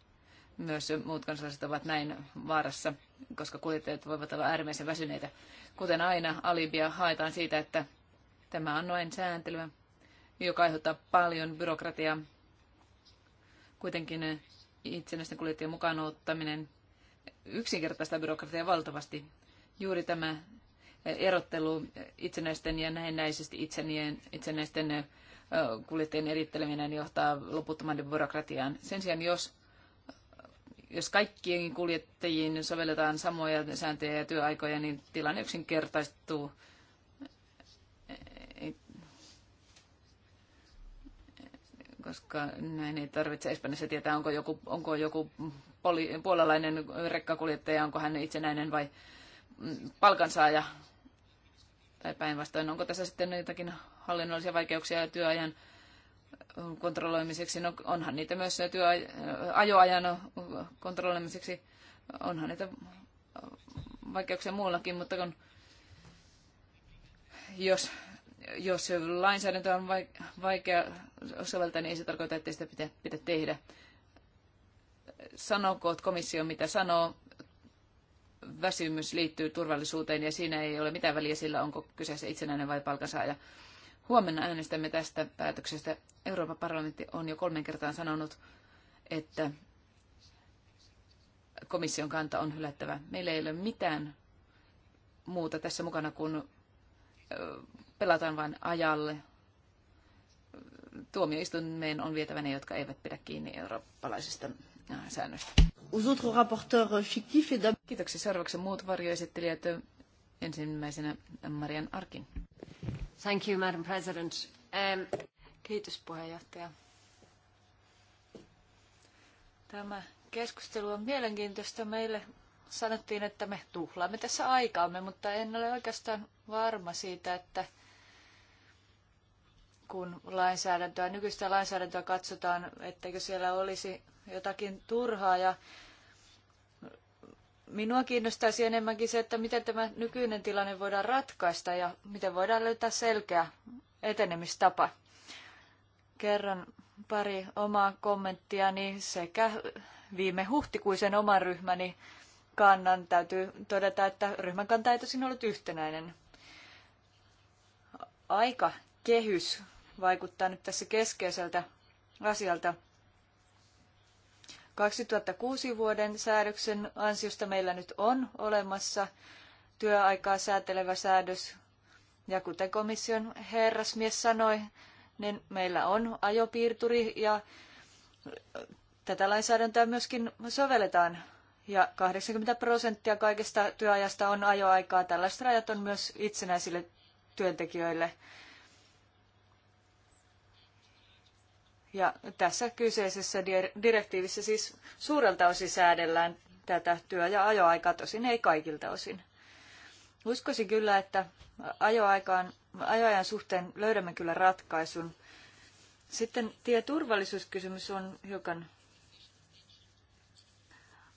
Myös muut kansalaiset ovat näin vaarassa, koska kuljettajat voivat olla äärimmäisen väsyneitä. Kuten aina, alibia haetaan siitä, että tämä on noin sääntelyä, joka aiheuttaa paljon byrokratiaa. Kuitenkin itsenäisten kuljettajien mukaan ottaminen yksinkertaista byrokratiaa valtavasti. Juuri tämä erottelu itsenäisten ja näennäisesti itsenäisten kuljettajien eritteleminen johtaa loputtoman byrokratiaan. Sen sijaan, jos, jos kaikkien kuljettajiin sovelletaan samoja sääntöjä ja työaikoja, niin tilanne yksinkertaistuu. koska näin ei tarvitse Espanjassa tietää, onko joku, onko joku poli, puolalainen rekkakuljettaja, onko hän itsenäinen vai palkansaaja tai päinvastoin. Onko tässä sitten jotakin hallinnollisia vaikeuksia työajan kontrolloimiseksi? No onhan niitä myös työajoajan kontrolloimiseksi. Onhan niitä vaikeuksia muullakin, mutta kun jos, jos lainsäädäntö on vaikea soveltaa, niin ei se tarkoita, että sitä pitää, pitää tehdä. Sanokoot komissio, mitä sanoo, väsymys liittyy turvallisuuteen ja siinä ei ole mitään väliä sillä, onko kyseessä itsenäinen vai palkansaaja. Huomenna äänestämme tästä päätöksestä. Euroopan parlamentti on jo kolmen kertaan sanonut, että komission kanta on hylättävä. Meillä ei ole mitään muuta tässä mukana, kun pelataan vain ajalle. Tuomioistuimeen on vietävä ne, jotka eivät pidä kiinni eurooppalaisista säännöistä aux autres rapporteurs euh, fictifs et Kiitoksia. Seuraavaksi muut varjoesittelijät. Ensimmäisenä Marian Arkin. Thank you, Madam President. Um, kiitos puheenjohtaja. Tämä keskustelu on mielenkiintoista. Meille sanottiin, että me tuhlaamme tässä aikaamme, mutta en ole oikeastaan varma siitä, että kun lainsäädäntöä, nykyistä lainsäädäntöä katsotaan, etteikö siellä olisi jotakin turhaa ja minua kiinnostaisi enemmänkin se, että miten tämä nykyinen tilanne voidaan ratkaista ja miten voidaan löytää selkeä etenemistapa. Kerron pari omaa kommenttiani sekä viime huhtikuisen oman ryhmäni kannan. Täytyy todeta, että ryhmän kanta ei tosin ollut yhtenäinen. Aika kehys vaikuttaa nyt tässä keskeiseltä asialta – 2006 vuoden säädöksen ansiosta meillä nyt on olemassa työaikaa säätelevä säädös. Ja kuten komission herrasmies sanoi, niin meillä on ajopiirturi ja tätä lainsäädäntöä myöskin sovelletaan. Ja 80 prosenttia kaikesta työajasta on ajoaikaa. Tällaiset rajat on myös itsenäisille työntekijöille. Ja tässä kyseisessä direktiivissä siis suurelta osin säädellään tätä työ- ja ajoaikaa, tosin ei kaikilta osin. Uskoisin kyllä, että ajoaikaan, ajoajan suhteen löydämme kyllä ratkaisun. Sitten tieturvallisuuskysymys on hiukan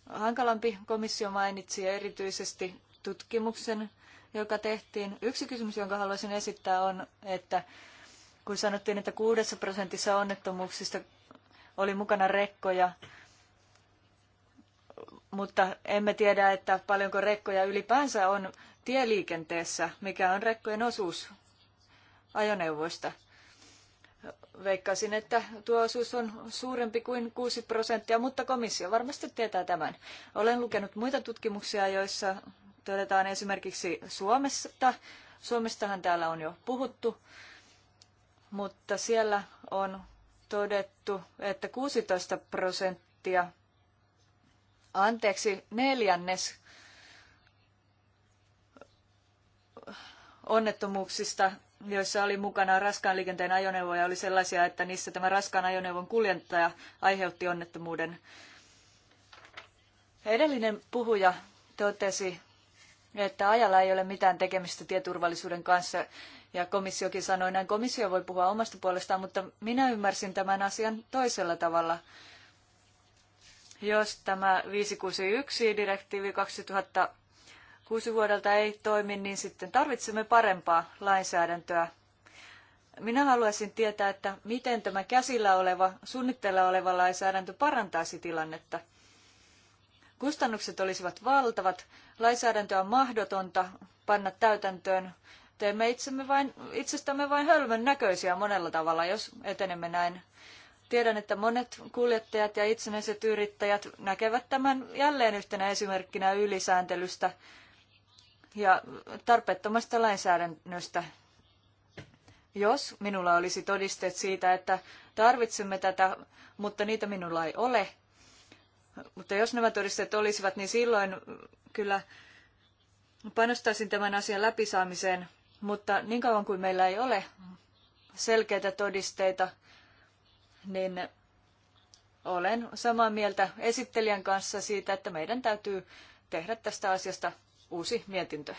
hankalampi. Komissio mainitsi erityisesti tutkimuksen, joka tehtiin. Yksi kysymys, jonka haluaisin esittää, on, että kun sanottiin, että kuudessa prosentissa onnettomuuksista oli mukana rekkoja, mutta emme tiedä, että paljonko rekkoja ylipäänsä on tieliikenteessä, mikä on rekkojen osuus ajoneuvoista. Veikkaisin, että tuo osuus on suurempi kuin 6 prosenttia, mutta komissio varmasti tietää tämän. Olen lukenut muita tutkimuksia, joissa todetaan esimerkiksi Suomesta. Suomestahan täällä on jo puhuttu mutta siellä on todettu, että 16 prosenttia, anteeksi, neljännes onnettomuuksista, joissa oli mukana raskaan liikenteen ajoneuvoja, oli sellaisia, että niissä tämä raskaan ajoneuvon kuljettaja aiheutti onnettomuuden. Edellinen puhuja totesi, että ajalla ei ole mitään tekemistä tieturvallisuuden kanssa ja komissiokin sanoi näin. Komissio voi puhua omasta puolestaan, mutta minä ymmärsin tämän asian toisella tavalla. Jos tämä 561 direktiivi 2006 vuodelta ei toimi, niin sitten tarvitsemme parempaa lainsäädäntöä. Minä haluaisin tietää, että miten tämä käsillä oleva, suunnitteilla oleva lainsäädäntö parantaisi tilannetta. Kustannukset olisivat valtavat, lainsäädäntöä on mahdotonta panna täytäntöön teemme itsemme vain, itsestämme vain hölmön näköisiä monella tavalla, jos etenemme näin. Tiedän, että monet kuljettajat ja itsenäiset yrittäjät näkevät tämän jälleen yhtenä esimerkkinä ylisääntelystä ja tarpeettomasta lainsäädännöstä. Jos minulla olisi todisteet siitä, että tarvitsemme tätä, mutta niitä minulla ei ole, mutta jos nämä todisteet olisivat, niin silloin kyllä panostaisin tämän asian läpisaamiseen mutta niin kauan kuin meillä ei ole selkeitä todisteita, niin olen samaa mieltä esittelijän kanssa siitä, että meidän täytyy tehdä tästä asiasta uusi mietintö.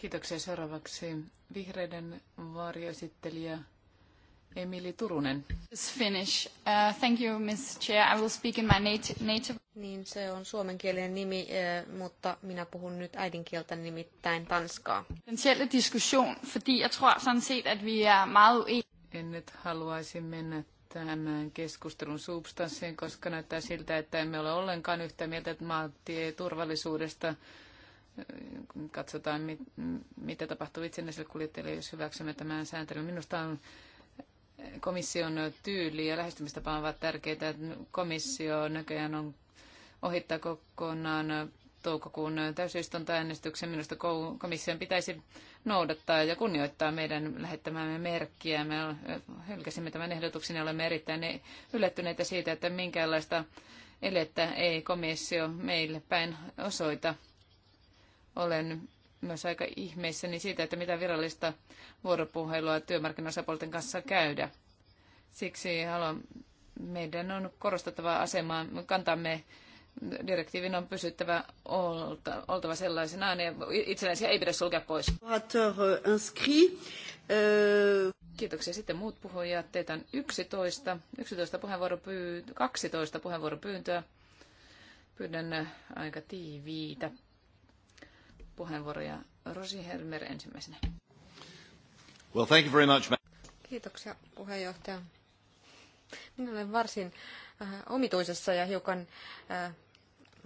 Kiitoksia seuraavaksi vihreiden varjoesittelijä Emili Turunen. Finnish. Uh, thank you, Ms. Chair. I will speak in my native... Niin, se on suomenkielinen nimi, uh, mutta minä puhun nyt äidinkieltä nimittäin tanskaa. Potentiaalinen diskussion, fordi jag tror sådan set, at vi er meget uenige. En nyt haluaisi mennä tähän keskustelun substanssiin, koska näyttää siltä, että emme ole ollenkaan yhtä mieltä että turvallisuudesta, Katsotaan, mit, mitä tapahtuu itsenäiselle kuljettajille, jos hyväksymme tämän sääntelyn. Minusta on komission tyyli ja lähestymistapa ovat tärkeitä. Komissio näköjään on ohittaa kokonaan toukokuun täysistuntoäänestyksen. Minusta komission pitäisi noudattaa ja kunnioittaa meidän lähettämäämme merkkiä. Me hylkäsimme tämän ehdotuksen ja olemme erittäin yllättyneitä siitä, että minkäänlaista elettä ei komissio meille päin osoita. Olen myös aika ihmeissäni niin siitä, että mitä virallista vuoropuhelua työmarkkinaosapuolten kanssa käydä. Siksi haluan, meidän on korostettava asemaa, kantamme direktiivin on pysyttävä olta, oltava sellaisenaan ja itsenäisiä ei pidä sulkea pois. Äh, äh. Kiitoksia. Sitten muut puhujat. Teitä on 11, 11 puheenvuoropyyntö, 12 puheenvuoropyyntöä. Pyydän äh, aika tiiviitä puheenvuoroja. Rosi Helmer ensimmäisenä. Well, thank you very much. Kiitoksia puheenjohtaja. Minä olen varsin äh, omituisessa ja hiukan äh,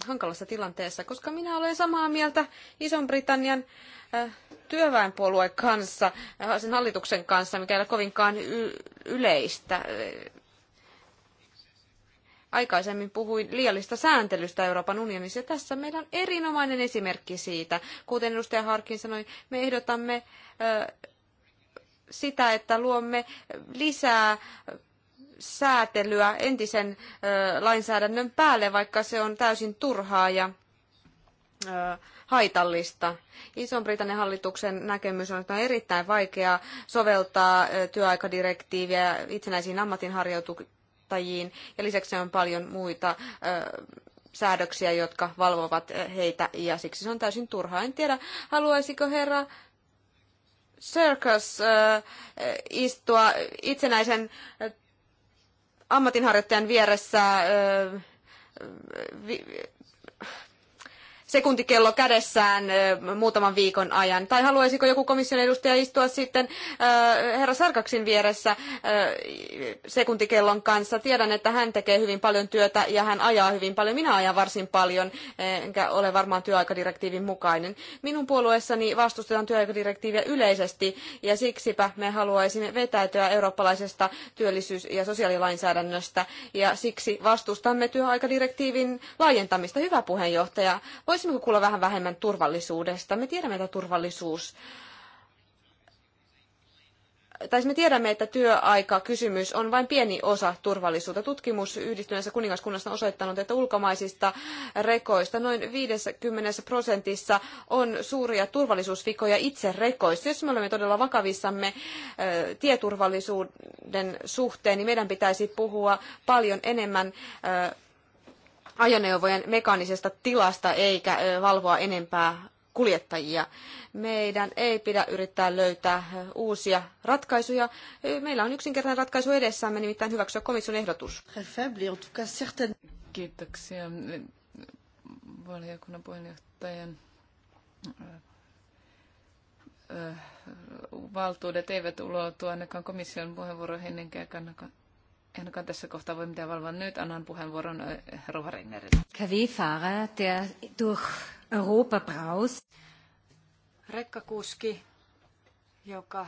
hankalassa tilanteessa, koska minä olen samaa mieltä Ison-Britannian äh, työväenpuolueen kanssa, äh, sen hallituksen kanssa, mikä ei ole kovinkaan yleistä. Äh, aikaisemmin puhui liiallista sääntelystä Euroopan unionissa. Ja tässä meillä on erinomainen esimerkki siitä. Kuten edustaja Harkin sanoi, me ehdotamme sitä, että luomme lisää säätelyä entisen lainsäädännön päälle, vaikka se on täysin turhaa ja haitallista. Ison-Britannian hallituksen näkemys on, että on erittäin vaikeaa soveltaa työaikadirektiiviä itsenäisiin ammatinharjoituksiin kuluttajiin. ja lisäksi on paljon muita säädöksiä, jotka valvovat heitä ja siksi se on täysin turhaa. En tiedä, haluaisiko herra Circus istua itsenäisen ammatinharjoittajan vieressä vi, sekuntikello kädessään muutaman viikon ajan? Tai haluaisiko joku komission edustaja istua sitten herra Sarkaksin vieressä sekuntikellon kanssa? Tiedän, että hän tekee hyvin paljon työtä ja hän ajaa hyvin paljon. Minä ajan varsin paljon, enkä ole varmaan työaikadirektiivin mukainen. Minun puolueessani vastustetaan työaikadirektiiviä yleisesti ja siksipä me haluaisimme vetäytyä eurooppalaisesta työllisyys- ja sosiaalilainsäädännöstä ja siksi vastustamme työaikadirektiivin laajentamista. Hyvä puheenjohtaja, voisi Voisimmeko kuulla vähän vähemmän turvallisuudesta? Me tiedämme, että turvallisuus tai me tiedämme, että työaikakysymys on vain pieni osa turvallisuutta. Tutkimus yhdistyneessä kuningaskunnassa on osoittanut, että ulkomaisista rekoista noin 50 prosentissa on suuria turvallisuusvikoja itse rekoissa. Jos me olemme todella vakavissamme tieturvallisuuden suhteen, niin meidän pitäisi puhua paljon enemmän ajoneuvojen mekaanisesta tilasta eikä valvoa enempää kuljettajia. Meidän ei pidä yrittää löytää uusia ratkaisuja. Meillä on yksinkertainen ratkaisu edessämme, nimittäin hyväksyä komission ehdotus. Kiitoksia valiokunnan puheenjohtajan valtuudet eivät ulotu ainakaan komission puheenvuoroihin ennenkään tässä kohtaa voi mitään valvoa nyt. Annan puheenvuoron Rova KW-Fahrer, der durch Europa Rekkakuski, joka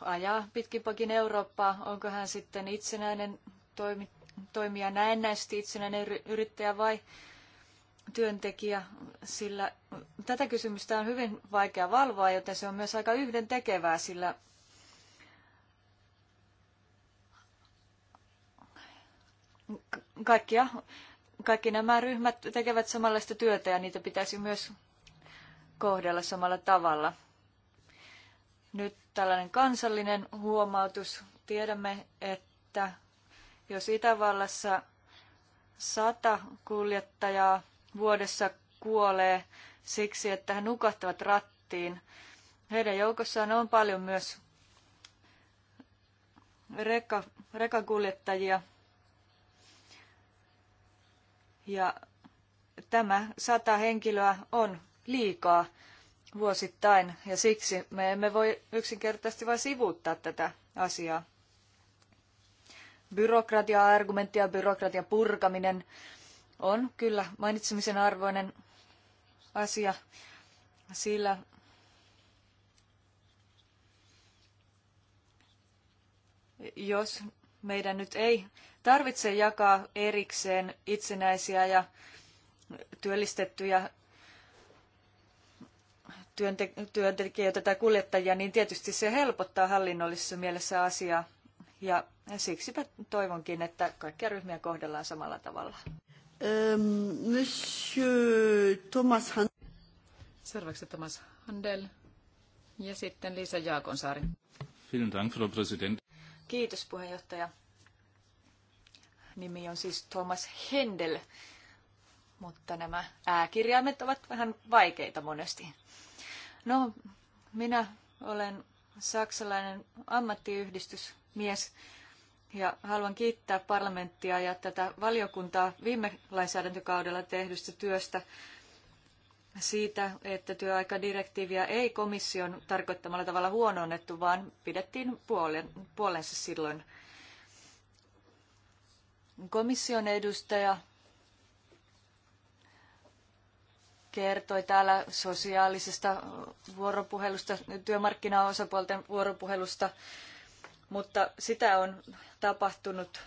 ajaa pitkin poikin Eurooppaa. Onko hän sitten itsenäinen toimi, toimija näennäisesti itsenäinen yrittäjä vai työntekijä, sillä tätä kysymystä on hyvin vaikea valvoa, joten se on myös aika yhdentekevää, sillä kaikkia, kaikki nämä ryhmät tekevät samanlaista työtä ja niitä pitäisi myös kohdella samalla tavalla. Nyt tällainen kansallinen huomautus. Tiedämme, että jos Itävallassa sata kuljettajaa vuodessa kuolee siksi, että he nukahtavat rattiin, heidän joukossaan on paljon myös rekka, rekakuljettajia – ja tämä sata henkilöä on liikaa vuosittain ja siksi me emme voi yksinkertaisesti vain sivuuttaa tätä asiaa. Byrokratia-argumentti ja byrokratian purkaminen on kyllä mainitsemisen arvoinen asia, sillä jos meidän nyt ei tarvitse jakaa erikseen itsenäisiä ja työllistettyjä työntekijöitä tai kuljettajia, niin tietysti se helpottaa hallinnollisessa mielessä asiaa. Ja siksipä toivonkin, että kaikkia ryhmiä kohdellaan samalla tavalla. Ähm, monsieur Thomas Handel. Seuraavaksi Thomas Handel ja sitten Liisa Jaakonsaari. Vielen Dank, Frau Präsident. Kiitos puheenjohtaja. Nimi on siis Thomas Hendel, mutta nämä ääkirjaimet ovat vähän vaikeita monesti. No, minä olen saksalainen ammattiyhdistysmies ja haluan kiittää parlamenttia ja tätä valiokuntaa viime lainsäädäntökaudella tehdystä työstä siitä, että työaikadirektiiviä ei komission tarkoittamalla tavalla huononnettu, vaan pidettiin puolen, puolensa silloin. Komission edustaja kertoi täällä sosiaalisesta vuoropuhelusta, työmarkkinaosapuolten vuoropuhelusta, mutta sitä on tapahtunut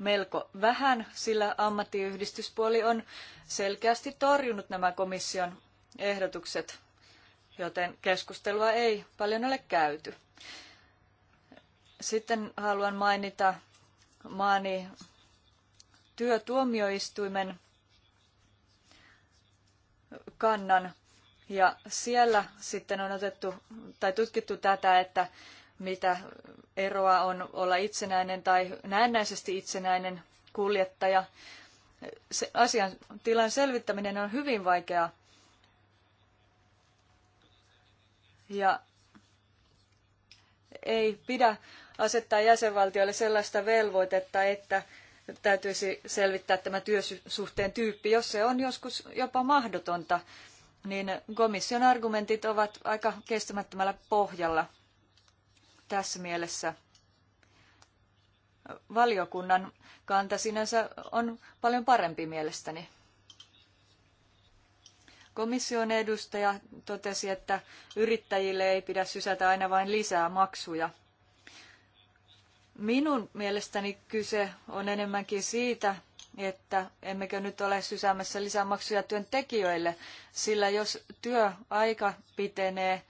melko vähän, sillä ammattiyhdistyspuoli on selkeästi torjunut nämä komission ehdotukset, joten keskustelua ei paljon ole käyty. Sitten haluan mainita maani työtuomioistuimen kannan. Ja siellä sitten on otettu tai tutkittu tätä, että mitä eroa on olla itsenäinen tai näennäisesti itsenäinen kuljettaja. Se asian tilan selvittäminen on hyvin vaikeaa. Ja ei pidä asettaa jäsenvaltioille sellaista velvoitetta, että täytyisi selvittää tämä työsuhteen tyyppi. Jos se on joskus jopa mahdotonta, niin komission argumentit ovat aika kestämättömällä pohjalla. Tässä mielessä valiokunnan kanta sinänsä on paljon parempi mielestäni. Komission edustaja totesi, että yrittäjille ei pidä sysätä aina vain lisää maksuja. Minun mielestäni kyse on enemmänkin siitä, että emmekö nyt ole sysäämässä lisämaksuja työntekijöille, sillä jos työaika pitenee,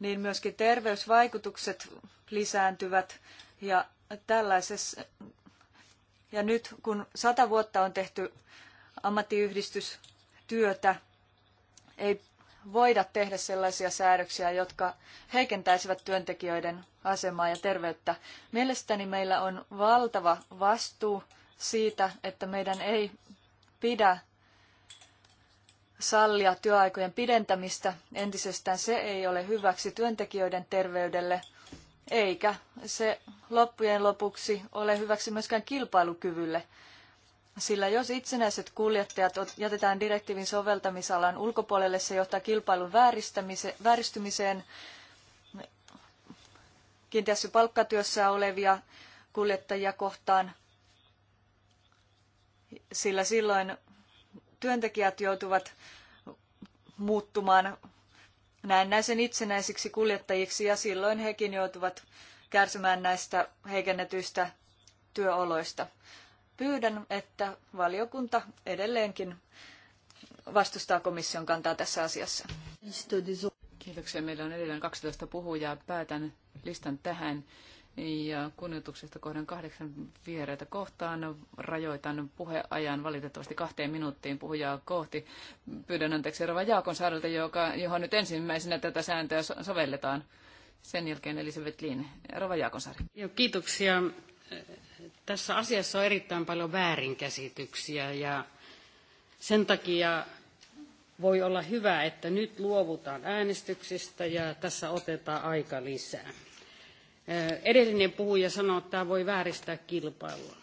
niin myöskin terveysvaikutukset lisääntyvät ja tällaisessa ja nyt kun sata vuotta on tehty ammattiyhdistystyötä, ei voida tehdä sellaisia säädöksiä, jotka heikentäisivät työntekijöiden asemaa ja terveyttä. Mielestäni meillä on valtava vastuu siitä, että meidän ei pidä sallia työaikojen pidentämistä entisestään. Se ei ole hyväksi työntekijöiden terveydelle, eikä se loppujen lopuksi ole hyväksi myöskään kilpailukyvylle. Sillä jos itsenäiset kuljettajat jätetään direktiivin soveltamisalan ulkopuolelle, se johtaa kilpailun vääristymiseen. Kiinteässä palkkatyössä olevia kuljettajia kohtaan, sillä silloin työntekijät joutuvat muuttumaan näennäisen itsenäisiksi kuljettajiksi ja silloin hekin joutuvat kärsimään näistä heikennetyistä työoloista. Pyydän, että valiokunta edelleenkin vastustaa komission kantaa tässä asiassa. Kiitoksia. Meillä on edelleen 12 puhujaa. Päätän listan tähän ja kunnioituksesta kohdan kahdeksan viereitä kohtaan. Rajoitan puheajan valitettavasti kahteen minuuttiin puhujaa kohti. Pyydän anteeksi Rova Jaakon saarelta, joka, johon nyt ensimmäisenä tätä sääntöä sovelletaan. Sen jälkeen Elisabeth Liin. Rova saari. Joo, kiitoksia. Tässä asiassa on erittäin paljon väärinkäsityksiä ja sen takia voi olla hyvä, että nyt luovutaan äänestyksistä ja tässä otetaan aika lisää. Edellinen puhuja sanoi, että tämä voi vääristää kilpailua.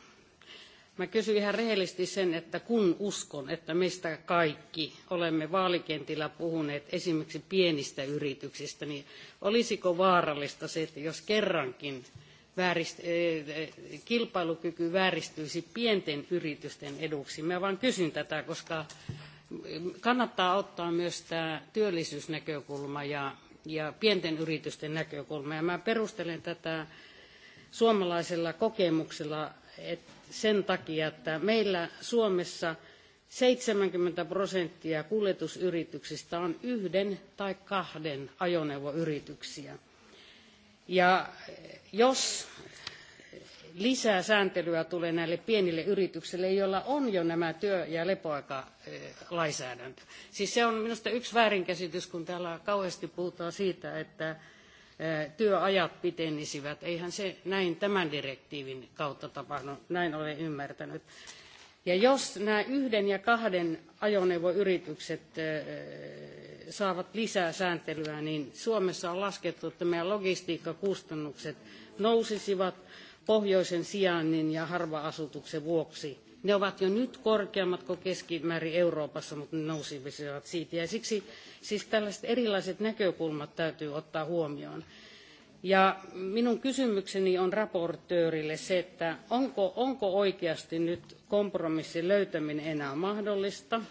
Mä kysyn ihan rehellisesti sen, että kun uskon, että meistä kaikki olemme vaalikentillä puhuneet esimerkiksi pienistä yrityksistä, niin olisiko vaarallista se, että jos kerrankin kilpailukyky vääristyisi pienten yritysten eduksi? Mä vaan kysyn tätä, koska kannattaa ottaa myös tämä työllisyysnäkökulma ja ja pienten yritysten näkökulma. Ja mä perustelen tätä suomalaisella kokemuksella et sen takia, että meillä Suomessa 70 prosenttia kuljetusyrityksistä on yhden tai kahden ajoneuvoyrityksiä. Ja jos lisää sääntelyä tulee näille pienille yrityksille, joilla on jo nämä työ- ja lepoaikalainsäädäntö. Siis se on minusta yksi väärinkäsitys, kun täällä kauheasti puhutaan siitä, että työajat pitenisivät. Eihän se näin tämän direktiivin kautta tapahdu, näin olen ymmärtänyt. Ja jos nämä yhden ja kahden ajoneuvoyritykset saavat lisää sääntelyä, niin Suomessa on laskettu, että meidän logistiikkakustannukset nousisivat pohjoisen sijainnin ja harva-asutuksen vuoksi. Ne ovat jo nyt korkeammat kuin keskimäärin Euroopassa, mutta ne nousisivat siitä. Ja siksi siis tällaiset erilaiset näkökulmat täytyy ottaa huomioon. Ja minun kysymykseni on raportöörille se, että onko, onko oikeasti nyt kompromissin löytäminen enää mahdollista,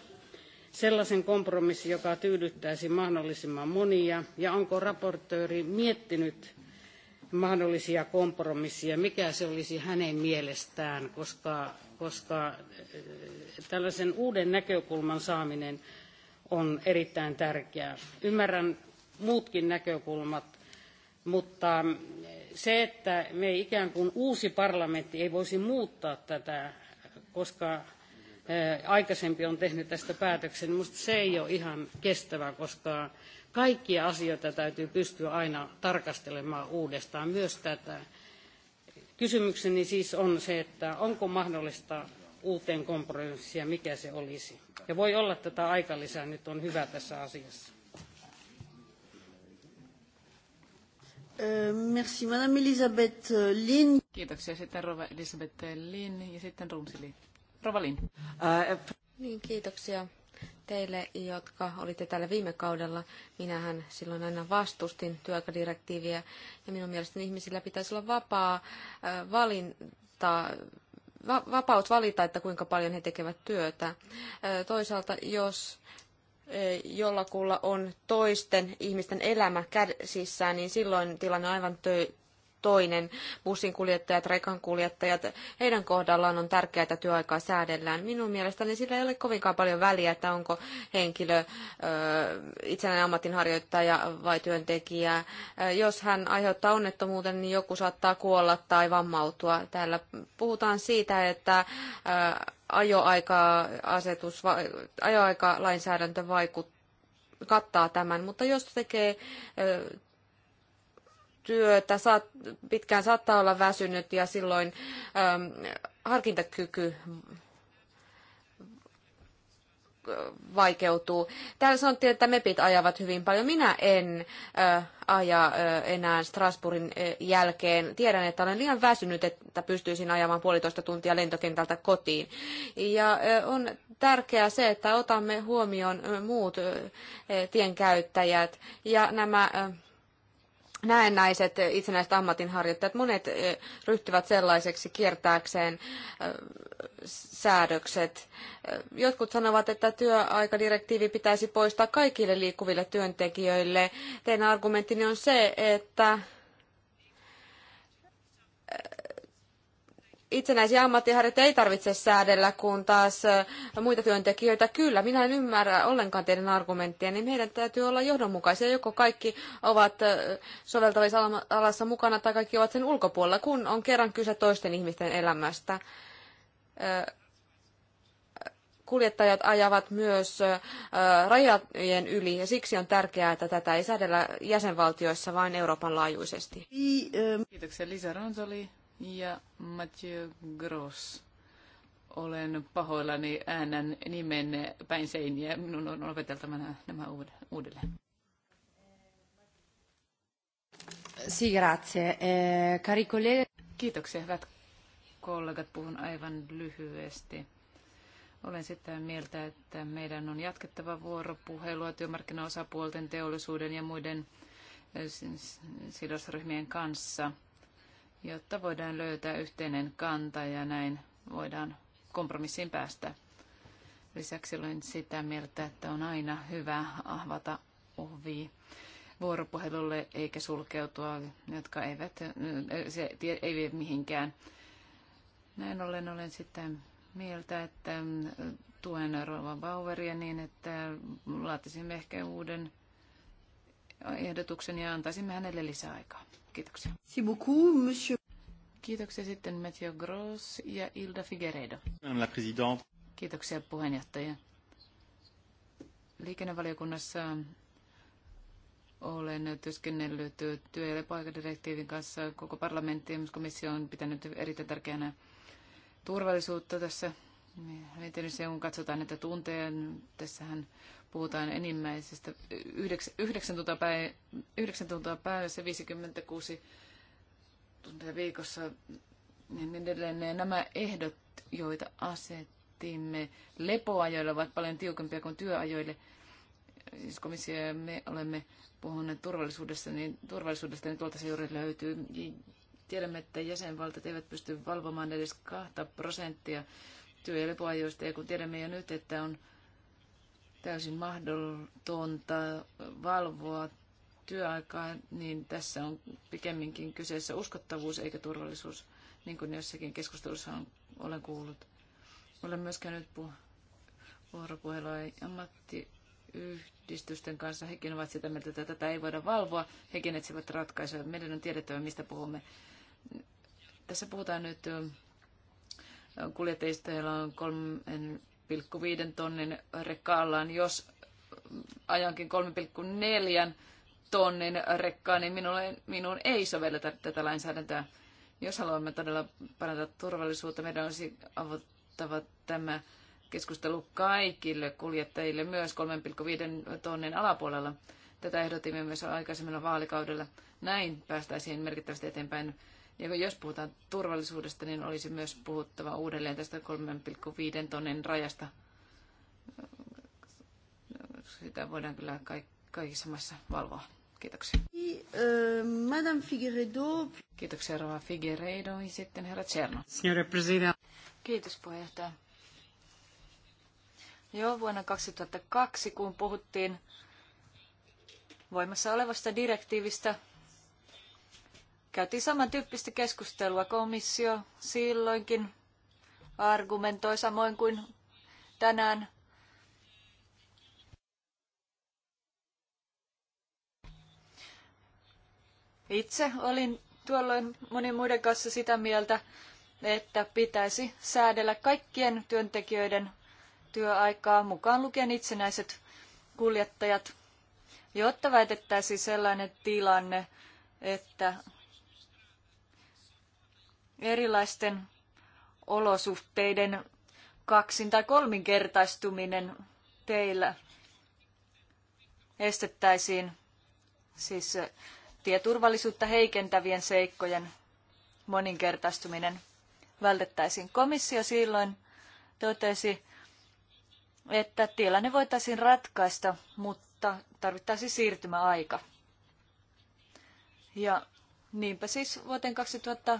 sellaisen kompromissin, joka tyydyttäisi mahdollisimman monia, ja onko raportööri miettinyt mahdollisia kompromisseja, mikä se olisi hänen mielestään, koska, koska eh, tällaisen uuden näkökulman saaminen on erittäin tärkeää. Ymmärrän muutkin näkökulmat, mutta se, että me ikään kuin uusi parlamentti ei voisi muuttaa tätä, koska eh, aikaisempi on tehnyt tästä päätöksen, minusta se ei ole ihan kestävä, koska kaikkia asioita täytyy pystyä aina tarkastelemaan uudestaan, myös tätä. Kysymykseni siis on se, että onko mahdollista uuteen kompromissiin ja mikä se olisi. Ja voi olla, että tämä aikalisä nyt on hyvä tässä asiassa. Merci, Madame Elisabeth äh, Lin. Kiitoksia. Sitten Rova Elisabeth Lin ja sitten Rumsili. Rova Lin. Äh, niin, kiitoksia teille, jotka olitte täällä viime kaudella. Minähän silloin aina vastustin työaikadirektiiviä ja minun mielestäni ihmisillä pitäisi olla vapaa valinta vapaus valita, että kuinka paljon he tekevät työtä. Toisaalta, jos jollakulla on toisten ihmisten elämä käsissään, niin silloin tilanne on aivan toinen. Bussinkuljettajat, rekankuljettajat, heidän kohdallaan on tärkeää, että työaikaa säädellään. Minun mielestäni sillä ei ole kovinkaan paljon väliä, että onko henkilö itsenäinen ammatinharjoittaja vai työntekijä. Jos hän aiheuttaa onnettomuuden, niin joku saattaa kuolla tai vammautua. Täällä puhutaan siitä, että ajoaika-asetus, ajoaikalainsäädäntö vaikuttaa kattaa tämän, mutta jos tekee työtä, saat, pitkään saattaa olla väsynyt ja silloin äm, harkintakyky vaikeutuu. Täällä sanottiin, että MEPit ajavat hyvin paljon. Minä en ö, äh, aja ö, äh, enää Strasbourgin ö, äh, jälkeen. Tiedän, että olen liian väsynyt, että pystyisin ajamaan puolitoista tuntia lentokentältä kotiin. Ja ö, on tärkeää se, että otamme huomioon ö, muut ö, tienkäyttäjät ja nämä... Ö, näennäiset itsenäiset ammatinharjoittajat, monet eh, ryhtyvät sellaiseksi kiertääkseen eh, säädökset. Eh, jotkut sanovat, että työaikadirektiivi pitäisi poistaa kaikille liikkuville työntekijöille. Teidän argumenttini on se, että itsenäisiä ammattiharjoittajia ei tarvitse säädellä, kun taas muita työntekijöitä kyllä. Minä en ymmärrä ollenkaan teidän argumenttia, niin meidän täytyy olla johdonmukaisia. Joko kaikki ovat soveltavissa alassa mukana tai kaikki ovat sen ulkopuolella, kun on kerran kyse toisten ihmisten elämästä. Kuljettajat ajavat myös rajojen yli ja siksi on tärkeää, että tätä ei säädellä jäsenvaltioissa, vaan Euroopan laajuisesti. Kiitoksia Lisa Ronsoli ja Mathieu Gross. Olen pahoillani äänän nimen päin seiniä. Minun on opeteltava nämä uudelleen. Sì, grazie. Eh, cari colleghi... Kiitoksia, hyvät kollegat. Puhun aivan lyhyesti. Olen sitä mieltä, että meidän on jatkettava vuoropuhelua työmarkkinaosapuolten, teollisuuden ja muiden eh, sidosryhmien kanssa – jotta voidaan löytää yhteinen kanta ja näin voidaan kompromissiin päästä. Lisäksi olen sitä mieltä, että on aina hyvä ahvata ovi vuoropuhelulle eikä sulkeutua, jotka eivät, se ei vie mihinkään. Näin ollen olen sitä mieltä, että tuen Rova Baueria niin, että laatisimme ehkä uuden ehdotuksen ja antaisimme hänelle lisäaikaa. Kiitoksia. Kiitoksia sitten Mathieu Gross ja Ilda Figueredo. La présidente. Kiitoksia puheenjohtaja. Liikennevaliokunnassa olen työskennellyt työ- ja paikadirektiivin kanssa. Koko parlamentti ja myös komissio on pitänyt erittäin tärkeänä turvallisuutta tässä hänen niin, tietysti kun katsotaan näitä tunteja, niin tässähän puhutaan enimmäisestä 9 tuntia, päivä, tuntia päivässä, 56 tuntia viikossa, niin edelleen nämä ehdot, joita asettimme lepoajoille, ovat paljon tiukempia kuin työajoille. Siis komissio ja me olemme puhuneet turvallisuudesta, niin, turvallisuudesta, niin tuolta se juuri löytyy. Tiedämme, että jäsenvaltiot eivät pysty valvomaan edes kahta prosenttia työ- ja lepoajoista. Ja kun tiedämme jo nyt, että on täysin mahdotonta valvoa työaikaa, niin tässä on pikemminkin kyseessä uskottavuus eikä turvallisuus, niin kuin jossakin keskustelussa on, olen kuullut. Olen myös käynyt ja vuoropuhelua ammattiyhdistysten kanssa. Hekin ovat sitä mieltä, että tätä ei voida valvoa. Hekin etsivät ratkaisuja. Meidän on tiedettävä, mistä puhumme. Tässä puhutaan nyt kuljettajista, joilla on 3,5 tonnin rekkaallaan. Jos ajankin 3,4 tonnin rekkaa, niin minun minuun ei sovelleta tätä lainsäädäntöä. Jos haluamme todella parantaa turvallisuutta, meidän olisi avattava tämä keskustelu kaikille kuljettajille myös 3,5 tonnin alapuolella. Tätä ehdotimme myös aikaisemmilla vaalikaudella. Näin päästäisiin merkittävästi eteenpäin ja jos puhutaan turvallisuudesta, niin olisi myös puhuttava uudelleen tästä 3,5 tonnin rajasta. Sitä voidaan kyllä kaikissa maissa valvoa. Kiitoksia. E, Madame Figueredo. Kiitoksia Rova Figueredo ja sitten herra Cerno. Kiitos puheenjohtaja. Joo, vuonna 2002, kun puhuttiin voimassa olevasta direktiivistä, Käytiin samantyyppistä keskustelua. Komissio silloinkin argumentoi samoin kuin tänään. Itse olin tuolloin monen muiden kanssa sitä mieltä, että pitäisi säädellä kaikkien työntekijöiden työaikaa, mukaan lukien itsenäiset kuljettajat, jotta vältettäisiin sellainen tilanne, että erilaisten olosuhteiden kaksin- tai kolminkertaistuminen teillä estettäisiin siis tieturvallisuutta heikentävien seikkojen moninkertaistuminen vältettäisiin. Komissio silloin totesi, että tilanne voitaisiin ratkaista, mutta tarvittaisiin siirtymäaika. Ja niinpä siis vuoteen 2000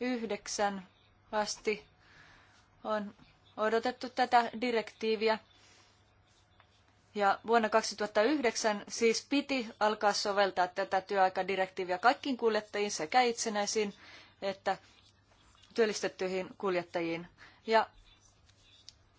Yhdeksän asti on odotettu tätä direktiiviä. Ja vuonna 2009 siis piti alkaa soveltaa tätä työaikadirektiiviä kaikkiin kuljettajiin sekä itsenäisiin että työllistettyihin kuljettajiin. Ja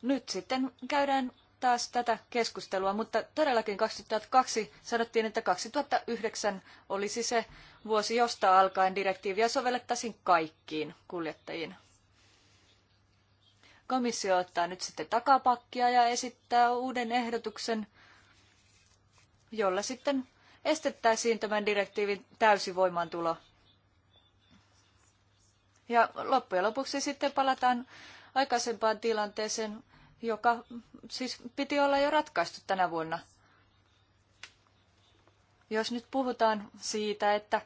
nyt sitten käydään taas tätä keskustelua, mutta todellakin 2002 sanottiin, että 2009 olisi se vuosi josta alkaen direktiiviä sovellettaisiin kaikkiin kuljettajiin. Komissio ottaa nyt sitten takapakkia ja esittää uuden ehdotuksen, jolla sitten estettäisiin tämän direktiivin täysi voimaantulo. Ja loppujen lopuksi sitten palataan aikaisempaan tilanteeseen, joka siis piti olla jo ratkaistu tänä vuonna – jos nyt puhutaan siitä, että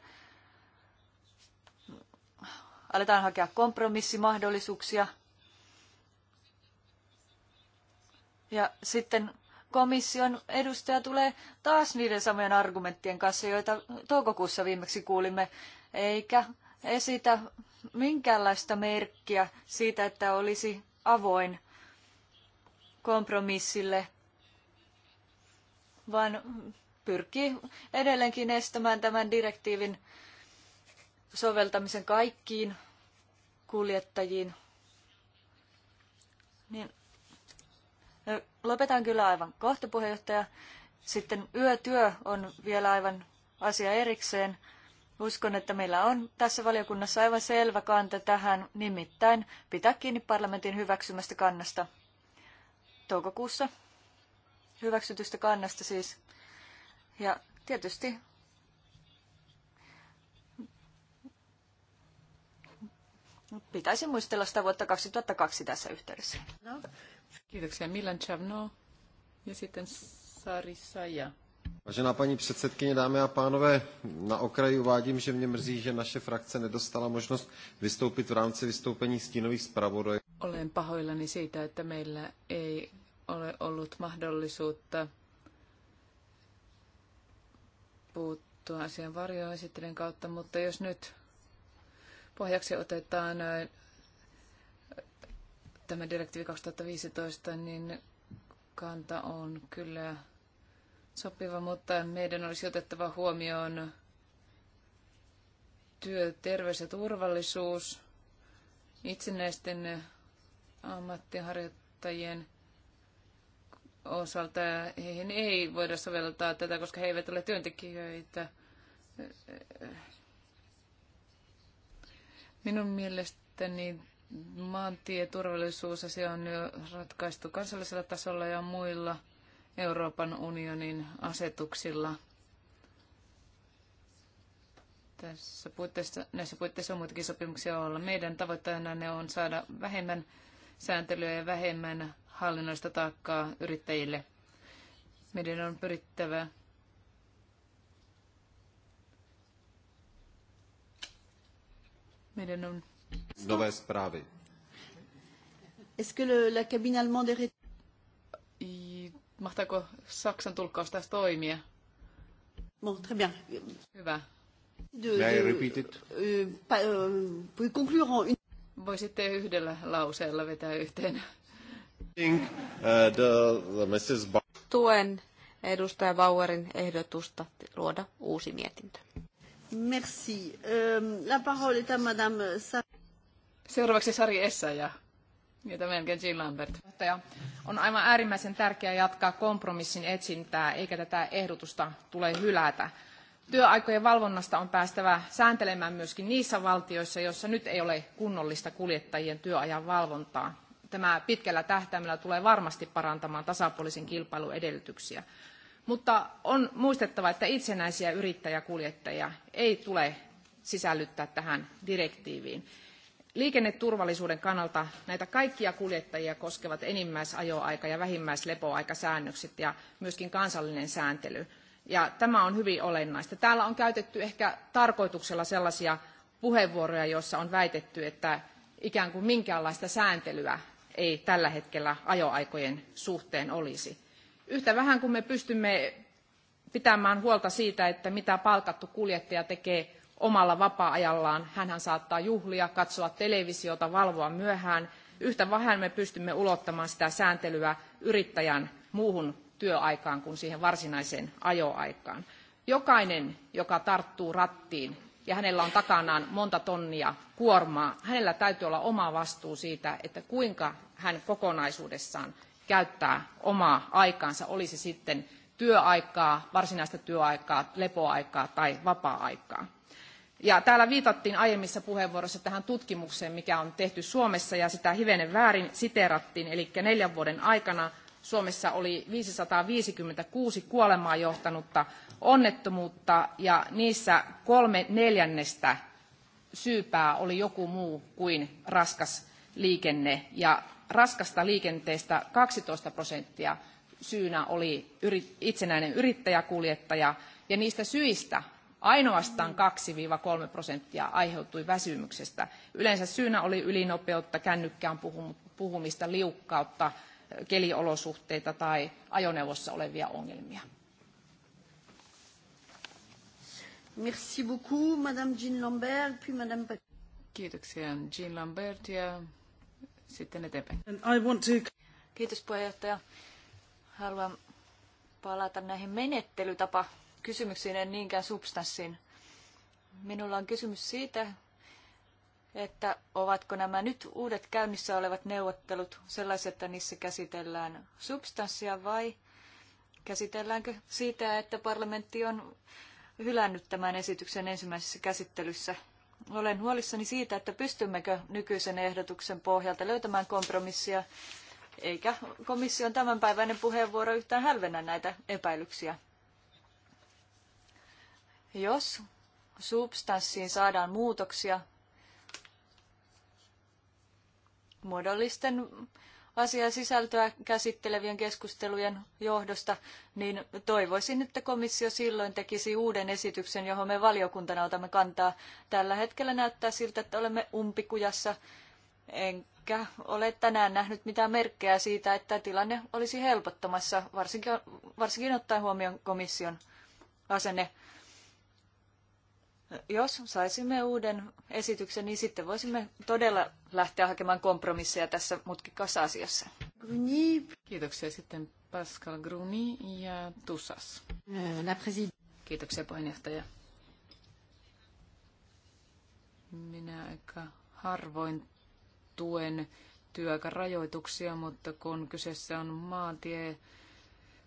aletaan hakea kompromissimahdollisuuksia ja sitten komission edustaja tulee taas niiden samojen argumenttien kanssa, joita toukokuussa viimeksi kuulimme, eikä esitä minkäänlaista merkkiä siitä, että olisi avoin kompromissille, vaan pyrkii edelleenkin estämään tämän direktiivin soveltamisen kaikkiin kuljettajiin. Niin, lopetan kyllä aivan kohta puheenjohtaja. Sitten yötyö on vielä aivan asia erikseen. Uskon, että meillä on tässä valiokunnassa aivan selvä kanta tähän, nimittäin pitää kiinni parlamentin hyväksymästä kannasta toukokuussa. Hyväksytystä kannasta siis. Ja tietysti pitäisi muistella sitä vuotta 2002 tässä yhteydessä. No. Kiitoksia Milan Chavno ja sitten Sari Saja. Vážená paní předsedkyně, dámy a pánové, na okraji uvádím, že mě mrzí, že naše frakce nedostala možnost vystoupit v rámci vystoupení stínových zpravodajů. Olen pahoillani siitä, että meillä ei ole ollut mahdollisuutta puuttua asian varjoesittelyn kautta, mutta jos nyt pohjaksi otetaan tämä direktiivi 2015, niin kanta on kyllä sopiva, mutta meidän olisi otettava huomioon työ, terveys ja turvallisuus, itsenäisten ammattiharjoittajien osalta heihin ei voida soveltaa tätä, koska he eivät ole työntekijöitä. Minun mielestäni maantieturvallisuusasia on jo ratkaistu kansallisella tasolla ja muilla Euroopan unionin asetuksilla. Tässä puitteissa, näissä puitteissa on muitakin sopimuksia olla. Meidän tavoitteena ne on saada vähemmän sääntelyä ja vähemmän hallinnoista taakkaa yrittäjille. Meidän on pyrittävä Meidän on... Nové zprávy. Est-ce que le, cabine allemande est... Mahtaako Saksan tulkkaus tässä toimia? Bon, très bien. Hyvä. De, de, euh, euh, euh, Voisitte yhdellä lauseella vetää yhteen. Uh, Tuen edustaja Bauerin ehdotusta luoda uusi mietintö. Merci. Euh, la parole est à madame Seuraavaksi Sari ja jota melkein Jean Lambert. On aivan äärimmäisen tärkeää jatkaa kompromissin etsintää, eikä tätä ehdotusta tule hylätä. Työaikojen valvonnasta on päästävä sääntelemään myöskin niissä valtioissa, joissa nyt ei ole kunnollista kuljettajien työajan valvontaa tämä pitkällä tähtäimellä tulee varmasti parantamaan tasapuolisen kilpailun edellytyksiä. Mutta on muistettava, että itsenäisiä yrittäjäkuljettajia ei tule sisällyttää tähän direktiiviin. Liikenneturvallisuuden kannalta näitä kaikkia kuljettajia koskevat enimmäisajoaika ja vähimmäislepoaikasäännökset ja myöskin kansallinen sääntely. Ja tämä on hyvin olennaista. Täällä on käytetty ehkä tarkoituksella sellaisia puheenvuoroja, joissa on väitetty, että ikään kuin minkäänlaista sääntelyä ei tällä hetkellä ajoaikojen suhteen olisi. Yhtä vähän kuin me pystymme pitämään huolta siitä, että mitä palkattu kuljettaja tekee omalla vapaa-ajallaan. Hänhän saattaa juhlia, katsoa televisiota, valvoa myöhään. Yhtä vähän me pystymme ulottamaan sitä sääntelyä yrittäjän muuhun työaikaan kuin siihen varsinaiseen ajoaikaan. Jokainen, joka tarttuu rattiin ja hänellä on takanaan monta tonnia kuormaa, hänellä täytyy olla oma vastuu siitä, että kuinka hän kokonaisuudessaan käyttää omaa aikaansa, oli se sitten työaikaa, varsinaista työaikaa, lepoaikaa tai vapaa-aikaa. Ja täällä viitattiin aiemmissa puheenvuoroissa tähän tutkimukseen, mikä on tehty Suomessa, ja sitä hivenen väärin siteerattiin, eli neljän vuoden aikana Suomessa oli 556 kuolemaa johtanutta onnettomuutta ja niissä kolme neljännestä syypää oli joku muu kuin raskas liikenne. Ja raskasta liikenteestä 12 prosenttia syynä oli itsenäinen yrittäjäkuljettaja ja niistä syistä ainoastaan 2-3 prosenttia aiheutui väsymyksestä. Yleensä syynä oli ylinopeutta, kännykkään puhumista, liukkautta, keliolosuhteita tai ajoneuvossa olevia ongelmia. Merci beaucoup, Madame Jean Lambert, puis Madame Kiitoksia Jean Lambert ja sitten eteenpäin. I want to... Kiitos puheenjohtaja. Haluan palata näihin menettelytapa kysymyksiin, en niinkään substanssiin. Minulla on kysymys siitä, että ovatko nämä nyt uudet käynnissä olevat neuvottelut sellaiset, että niissä käsitellään substanssia vai käsitelläänkö siitä, että parlamentti on hylännyt tämän esityksen ensimmäisessä käsittelyssä. Olen huolissani siitä, että pystymmekö nykyisen ehdotuksen pohjalta löytämään kompromissia, eikä komission tämänpäiväinen puheenvuoro yhtään hälvennä näitä epäilyksiä. Jos substanssiin saadaan muutoksia, muodollisten asiaa sisältöä käsittelevien keskustelujen johdosta, niin toivoisin, että komissio silloin tekisi uuden esityksen, johon me valiokuntana otamme kantaa. Tällä hetkellä näyttää siltä, että olemme umpikujassa, enkä ole tänään nähnyt mitään merkkejä siitä, että tilanne olisi helpottamassa, varsinkin, varsinkin ottaen huomioon komission asenne. Jos saisimme uuden esityksen, niin sitten voisimme todella lähteä hakemaan kompromisseja tässä mutkikkaassa asiassa. Kiitoksia sitten Pascal Gruni ja Tussas. Kiitoksia puheenjohtaja. Minä aika harvoin tuen työaikarajoituksia, mutta kun kyseessä on maantie,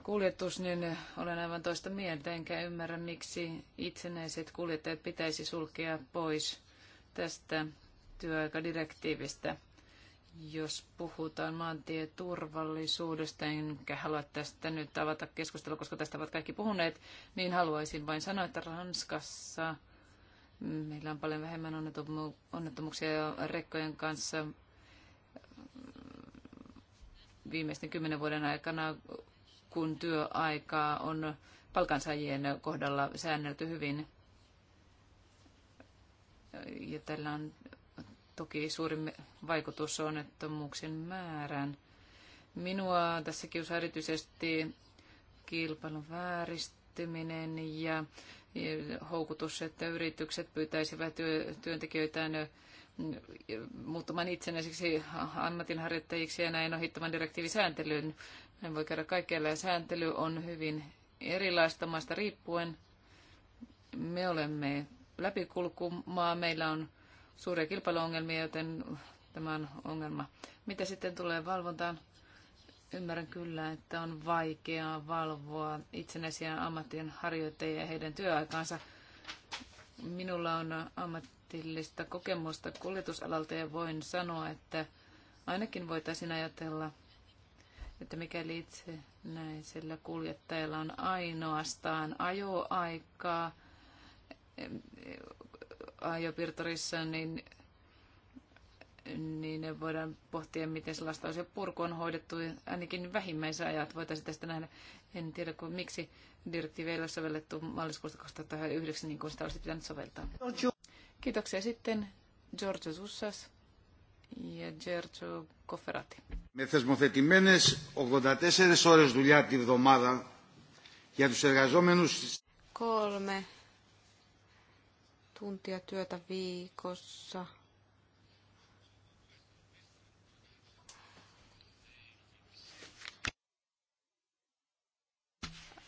kuljetus, niin olen aivan toista mieltä, enkä ymmärrä, miksi itsenäiset kuljettajat pitäisi sulkea pois tästä työaikadirektiivistä. Jos puhutaan maantieturvallisuudesta, enkä halua tästä nyt avata keskustelua, koska tästä ovat kaikki puhuneet, niin haluaisin vain sanoa, että Ranskassa meillä on paljon vähemmän onnettomuuksia rekkojen kanssa viimeisten kymmenen vuoden aikana kun työaikaa on palkansaajien kohdalla säännelty hyvin. Ja tällä on toki suurin vaikutus onnettomuuksien määrään. Minua tässä kiusaa erityisesti kilpailun vääristyminen ja houkutus, että yritykset pyytäisivät työntekijöitään muuttumaan itsenäisiksi ammatinharjoittajiksi ja näin ohittamaan direktiivisääntelyyn. Näin voi käydä kaikkialla ja sääntely on hyvin erilaista maasta riippuen. Me olemme läpikulkumaa, meillä on suuria kilpailuongelmia, joten tämä on ongelma. Mitä sitten tulee valvontaan? Ymmärrän kyllä, että on vaikeaa valvoa itsenäisiä ammattien harjoittajia ja heidän työaikaansa. Minulla on ammatti ammatillista kokemusta kuljetusalalta ja voin sanoa, että ainakin voitaisiin ajatella, että mikäli itse näisellä kuljettajalla on ainoastaan ajoaikaa eh, ajopirtorissa, niin niin ne voidaan pohtia, miten sellaista olisi purku on hoidettu. Ainakin vähimmäisajat voitaisiin tästä nähdä. En tiedä, kun, miksi direktiivi ei ole sovellettu maaliskuusta 2009, niin kuin sitä olisi pitänyt soveltaa. Kiitoksia sitten Giorgio Sussas για Τζέρτσο Κοφεράτη. Με θεσμοθετημένες 84 ώρες δουλειά τη βδομάδα για τους εργαζόμενους... Kolme tuntia työtä viikossa.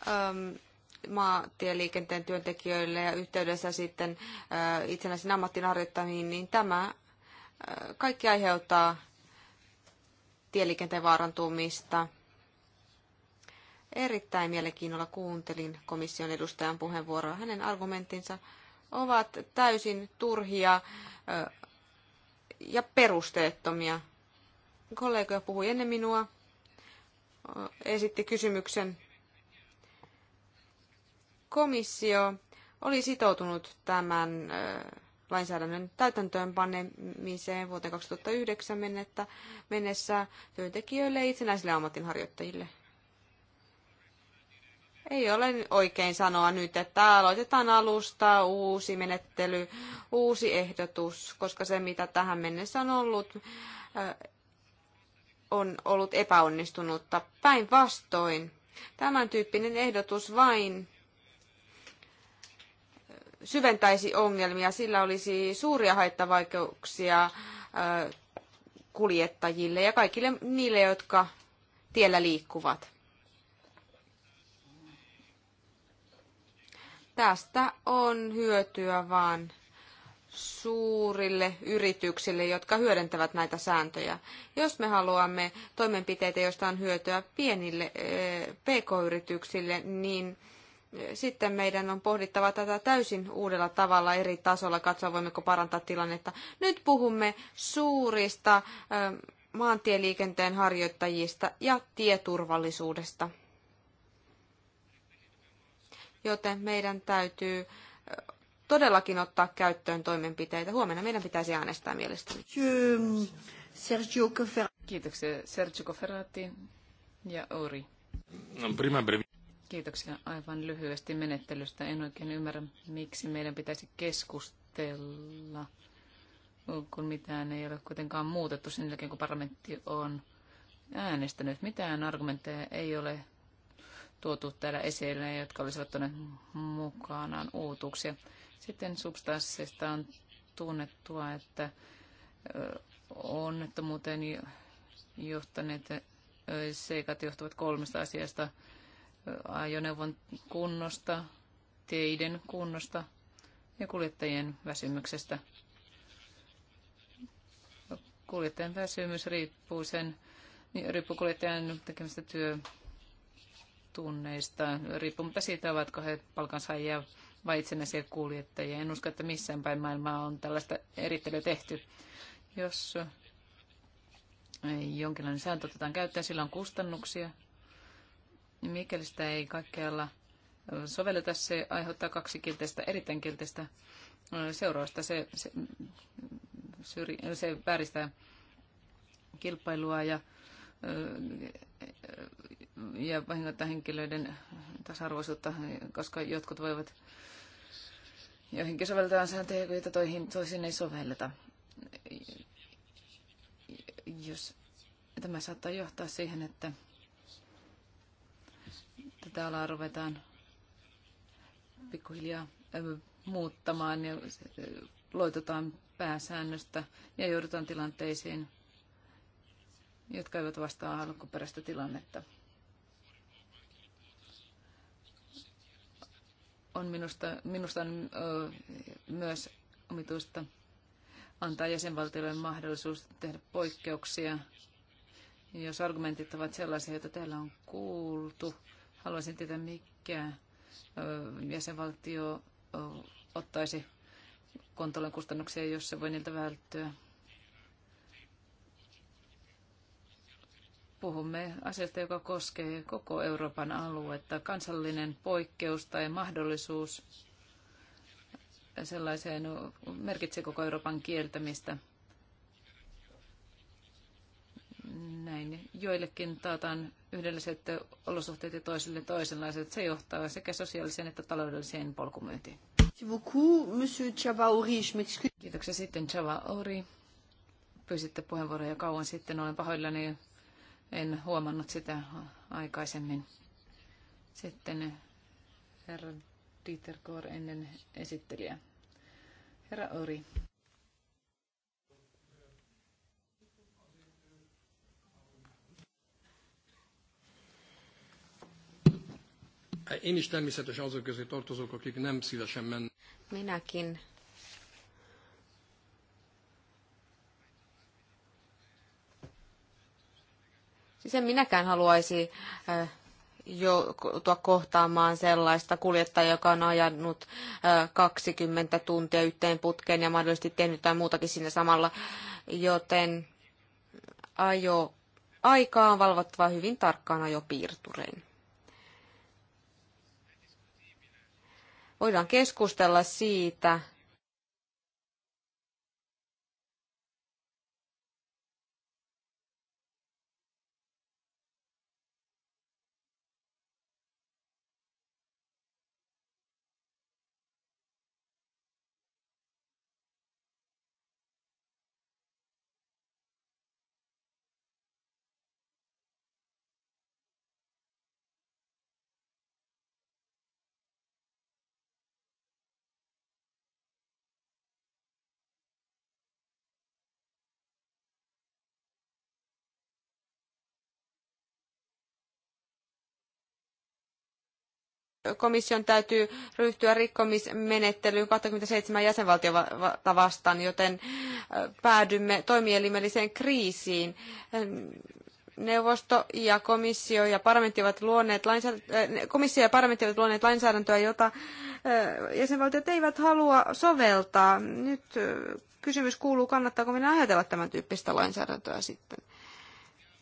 Öm, maatieliikenteen työntekijöille ja yhteydessä sitten äh, itsenäisen ammattinharjoittajiin, niin tämä äh, kaikki aiheuttaa tieliikenteen vaarantumista. Erittäin mielenkiinnolla kuuntelin komission edustajan puheenvuoroa. Hänen argumenttinsa ovat täysin turhia äh, ja perusteettomia. Kollega puhui ennen minua, esitti kysymyksen komissio oli sitoutunut tämän lainsäädännön täytäntöönpanemiseen vuoteen 2009 mennessä työntekijöille ja itsenäisille ammatinharjoittajille. Ei ole oikein sanoa nyt, että aloitetaan alusta uusi menettely, uusi ehdotus, koska se mitä tähän mennessä on ollut, on ollut epäonnistunutta. Päinvastoin tämän tyyppinen ehdotus vain syventäisi ongelmia. Sillä olisi suuria haittavaikeuksia äh, kuljettajille ja kaikille niille, jotka tiellä liikkuvat. Tästä on hyötyä vain suurille yrityksille, jotka hyödyntävät näitä sääntöjä. Jos me haluamme toimenpiteitä, joista on hyötyä pienille äh, pk-yrityksille, niin sitten meidän on pohdittava tätä täysin uudella tavalla eri tasolla, katsoa voimmeko parantaa tilannetta. Nyt puhumme suurista maantieliikenteen harjoittajista ja tieturvallisuudesta. Joten meidän täytyy todellakin ottaa käyttöön toimenpiteitä. Huomenna meidän pitäisi äänestää mielestäni. Kiitoksia Sergio Cofferati ja Ori. Prima Kiitoksia aivan lyhyesti menettelystä. En oikein ymmärrä, miksi meidän pitäisi keskustella, kun mitään ei ole kuitenkaan muutettu sen jälkeen, kun parlamentti on äänestänyt. Mitään argumentteja ei ole tuotu täällä esille, jotka olisivat tuonne mukanaan uutuuksia. Sitten substanssista on tunnettua, että onnettomuuteen johtaneet seikat johtuvat kolmesta asiasta – ajoneuvon kunnosta, teiden kunnosta ja kuljettajien väsymyksestä. Kuljettajan väsymys riippuu sen, niin riippuu kuljettajan tekemistä työtunneista, riippumatta siitä, ovatko he palkansaajia vai itsenäisiä kuljettajia. En usko, että missään päin maailmaa on tällaista erittelyä tehty. Jos jonkinlainen sääntö otetaan käyttöön, sillä on kustannuksia, niin Mikäli sitä ei kaikkialla sovelleta, se aiheuttaa kaksikielteistä, erittäin kielteistä seurausta. Se, se, syri, se vääristää kilpailua ja, ja vahingoittaa henkilöiden tasa-arvoisuutta, koska jotkut voivat joihinkin sovelletaan sääntöjä, joita toihin, toisiin ei sovelleta. Jos, tämä saattaa johtaa siihen, että että täällä ruvetaan pikkuhiljaa muuttamaan ja loitetaan pääsäännöstä ja joudutaan tilanteisiin, jotka eivät vastaa alkuperäistä tilannetta. On minusta, minusta on myös omituista antaa jäsenvaltioille mahdollisuus tehdä poikkeuksia, jos argumentit ovat sellaisia, joita täällä on kuultu Haluaisin tietää, mikä jäsenvaltio ottaisi kontollen kustannuksia, jos se voi niiltä välttyä. Puhumme asiasta, joka koskee koko Euroopan aluetta. Kansallinen poikkeus tai mahdollisuus sellaiseen merkitsee koko Euroopan kieltämistä. joillekin taataan yhdelliset olosuhteet ja toisille toisenlaiset. Se johtaa sekä sosiaaliseen että taloudelliseen polkumyyntiin. Kiitoksia sitten Chava Ori. Pyysitte puheenvuoroja kauan sitten, olen pahoillani, en huomannut sitä aikaisemmin. Sitten herra Dieter Kor ennen esittelijä. Herra Ori. Én is természetesen azok közé tartozok, akik nem szívesen mennek. Minäkin Siis en minäkään haluaisi joutua kohtaamaan sellaista kuljettajaa, joka on ajanut 20 tuntia yhteen putkeen ja mahdollisesti tehnyt jotain muutakin siinä samalla, joten ajo aikaa on valvottava hyvin tarkkaan ajopiirturein. voidaan keskustella siitä, komission täytyy ryhtyä rikkomismenettelyyn 27 jäsenvaltiota vastaan, joten päädymme toimielimelliseen kriisiin. Neuvosto ja komissio ja parlamentti ovat luoneet, lainsäädäntö, komissio ja parlamentti ovat luoneet lainsäädäntöä, jota jäsenvaltiot eivät halua soveltaa. Nyt kysymys kuuluu, kannattaako meidän ajatella tämän tyyppistä lainsäädäntöä sitten.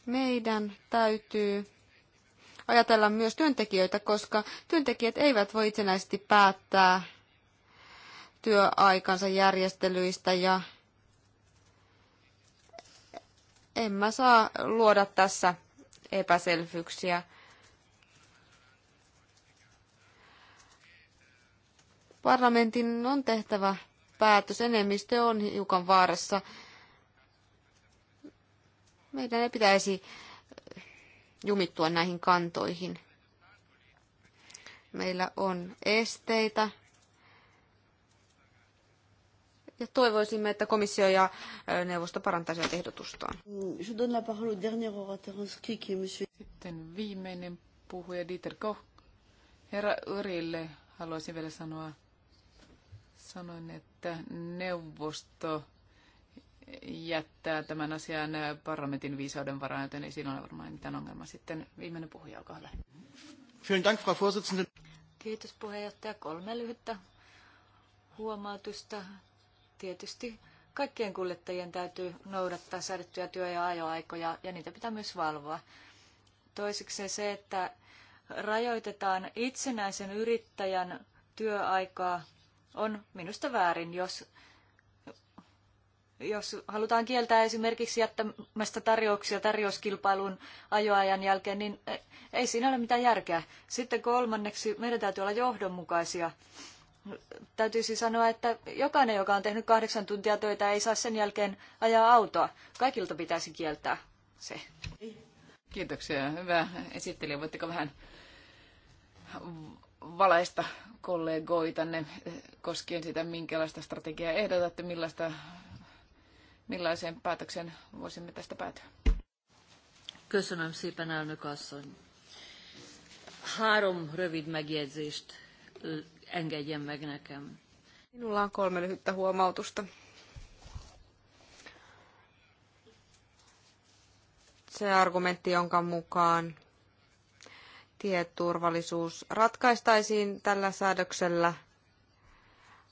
Meidän täytyy ajatella myös työntekijöitä, koska työntekijät eivät voi itsenäisesti päättää työaikansa järjestelyistä ja en mä saa luoda tässä epäselvyyksiä. Parlamentin on tehtävä päätös. Enemmistö on hiukan vaarassa. Meidän ei pitäisi jumittua näihin kantoihin. Meillä on esteitä. Ja toivoisimme, että komissio ja neuvosto parantaisivat ehdotustaan. Sitten viimeinen puhuja Dieter Koch. Herra Yrille haluaisin vielä sanoa, sanoin, että neuvosto jättää tämän asian parlamentin viisauden varaan, joten ei siinä ole varmaan mitään ongelmaa. Sitten viimeinen puhuja, olkaa hyvä. Kiitos puheenjohtaja. Kolme lyhyttä huomautusta. Tietysti kaikkien kuljettajien täytyy noudattaa säädettyjä työ- ja ajoaikoja ja niitä pitää myös valvoa. Toiseksi se, että rajoitetaan itsenäisen yrittäjän työaikaa on minusta väärin, jos jos halutaan kieltää esimerkiksi jättämästä tarjouksia tarjouskilpailun ajoajan jälkeen, niin e, ei siinä ole mitään järkeä. Sitten kolmanneksi, meidän täytyy olla johdonmukaisia. Täytyisi sanoa, että jokainen, joka on tehnyt kahdeksan tuntia töitä, ei saa sen jälkeen ajaa autoa. Kaikilta pitäisi kieltää se. Kiitoksia. Hyvä esittelijä. Voitteko vähän valaista kollegoitanne koskien sitä, minkälaista strategiaa ehdotatte, millaista millaiseen päätökseen voisimme tästä päätyä. Köszönöm szépen, elnök asszony. Három rövid megjegyzést engedjen meg nekem. Minulla on kolme lyhyttä huomautusta. Se argumentti, jonka mukaan tieturvallisuus ratkaistaisiin tällä säädöksellä,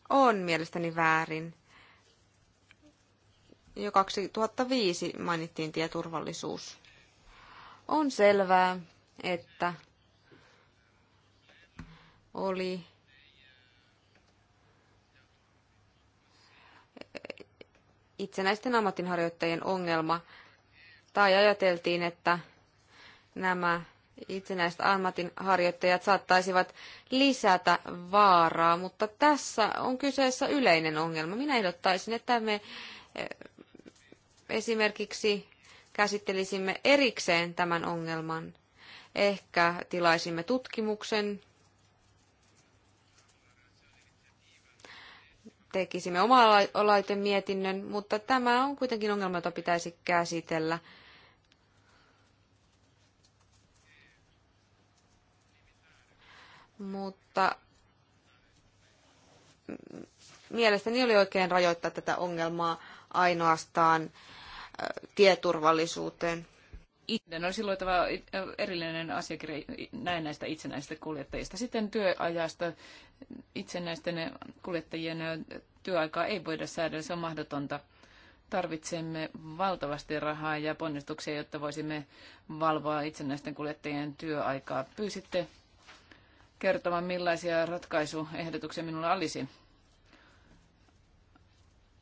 on mielestäni väärin jo 2005 mainittiin tieturvallisuus. On selvää, että oli itsenäisten ammatinharjoittajien ongelma. Tai ajateltiin, että nämä itsenäiset ammatinharjoittajat saattaisivat lisätä vaaraa, mutta tässä on kyseessä yleinen ongelma. Minä ehdottaisin, että me eh, esimerkiksi käsittelisimme erikseen tämän ongelman. Ehkä tilaisimme tutkimuksen, tekisimme oma-aloiten mietinnön, mutta tämä on kuitenkin ongelma, jota pitäisi käsitellä. Mutta mielestäni oli oikein rajoittaa tätä ongelmaa ainoastaan tieturvallisuuteen. Itse, olisi luotava erillinen asiakirja näin näistä itsenäisistä kuljettajista. Sitten työajasta itsenäisten kuljettajien työaikaa ei voida säädellä, se on mahdotonta. Tarvitsemme valtavasti rahaa ja ponnistuksia, jotta voisimme valvoa itsenäisten kuljettajien työaikaa. Pyysitte kertomaan, millaisia ratkaisuehdotuksia minulla olisi.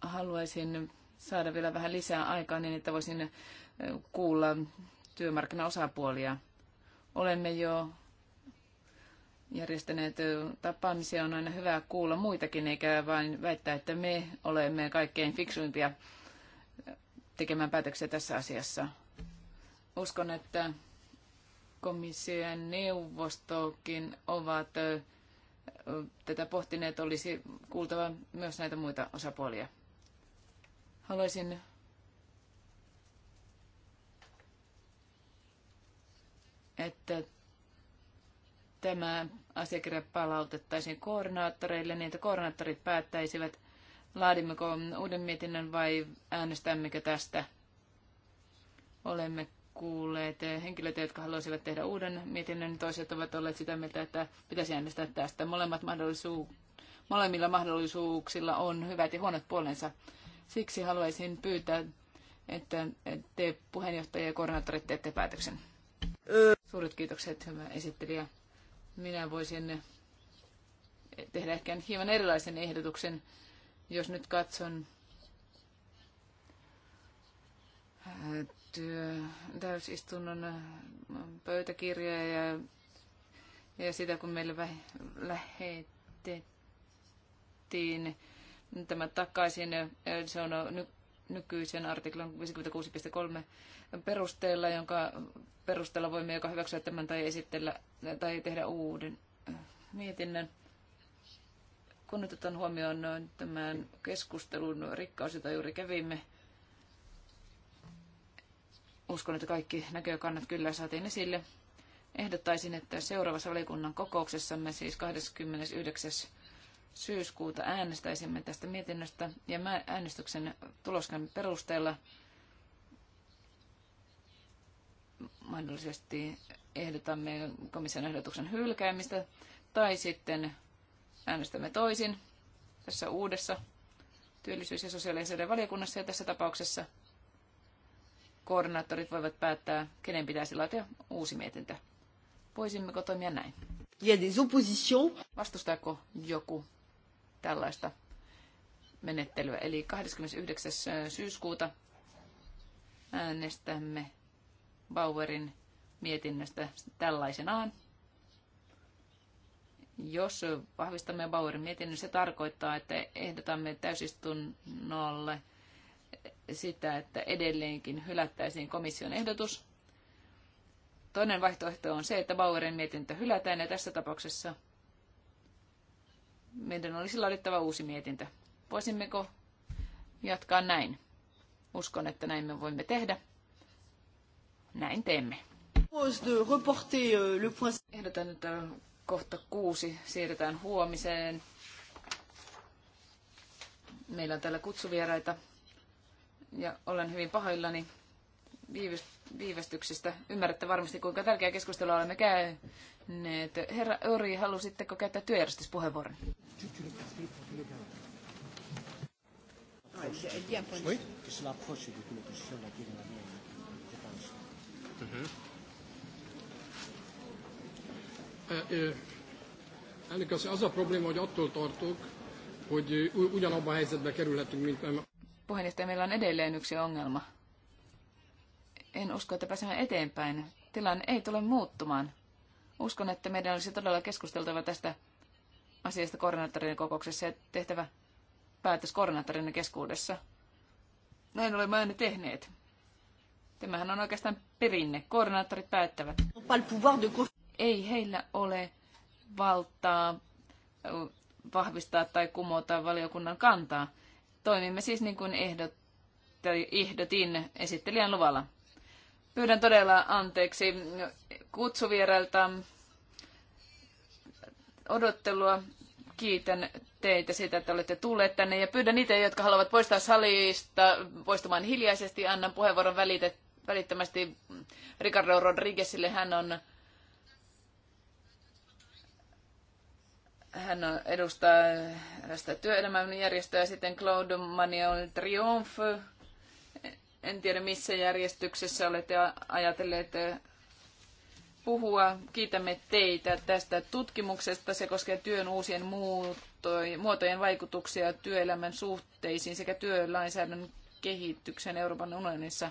Haluaisin saada vielä vähän lisää aikaa niin, että voisin kuulla työmarkkinaosapuolia. Olemme jo järjestäneet tapaamisia. On aina hyvä kuulla muitakin, eikä vain väittää, että me olemme kaikkein fiksuimpia tekemään päätöksiä tässä asiassa. Uskon, että komissio ja neuvostokin ovat tätä pohtineet, olisi kuultava myös näitä muita osapuolia. Haluaisin että tämä asiakirja palautettaisiin koordinaattoreille, niin että koordinaattorit päättäisivät, laadimmeko uuden mietinnön vai äänestämmekö tästä. Olemme kuulleet henkilöitä, jotka haluaisivat tehdä uuden mietinnön, toiset ovat olleet sitä mieltä, että pitäisi äänestää tästä. Molemmat mahdollisuus, molemmilla mahdollisuuksilla on hyvät ja huonot puolensa. Siksi haluaisin pyytää, että te puheenjohtaja ja koordinaattorit teette päätöksen. Suuret kiitokset, hyvä esittelijä. Minä voisin tehdä ehkä hieman erilaisen ehdotuksen, jos nyt katson äh, työ, täysistunnon äh, pöytäkirjoja ja, ja sitä, kun meille lähetettiin tämä takaisin. Eh, se on nykyisen artiklan 56.3 perusteella, jonka perusteella voimme joka hyväksyä tämän tai esitellä eh, tai tehdä uuden eh, mietinnön. Kun nyt otan huomioon tämän keskustelun rikkaus, jota juuri kävimme, uskon, että kaikki näkökannat kyllä saatiin esille. Ehdottaisin, että seuraavassa valikunnan kokouksessamme, siis 29 syyskuuta äänestäisimme tästä mietinnöstä ja äänestyksen tuloskan perusteella mahdollisesti ehdotamme komission ehdotuksen hylkäämistä tai sitten äänestämme toisin tässä uudessa työllisyys- ja sosiaalisen valiokunnassa ja tässä tapauksessa koordinaattorit voivat päättää, kenen pitäisi laatia uusi mietintö. Voisimmeko toimia näin? Vastustaako joku tällaista menettelyä. Eli 29. syyskuuta äänestämme Bauerin mietinnöstä tällaisenaan. Jos vahvistamme Bauerin mietinnön, se tarkoittaa, että ehdotamme täysistunnolle sitä, että edelleenkin hylättäisiin komission ehdotus. Toinen vaihtoehto on se, että Bauerin mietintö hylätään ja tässä tapauksessa meidän olisi laadittava uusi mietintö. Voisimmeko jatkaa näin? Uskon, että näin me voimme tehdä. Näin teemme. Ehdotan, että kohta kuusi siirretään huomiseen. Meillä on täällä kutsuvieraita ja olen hyvin pahoillani viivästyksestä. Ymmärrätte varmasti, kuinka tärkeä keskustelua olemme käyneet. Herra Öri, halusitteko käyttää työjärjestyspuheenvuoron? Oui. Mm-hmm. Elnök asszony, az a probléma, hogy attól tartok, hogy eh, ugyanabban a helyzetbe kerülhetünk, mint... Puheenjohtaja, meillä on edelleen yksi ongelma en usko, että pääsemme eteenpäin. Tilanne ei tule muuttumaan. Uskon, että meidän olisi todella keskusteltava tästä asiasta koordinaattorin kokouksessa ja tehtävä päätös koordinaattorin keskuudessa. Näin olemme aina tehneet. Tämähän on oikeastaan perinne. Koordinaattorit päättävät. Ei heillä ole valtaa vahvistaa tai kumota valiokunnan kantaa. Toimimme siis niin kuin ehdot, ehdotin esittelijän luvalla. Pyydän todella anteeksi kutsuvierailta odottelua. Kiitän teitä siitä, että olette tulleet tänne ja pyydän niitä, jotka haluavat poistaa salista poistumaan hiljaisesti. Annan puheenvuoron välitet, välittömästi Ricardo Rodriguezille. Hän on hän on edustaa työelämän järjestöä, sitten Claude Manuel Triomphe en tiedä missä järjestyksessä olette ajatelleet eh, puhua. Kiitämme teitä tästä tutkimuksesta. Se koskee työn uusien muotojen vaikutuksia työelämän suhteisiin sekä työlainsäädännön kehitykseen Euroopan unionissa.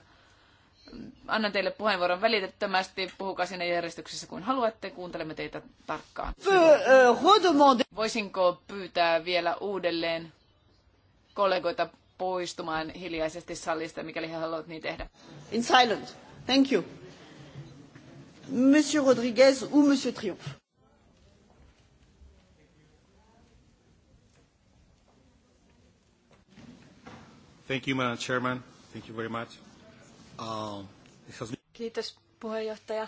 Annan teille puheenvuoron välitettömästi. Puhukaa siinä järjestyksessä kuin haluatte. Kuuntelemme teitä tarkkaan. Eh, Voisinko pyytää vielä uudelleen kollegoita poistumaan hiljaisesti salista, mikäli he haluavat niin tehdä. In silent. Thank you. Monsieur Rodriguez ou Monsieur Triomphe. Thank you, Madam Chairman. Thank you very much. Uh, has... Kiitos puheenjohtaja.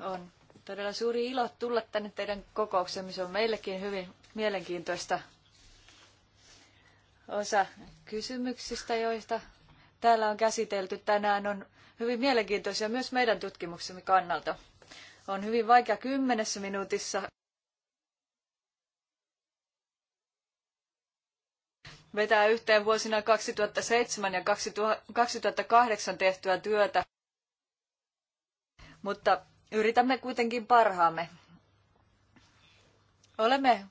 On todella suuri ilo tulla tänne teidän kokoukseen, missä on meillekin hyvin mielenkiintoista Osa kysymyksistä, joita täällä on käsitelty tänään, on hyvin mielenkiintoisia myös meidän tutkimuksemme kannalta. On hyvin vaikea kymmenessä minuutissa vetää yhteen vuosina 2007 ja 2008 tehtyä työtä, mutta yritämme kuitenkin parhaamme. Olemme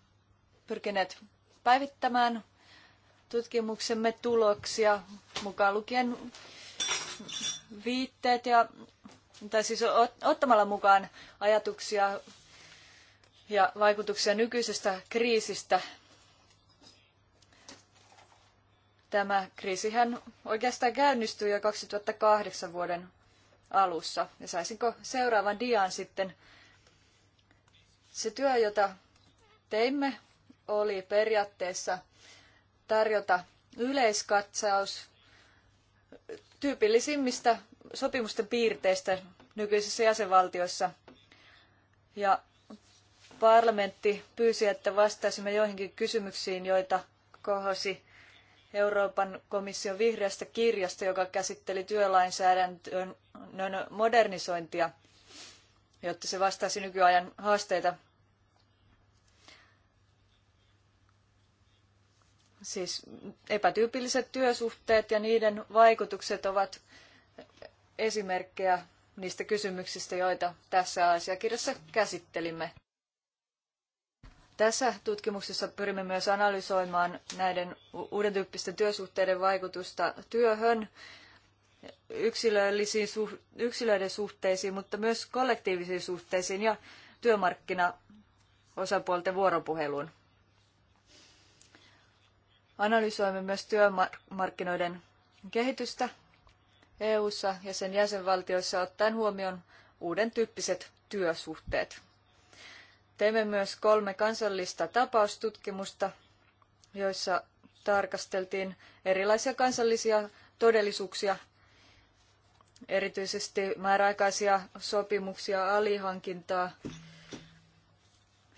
pyrkineet päivittämään tutkimuksemme tuloksia, mukaan lukien viitteet ja tai siis ottamalla mukaan ajatuksia ja vaikutuksia nykyisestä kriisistä. Tämä kriisihän oikeastaan käynnistyi jo 2008 vuoden alussa. Ja saisinko seuraavan dian sitten? Se työ, jota teimme, oli periaatteessa tarjota yleiskatsaus tyypillisimmistä sopimusten piirteistä nykyisissä jäsenvaltioissa. Ja parlamentti pyysi, että vastaisimme joihinkin kysymyksiin, joita kohosi Euroopan komission vihreästä kirjasta, joka käsitteli työlainsäädännön modernisointia, jotta se vastaisi nykyajan haasteita Siis epätyypilliset työsuhteet ja niiden vaikutukset ovat esimerkkejä niistä kysymyksistä, joita tässä asiakirjassa käsittelimme. Tässä tutkimuksessa pyrimme myös analysoimaan näiden uuden tyyppisten työsuhteiden vaikutusta työhön, yksilöllisiin yksilöiden suhteisiin, mutta myös kollektiivisiin suhteisiin ja työmarkkinaosapuolten vuoropuheluun. Analysoimme myös työmarkkinoiden kehitystä EU:ssa ja sen jäsenvaltioissa ottaen huomioon uuden tyyppiset työsuhteet. Teimme myös kolme kansallista tapaustutkimusta, joissa tarkasteltiin erilaisia kansallisia todellisuuksia, erityisesti määräaikaisia sopimuksia, alihankintaa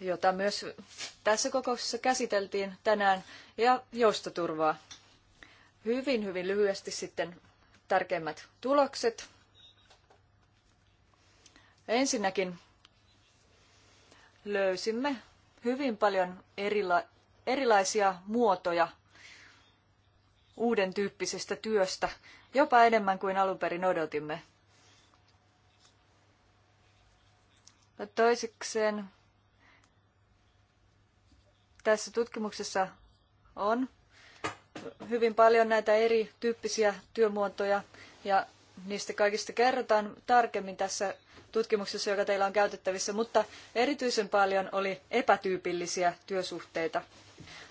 jota myös tässä kokouksessa käsiteltiin tänään, ja joustoturvaa. Hyvin, hyvin lyhyesti sitten tärkeimmät tulokset. Ensinnäkin löysimme hyvin paljon erila- erilaisia muotoja uuden tyyppisestä työstä, jopa enemmän kuin alun perin odotimme. Toisekseen tässä tutkimuksessa on hyvin paljon näitä eri tyyppisiä työmuotoja ja niistä kaikista kerrotaan tarkemmin tässä tutkimuksessa, joka teillä on käytettävissä, mutta erityisen paljon oli epätyypillisiä työsuhteita.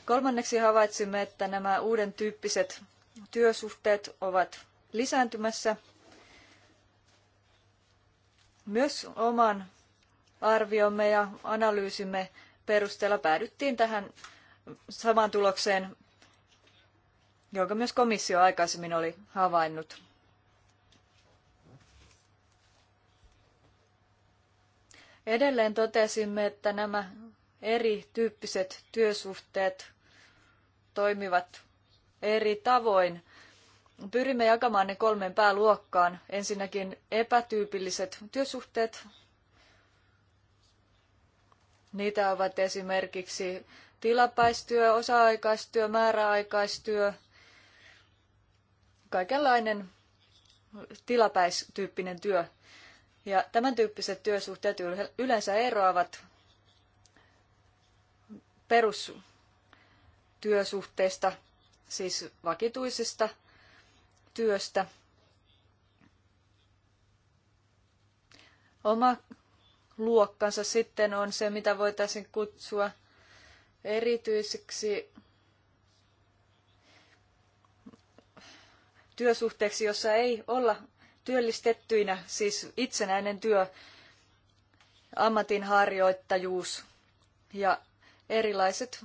Kolmanneksi havaitsimme, että nämä uuden tyyppiset työsuhteet ovat lisääntymässä. Myös oman arviomme ja analyysimme perusteella päädyttiin tähän samaan tulokseen, jonka myös komissio aikaisemmin oli havainnut. Edelleen totesimme, että nämä erityyppiset työsuhteet toimivat eri tavoin. Pyrimme jakamaan ne kolmeen pääluokkaan. Ensinnäkin epätyypilliset työsuhteet, Niitä ovat esimerkiksi tilapäistyö, osa-aikaistyö, määräaikaistyö, kaikenlainen tilapäistyyppinen työ. Ja tämän tyyppiset työsuhteet yleensä eroavat perustyösuhteista, siis vakituisesta työstä. Oma luokkansa. Sitten on se, mitä voitaisiin kutsua erityisiksi työsuhteeksi, jossa ei olla työllistettyinä, siis itsenäinen työ, ammatinharjoittajuus ja erilaiset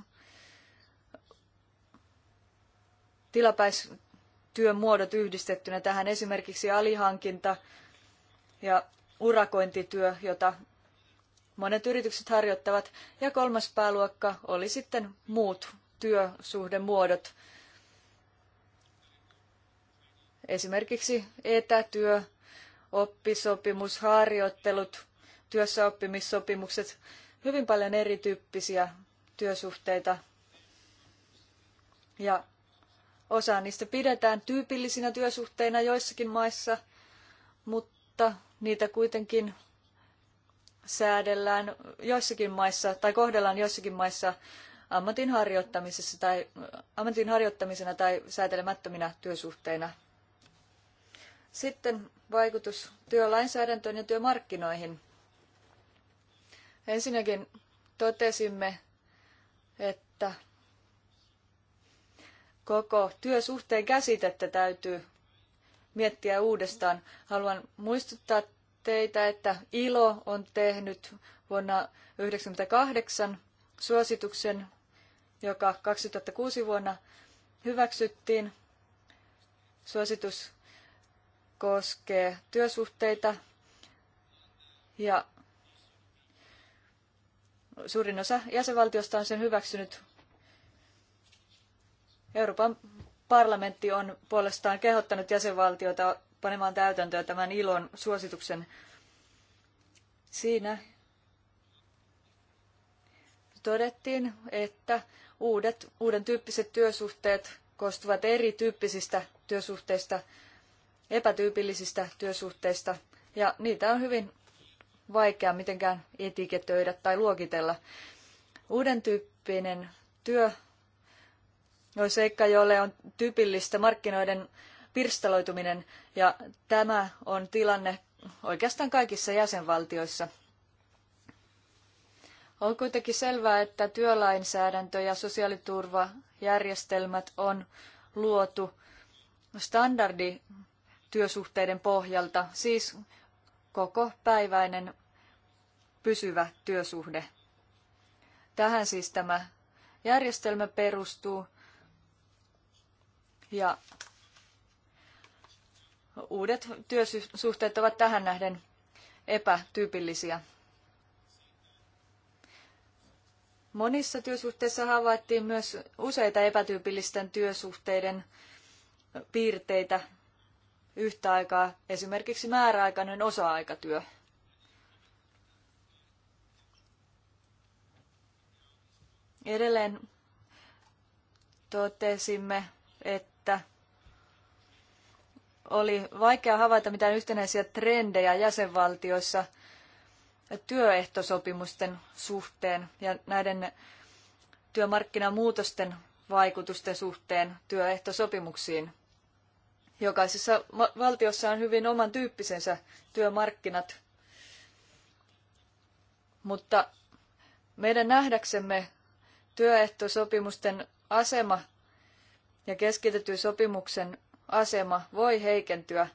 tilapäistyön muodot yhdistettynä tähän esimerkiksi alihankinta ja urakointityö, jota monet yritykset harjoittavat. Ja kolmas pääluokka oli sitten muut työsuhdemuodot, esimerkiksi etätyö, oppisopimus, harjoittelut, työssäoppimissopimukset, hyvin paljon erityyppisiä työsuhteita. Ja osa niistä pidetään tyypillisinä työsuhteina joissakin maissa, mutta niitä kuitenkin säädellään joissakin maissa tai kohdellaan joissakin maissa ammatin harjoittamisessa tai ammatin harjoittamisena tai säätelemättöminä työsuhteina. Sitten vaikutus työlainsäädäntöön ja työmarkkinoihin. Ensinnäkin totesimme, että koko työsuhteen käsitettä täytyy miettiä uudestaan. Haluan muistuttaa teitä, että ILO on tehnyt vuonna 1998 suosituksen, joka 2006 vuonna hyväksyttiin. Suositus koskee työsuhteita ja suurin osa jäsenvaltiosta on sen hyväksynyt. Euroopan parlamentti on puolestaan kehottanut jäsenvaltioita panemaan täytäntöön tämän ilon suosituksen. Siinä todettiin, että uudet, uuden tyyppiset työsuhteet koostuvat erityyppisistä työsuhteista, epätyypillisistä työsuhteista, ja niitä on hyvin vaikea mitenkään etiketöidä tai luokitella. Uuden tyyppinen työ on no seikka, jolle on tyypillistä markkinoiden pirstaloituminen ja tämä on tilanne oikeastaan kaikissa jäsenvaltioissa. On kuitenkin selvää, että työlainsäädäntö ja sosiaaliturvajärjestelmät on luotu standardi työsuhteiden pohjalta, siis koko päiväinen pysyvä työsuhde. Tähän siis tämä järjestelmä perustuu ja Uudet työsuhteet ovat tähän nähden epätyypillisiä. Monissa työsuhteissa havaittiin myös useita epätyypillisten työsuhteiden piirteitä yhtä aikaa, esimerkiksi määräaikainen osa-aikatyö. Edelleen totesimme, että oli vaikea havaita mitään yhtenäisiä trendejä jäsenvaltioissa työehtosopimusten suhteen ja näiden työmarkkinamuutosten vaikutusten suhteen työehtosopimuksiin. Jokaisessa valtiossa on hyvin oman tyyppisensä työmarkkinat, mutta meidän nähdäksemme työehtosopimusten asema ja keskitetyn sopimuksen asema voi heikentyä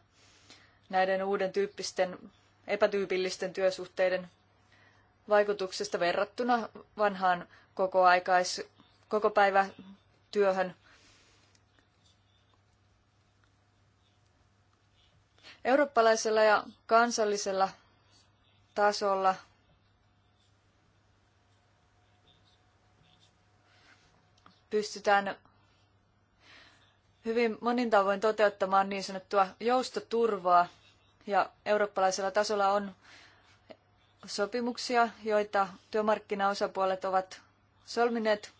näiden uuden tyyppisten epätyypillisten työsuhteiden vaikutuksesta verrattuna vanhaan kokoaikais, kokopäivätyöhön. Eurooppalaisella ja kansallisella tasolla pystytään hyvin monin tavoin toteuttamaan niin sanottua joustoturvaa. Ja eurooppalaisella tasolla on sopimuksia, joita työmarkkinaosapuolet ovat solmineet.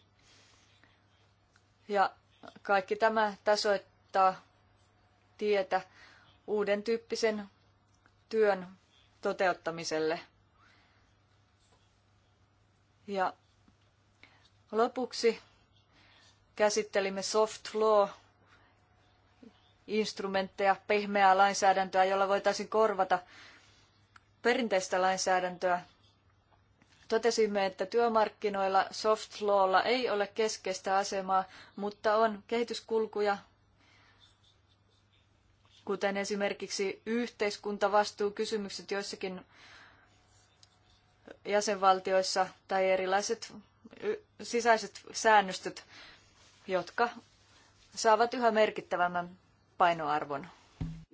Ja kaikki tämä tasoittaa tietä uuden tyyppisen työn toteuttamiselle. Ja lopuksi käsittelimme soft law instrumentteja, pehmeää lainsäädäntöä, jolla voitaisiin korvata perinteistä lainsäädäntöä. Totesimme, että työmarkkinoilla soft lawlla ei ole keskeistä asemaa, mutta on kehityskulkuja, kuten esimerkiksi yhteiskuntavastuukysymykset joissakin jäsenvaltioissa tai erilaiset sisäiset säännöstöt, jotka saavat yhä merkittävämmän painoarvon.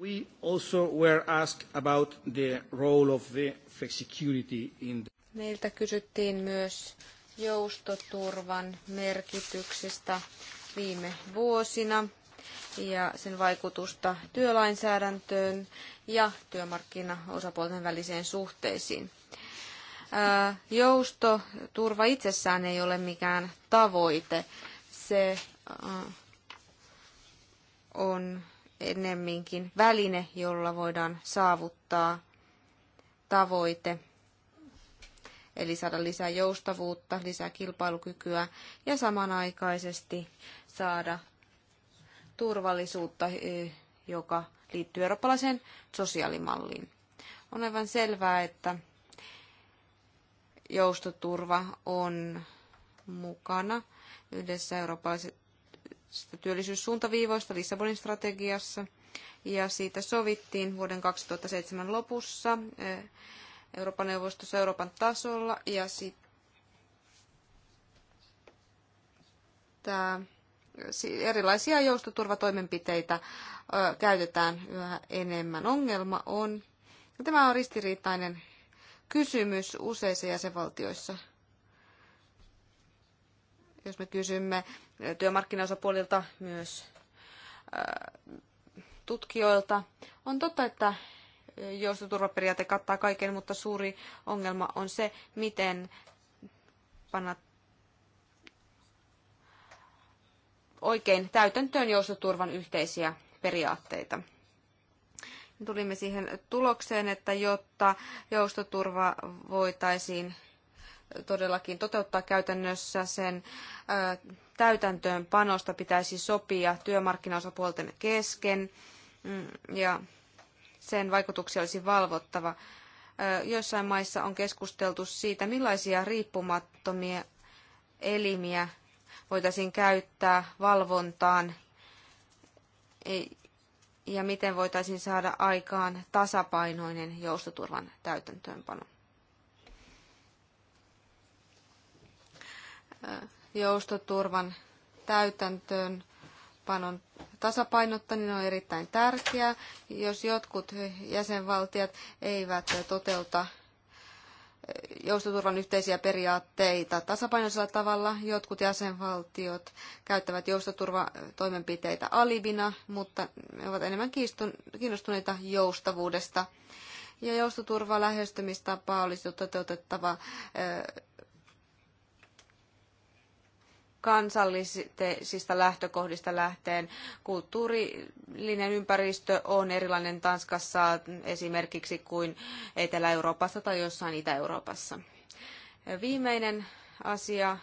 We also were asked about the role of the flexicurity in the... Meiltä kysyttiin myös joustoturvan merkityksestä viime vuosina ja sen vaikutusta työlainsäädäntöön ja työmarkkinaosapuolten väliseen suhteisiin. Joustoturva itsessään ei ole mikään tavoite. Se on ennemminkin väline, jolla voidaan saavuttaa tavoite, eli saada lisää joustavuutta, lisää kilpailukykyä ja samanaikaisesti saada turvallisuutta, joka liittyy eurooppalaiseen sosiaalimalliin. On aivan selvää, että joustoturva on mukana yhdessä eurooppalaisen työllisyyssuuntaviivoista Lissabonin strategiassa ja siitä sovittiin vuoden 2007 lopussa eh, Euroopan neuvostossa Euroopan tasolla ja sitten eh, erilaisia joustoturvatoimenpiteitä eh, käytetään yhä enemmän. Ongelma on, ja tämä on ristiriitainen kysymys useissa jäsenvaltioissa – jos me kysymme työmarkkinaosapuolilta myös tutkijoilta. On totta, että joustoturvaperiaate kattaa kaiken, mutta suuri ongelma on se, miten panna oikein täytäntöön joustoturvan yhteisiä periaatteita. Tulimme siihen tulokseen, että jotta joustoturva voitaisiin todellakin toteuttaa käytännössä, sen täytäntöönpanosta pitäisi sopia työmarkkinaosapuolten kesken mm, ja sen vaikutuksia olisi valvottava. Joissain maissa on keskusteltu siitä, millaisia riippumattomia elimiä voitaisiin käyttää valvontaan e, ja miten voitaisiin saada aikaan tasapainoinen joustoturvan täytäntöönpano. joustoturvan täytäntöön panon tasapainottaminen niin on erittäin tärkeää. Jos jotkut jäsenvaltiot eivät toteuta joustoturvan yhteisiä periaatteita tasapainoisella tavalla, jotkut jäsenvaltiot käyttävät joustoturvatoimenpiteitä alibina, mutta ne ovat enemmän kiinnostuneita joustavuudesta. Ja joustoturva lähestymistapaa olisi toteutettava kansallisista lähtökohdista lähteen. Kulttuurillinen ympäristö on erilainen Tanskassa esimerkiksi kuin Etelä-Euroopassa tai jossain Itä-Euroopassa. Viimeinen asia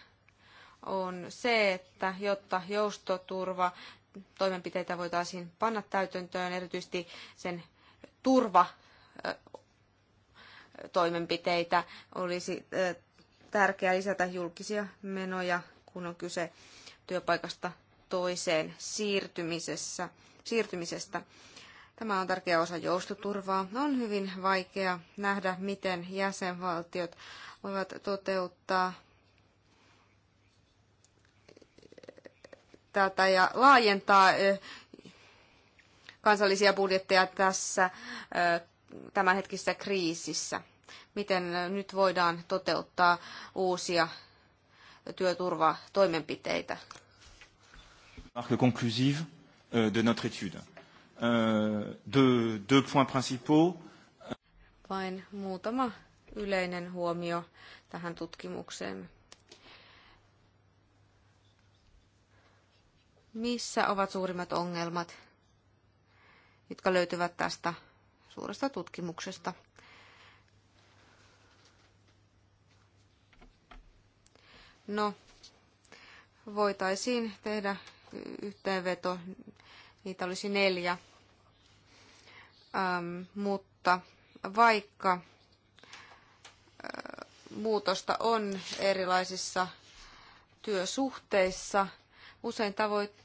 on se, että jotta joustoturva toimenpiteitä voitaisiin panna täytäntöön, erityisesti sen turva toimenpiteitä olisi tärkeää lisätä julkisia menoja kun on kyse työpaikasta toiseen siirtymisessä, siirtymisestä. Tämä on tärkeä osa joustoturvaa. On hyvin vaikea nähdä, miten jäsenvaltiot voivat toteuttaa tätä ja laajentaa kansallisia budjetteja tässä tämänhetkisessä kriisissä. Miten nyt voidaan toteuttaa uusia työturvatoimenpiteitä. Marque conclusive euh, de notre étude. Euh, deux, deux points principaux. Vain muutama yleinen huomio tähän tutkimukseen. Missä ovat suurimmat ongelmat, jotka löytyvät tästä suuresta tutkimuksesta? No, voitaisiin tehdä yhteenveto. Niitä olisi neljä. Ähm, mutta vaikka äh, muutosta on erilaisissa työsuhteissa, usein tavoit-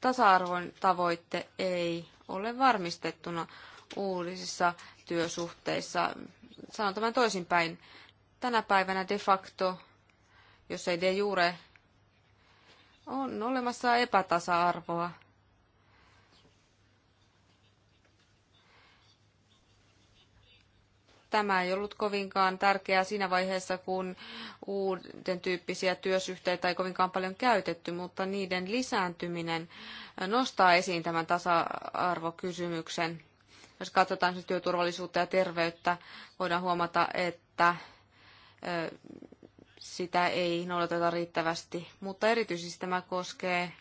tasa-arvon tavoitte ei ole varmistettuna uudisissa työsuhteissa. Sanon tämän toisinpäin. Tänä päivänä de facto jos ei de jure, on olemassa epätasa-arvoa. Tämä ei ollut kovinkaan tärkeää siinä vaiheessa, kun uuden tyyppisiä työsuhteita ei kovinkaan paljon käytetty, mutta niiden lisääntyminen nostaa esiin tämän tasa-arvokysymyksen. Jos katsotaan työturvallisuutta ja terveyttä, voidaan huomata, että sitä ei noudateta riittävästi, mutta erityisesti tämä koskee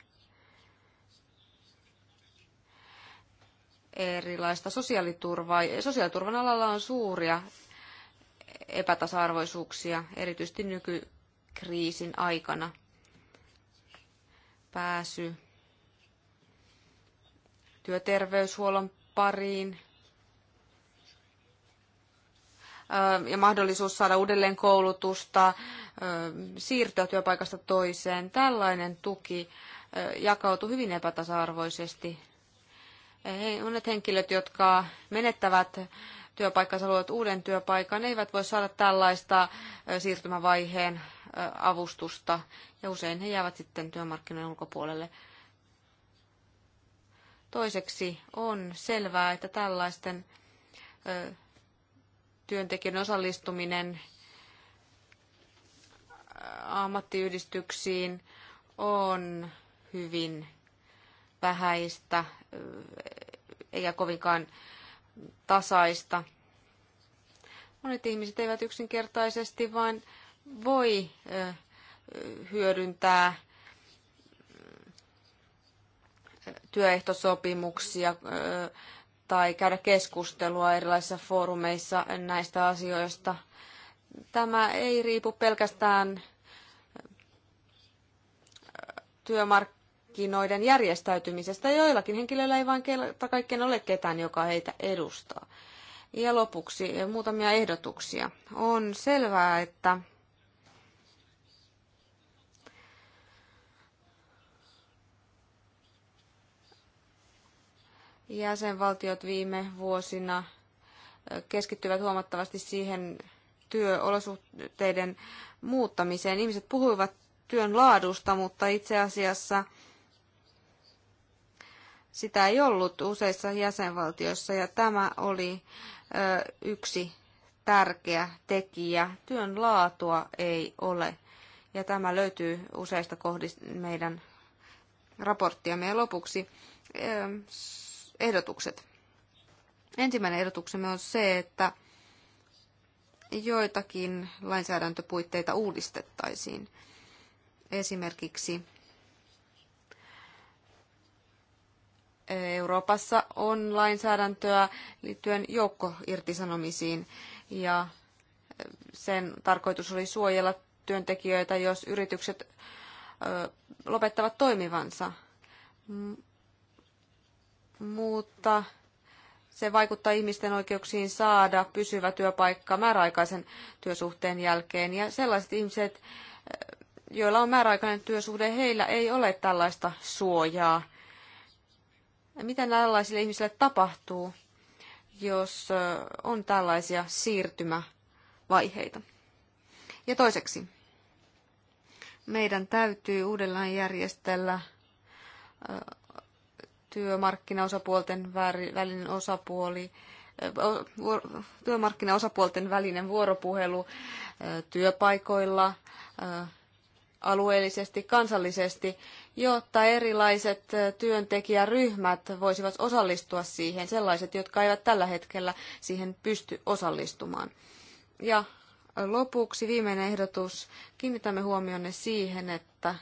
erilaista sosiaaliturvaa. Sosiaaliturvan alalla on suuria epätasa-arvoisuuksia, erityisesti nykykriisin aikana. Pääsy työterveyshuollon pariin ja mahdollisuus saada uudelleen koulutusta, siirtyä työpaikasta toiseen. Tällainen tuki jakautuu hyvin epätasa-arvoisesti. Monet henkilöt, jotka menettävät työpaikkansa, luovat uuden työpaikan, eivät voi saada tällaista siirtymävaiheen avustusta ja usein he jäävät sitten työmarkkinoiden ulkopuolelle. Toiseksi on selvää, että tällaisten työntekijöiden osallistuminen ammattiyhdistyksiin on hyvin vähäistä eikä kovinkaan tasaista. Monet ihmiset eivät yksinkertaisesti vain voi hyödyntää työehtosopimuksia tai käydä keskustelua erilaisissa foorumeissa näistä asioista. Tämä ei riipu pelkästään työmarkkinoiden järjestäytymisestä. Joillakin henkilöillä ei vain kerta kaikkien ole ketään, joka heitä edustaa. Ja lopuksi muutamia ehdotuksia. On selvää, että jäsenvaltiot viime vuosina keskittyvät huomattavasti siihen työolosuhteiden muuttamiseen. Ihmiset puhuivat työn laadusta, mutta itse asiassa sitä ei ollut useissa jäsenvaltioissa ja tämä oli yksi tärkeä tekijä. Työn laatua ei ole ja tämä löytyy useista kohdista meidän raporttiamme. Ja lopuksi ehdotukset. Ensimmäinen ehdotuksemme on se, että joitakin lainsäädäntöpuitteita uudistettaisiin. Esimerkiksi Euroopassa on lainsäädäntöä liittyen joukkoirtisanomisiin ja sen tarkoitus oli suojella työntekijöitä, jos yritykset lopettavat toimivansa. Mutta se vaikuttaa ihmisten oikeuksiin saada pysyvä työpaikka määräaikaisen työsuhteen jälkeen. Ja sellaiset ihmiset, joilla on määräaikainen työsuhde, heillä ei ole tällaista suojaa. Mitä tällaisille ihmisille tapahtuu, jos on tällaisia siirtymävaiheita? Ja toiseksi, meidän täytyy uudelleen järjestellä työmarkkinaosapuolten välinen osapuoli, työmarkkinaosapuolten välinen vuoropuhelu työpaikoilla, alueellisesti, kansallisesti, jotta erilaiset työntekijäryhmät voisivat osallistua siihen, sellaiset, jotka eivät tällä hetkellä siihen pysty osallistumaan. Ja lopuksi viimeinen ehdotus. Kiinnitämme huomionne siihen, että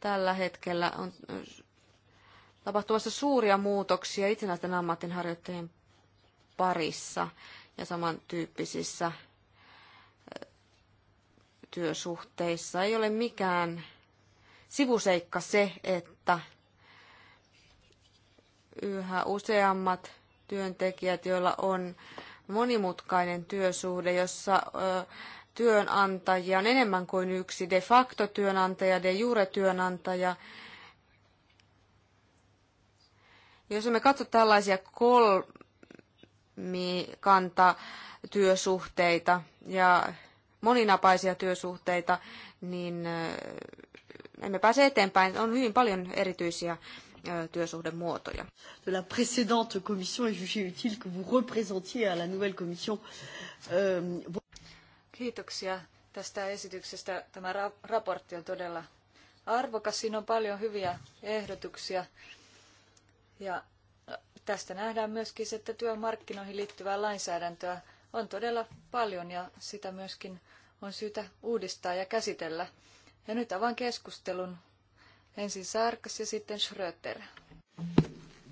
tällä hetkellä on tapahtumassa suuria muutoksia itsenäisten ammatinharjoittajien parissa ja samantyyppisissä työsuhteissa ei ole mikään sivuseikka se, että yhä useammat työntekijät, joilla on monimutkainen työsuhde, jossa työnantajia on enemmän kuin yksi, de facto työnantaja, de jure työnantaja. Jos me katso tällaisia kolmikanta työsuhteita ja moninapaisia työsuhteita, niin emme pääse eteenpäin. On hyvin paljon erityisiä työsuhdemuotoja. De la précédente commission est jugé utile que vous représentiez à la nouvelle commission. Euh, Kiitoksia tästä esityksestä. Tämä raportti on todella arvokas. Siinä on paljon hyviä ehdotuksia. Ja tästä nähdään myöskin että työmarkkinoihin liittyvää lainsäädäntöä on todella paljon ja sitä myöskin on syytä uudistaa ja käsitellä. Ja nyt avaan keskustelun. Ensin Sarkas ja sitten Schröter.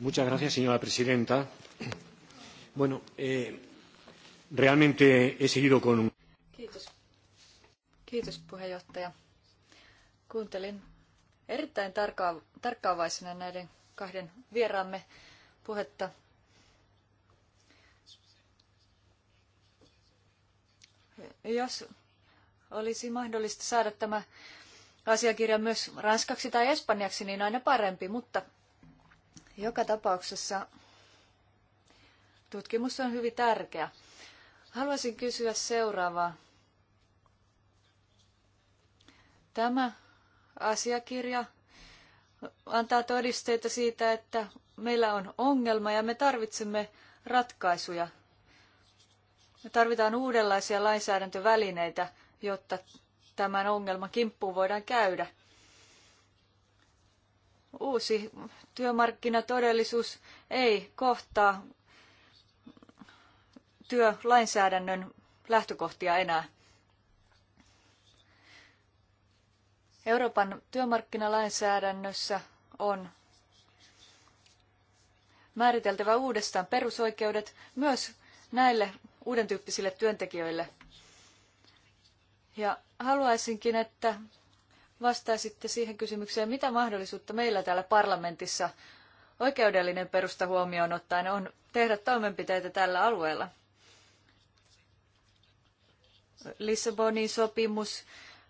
Muchas gracias, señora presidenta. Bueno, eh, realmente he seguido con... Kiitos. Kiitos puheenjohtaja. Kuuntelin erittäin tarkkaavaisena näiden kahden vieraamme puhetta Jos olisi mahdollista saada tämä asiakirja myös ranskaksi tai espanjaksi, niin aina parempi, mutta joka tapauksessa tutkimus on hyvin tärkeä. Haluaisin kysyä seuraavaa. Tämä asiakirja antaa todisteita siitä, että meillä on ongelma ja me tarvitsemme ratkaisuja me tarvitaan uudenlaisia lainsäädäntövälineitä, jotta tämän ongelman kimppuun voidaan käydä. Uusi työmarkkinatodellisuus ei kohtaa työlainsäädännön lähtökohtia enää. Euroopan työmarkkinalainsäädännössä on määriteltävä uudestaan perusoikeudet myös näille uuden tyyppisille työntekijöille. Ja haluaisinkin, että vastaisitte siihen kysymykseen, mitä mahdollisuutta meillä täällä parlamentissa oikeudellinen perusta huomioon ottaen on tehdä toimenpiteitä tällä alueella. Lissabonin sopimus,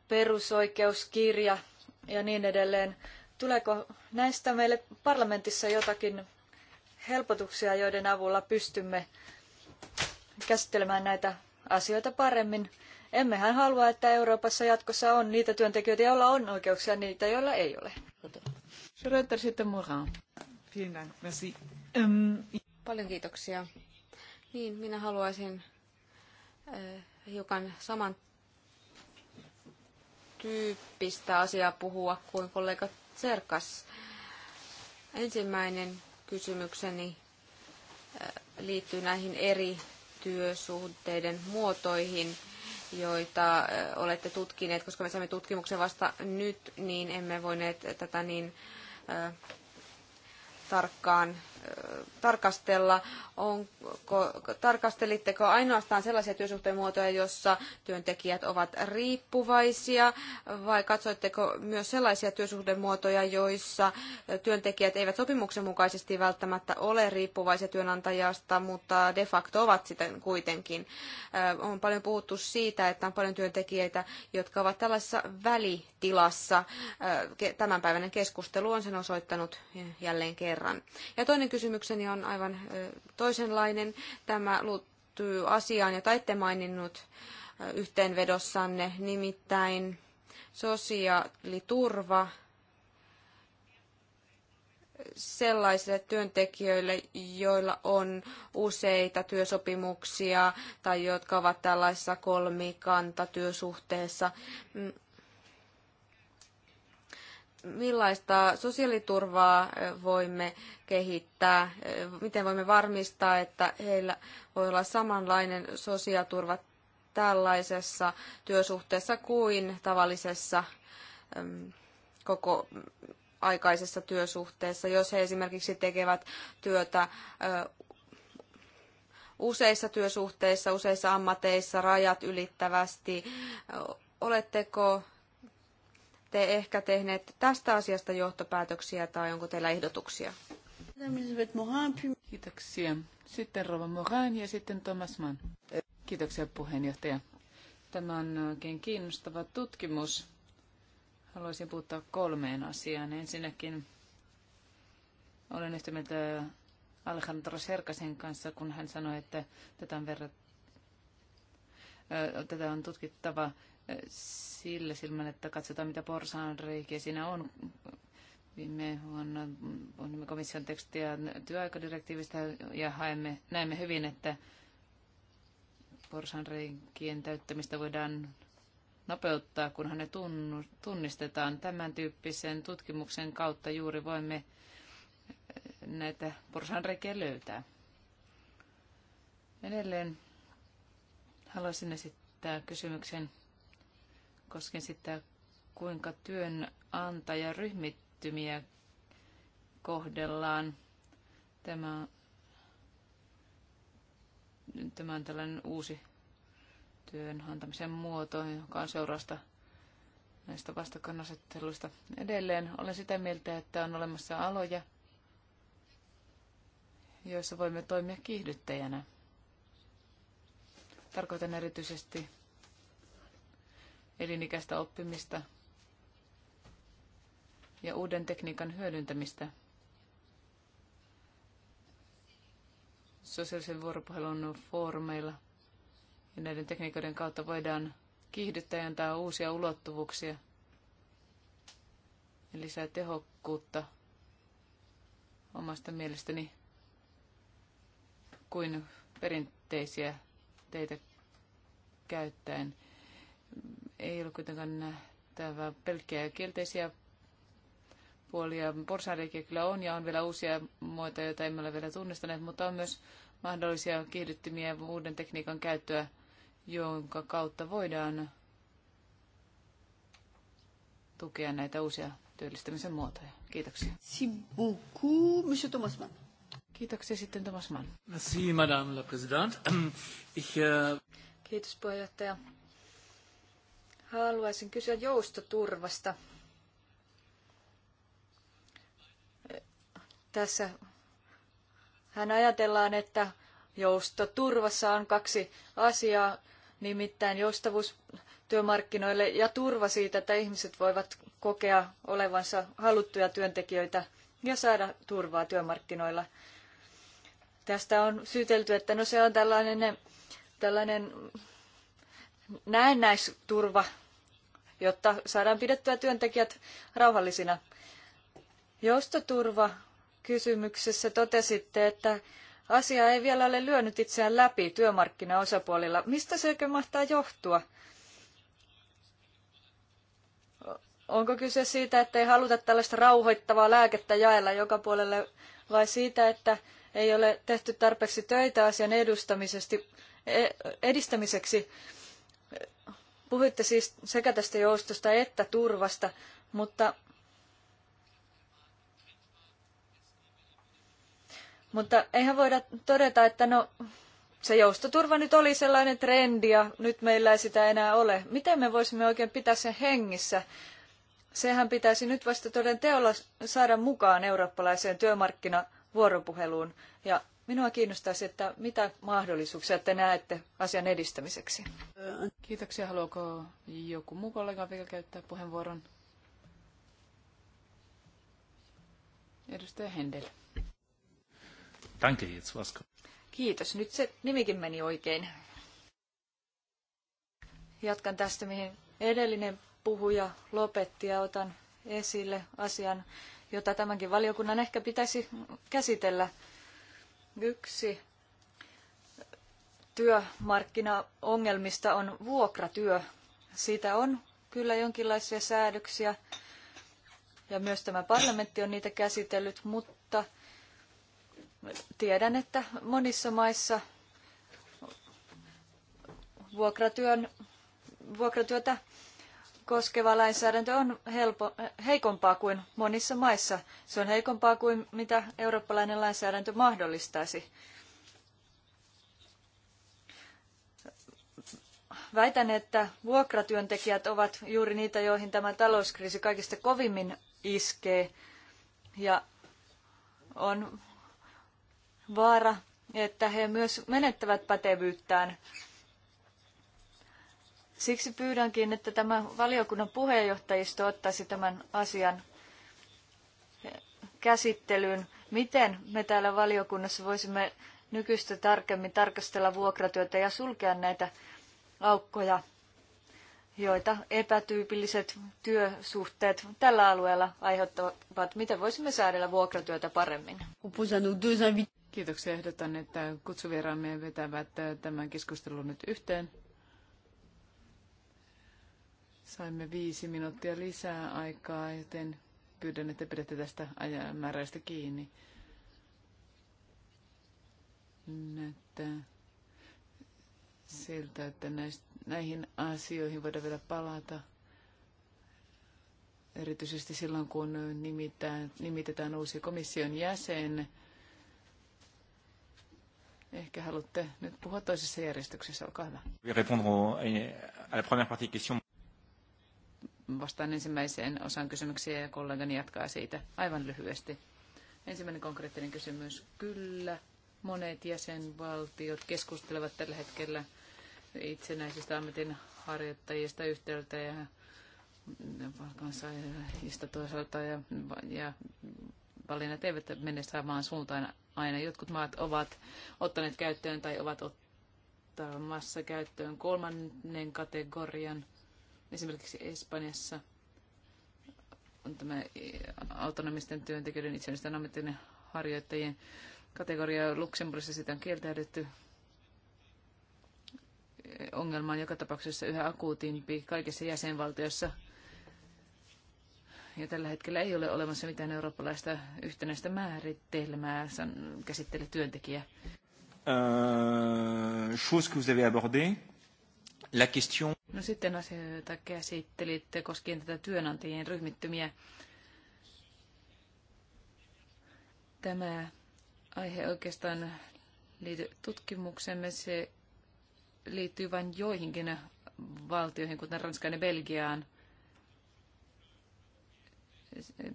perusoikeuskirja ja niin edelleen. Tuleeko näistä meille parlamentissa jotakin helpotuksia, joiden avulla pystymme käsittelemään näitä asioita paremmin. Emmehän halua, että Euroopassa jatkossa on niitä työntekijöitä, joilla on oikeuksia, niitä, joilla ei ole. Schröter sitten Morin. Paljon kiitoksia. Niin, minä haluaisin äh, hiukan saman tyyppistä asiaa puhua kuin kollega Serkas. Ensimmäinen kysymykseni eh, liittyy näihin eri työsuhteiden muotoihin, joita olette tutkineet, koska me saimme tutkimuksen vasta nyt, niin emme voineet tätä niin tarkkaan tarkastella, onko, tarkastelitteko ainoastaan sellaisia työsuhteen muotoja, jossa työntekijät ovat riippuvaisia, vai katsoitteko myös sellaisia työsuhdemuotoja, joissa työntekijät eivät sopimuksen mukaisesti välttämättä ole riippuvaisia työnantajasta, mutta de facto ovat sitä kuitenkin. On paljon puhuttu siitä, että on paljon työntekijöitä, jotka ovat tällaisessa välitilassa. Tämänpäiväinen keskustelu on sen osoittanut jälleen kerran. Ja toinen Toinen kysymykseni on aivan toisenlainen. Tämä liittyy asiaan, jota ette maininnut yhteenvedossanne, nimittäin sosiaaliturva sellaisille työntekijöille, joilla on useita työsopimuksia tai jotka ovat tällaisessa kolmikantatyösuhteessa. Mm, millaista sosiaaliturvaa eh, voimme kehittää, eh, miten voimme varmistaa, että heillä voi olla samanlainen sosiaaliturva tällaisessa työsuhteessa kuin tavallisessa koko aikaisessa työsuhteessa, jos he esimerkiksi tekevät työtä useissa työsuhteissa, useissa ammateissa, rajat ylittävästi. Oletteko te ehkä tehneet tästä asiasta johtopäätöksiä tai onko teillä ehdotuksia? Kiitoksia. Sitten Rova Morin ja sitten Thomas Mann. Kiitoksia puheenjohtaja. Tämä on oikein kiinnostava tutkimus. Haluaisin puuttua kolmeen asiaan. Ensinnäkin olen yhtä mieltä Alejandro Serkasen kanssa, kun hän sanoi, että tätä on verrat, tätä on tutkittava sillä silmällä, että katsotaan mitä reikiä siinä on. Viime vuonna pohdimme komission tekstiä työaikadirektiivistä ja haemme, näemme hyvin, että porsaanreikien täyttämistä voidaan nopeuttaa, kunhan ne tunnistetaan. Tämän tyyppisen tutkimuksen kautta juuri voimme näitä porsaanreikiä löytää. Edelleen haluaisin esittää kysymyksen koskien sitä, kuinka työnantajaryhmittymiä kohdellaan. Tämä, tämä on tällainen uusi työnantamisen muoto, joka on seurausta näistä vastakkainasetteluista. Edelleen olen sitä mieltä, että on olemassa aloja, joissa voimme toimia kiihdyttäjänä. Tarkoitan erityisesti elinikäistä oppimista ja uuden tekniikan hyödyntämistä. Sosiaalisen vuoropuhelun foorumeilla ja näiden tekniikoiden kautta voidaan kiihdyttää ja antaa uusia ulottuvuuksia ja lisää tehokkuutta omasta mielestäni kuin perinteisiä teitä käyttäen ei ole kuitenkaan nähtävä pelkkiä kielteisiä puolia. Porsareikiä kyllä on ja on vielä uusia muotoja, joita emme ole vielä tunnistaneet, mutta on myös mahdollisia kiihdyttimiä uuden tekniikan käyttöä, jonka kautta voidaan tukea näitä uusia työllistämisen muotoja. Kiitoksia. Merci beaucoup, monsieur Thomas Mann. Kiitoksia sitten Thomas Mann. Merci, madame la présidente. Ich, uh... Kiitos puheenjohtaja. Haluaisin kysyä joustoturvasta. Tässä hän ajatellaan, että joustoturvassa on kaksi asiaa, nimittäin joustavuus työmarkkinoille ja turva siitä, että ihmiset voivat kokea olevansa haluttuja työntekijöitä ja saada turvaa työmarkkinoilla. Tästä on syytelty, että no se on tällainen, tällainen näennäisturva, jotta saadaan pidettyä työntekijät rauhallisina. Joustoturva kysymyksessä totesitte, että asia ei vielä ole lyönyt itseään läpi työmarkkinaosapuolilla. Mistä se oikein mahtaa johtua? Onko kyse siitä, että ei haluta tällaista rauhoittavaa lääkettä jaella joka puolelle vai siitä, että ei ole tehty tarpeeksi töitä asian e, edistämiseksi? Puhuitte siis sekä tästä joustosta että turvasta, mutta, mutta eihän voida todeta, että no se joustoturva nyt oli sellainen trendi ja nyt meillä ei sitä enää ole. Miten me voisimme oikein pitää sen hengissä? Sehän pitäisi nyt vasta toden teolla saada mukaan eurooppalaiseen työmarkkinavuoropuheluun ja Minua kiinnostaisi, että mitä mahdollisuuksia te näette asian edistämiseksi. Kiitoksia. Haluaako joku muu kollega vielä käyttää puheenvuoron? Edustaja Hendel. Danke, Kiitos. Nyt se nimikin meni oikein. Jatkan tästä, mihin edellinen puhuja lopetti ja otan esille asian, jota tämänkin valiokunnan ehkä pitäisi käsitellä – Yksi työmarkkinaongelmista on vuokratyö. Siitä on kyllä jonkinlaisia säädöksiä ja myös tämä parlamentti on niitä käsitellyt, mutta tiedän, että monissa maissa vuokratyön, vuokratyötä koskeva lainsäädäntö on helpo, heikompaa kuin monissa maissa. Se on heikompaa kuin mitä eurooppalainen lainsäädäntö mahdollistaisi. Väitän, että vuokratyöntekijät ovat juuri niitä, joihin tämä talouskriisi kaikista kovimmin iskee. Ja on vaara, että he myös menettävät pätevyyttään Siksi pyydänkin, että tämä valiokunnan puheenjohtajisto ottaisi tämän asian käsittelyyn. Miten me täällä valiokunnassa voisimme nykyistä tarkemmin tarkastella vuokratyötä ja sulkea näitä aukkoja, joita epätyypilliset työsuhteet tällä alueella aiheuttavat. Miten voisimme säädellä vuokratyötä paremmin? Kiitoksia. Ehdotan, että kutsuvieraamme vetävät tämän keskustelun nyt yhteen. Saimme viisi minuuttia lisää aikaa, joten pyydän, että pidätte tästä ajamääräistä kiinni. Näyttää siltä, että näihin asioihin voidaan vielä palata. Erityisesti silloin, kun nimitetään, nimitetään uusi komission jäsen. Ehkä haluatte nyt puhua toisessa järjestyksessä, olkaa hyvä vastaan ensimmäiseen osaan kysymyksiä ja kollegani jatkaa siitä aivan lyhyesti. Ensimmäinen konkreettinen kysymys. Kyllä, monet jäsenvaltiot keskustelevat tällä hetkellä itsenäisistä ammatinharjoittajista yhtäältä ja palkansaajista toisaalta ja, ja valinnat eivät mene saamaan suuntaan aina. Jotkut maat ovat ottaneet käyttöön tai ovat ottamassa käyttöön kolmannen kategorian Esimerkiksi Espanjassa on tämä autonomisten työntekijöiden itsenäisten ammattien harjoittajien kategoria. Luxemburgissa sitä on kieltäydytty. Ongelma on joka tapauksessa yhä akuutimpi kaikissa jäsenvaltioissa. Ja tällä hetkellä ei ole olemassa mitään eurooppalaista yhtenäistä määritelmää käsittele työntekijä. Uh, chose que vous avez abordé, la question... No sitten asia, jota käsittelitte koskien tätä työnantajien ryhmittymiä. Tämä aihe oikeastaan liity tutkimuksemme. Se liittyy vain joihinkin valtioihin, kuten Ranskaan ja Belgiaan.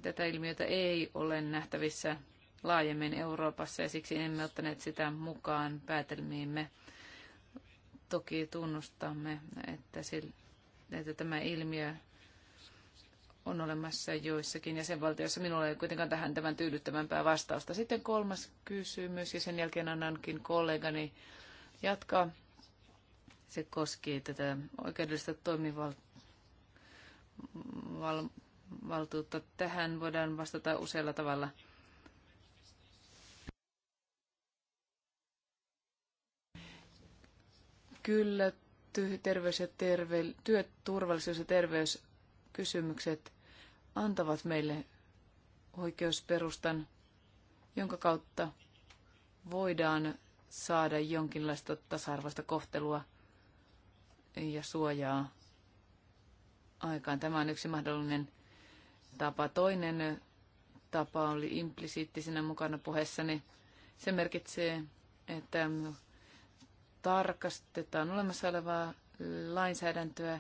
Tätä ilmiötä ei ole nähtävissä laajemmin Euroopassa ja siksi emme ottaneet sitä mukaan päätelmiimme Toki tunnustamme, että, sille, että tämä ilmiö on olemassa joissakin jäsenvaltioissa. Minulla ei kuitenkaan tähän tämän tyydyttävämpää vastausta. Sitten kolmas kysymys ja sen jälkeen annankin kollegani jatkaa. Se koskee tätä oikeudellista toimivaltuutta. Tähän voidaan vastata usealla tavalla – kyllä terveys ja terve, työturvallisuus ja terveyskysymykset antavat meille oikeusperustan, jonka kautta voidaan saada jonkinlaista tasa-arvoista kohtelua ja suojaa aikaan. Tämä on yksi mahdollinen tapa. Toinen tapa oli implisiittisenä mukana puheessani. Se merkitsee, että tarkastetaan olemassa olevaa lainsäädäntöä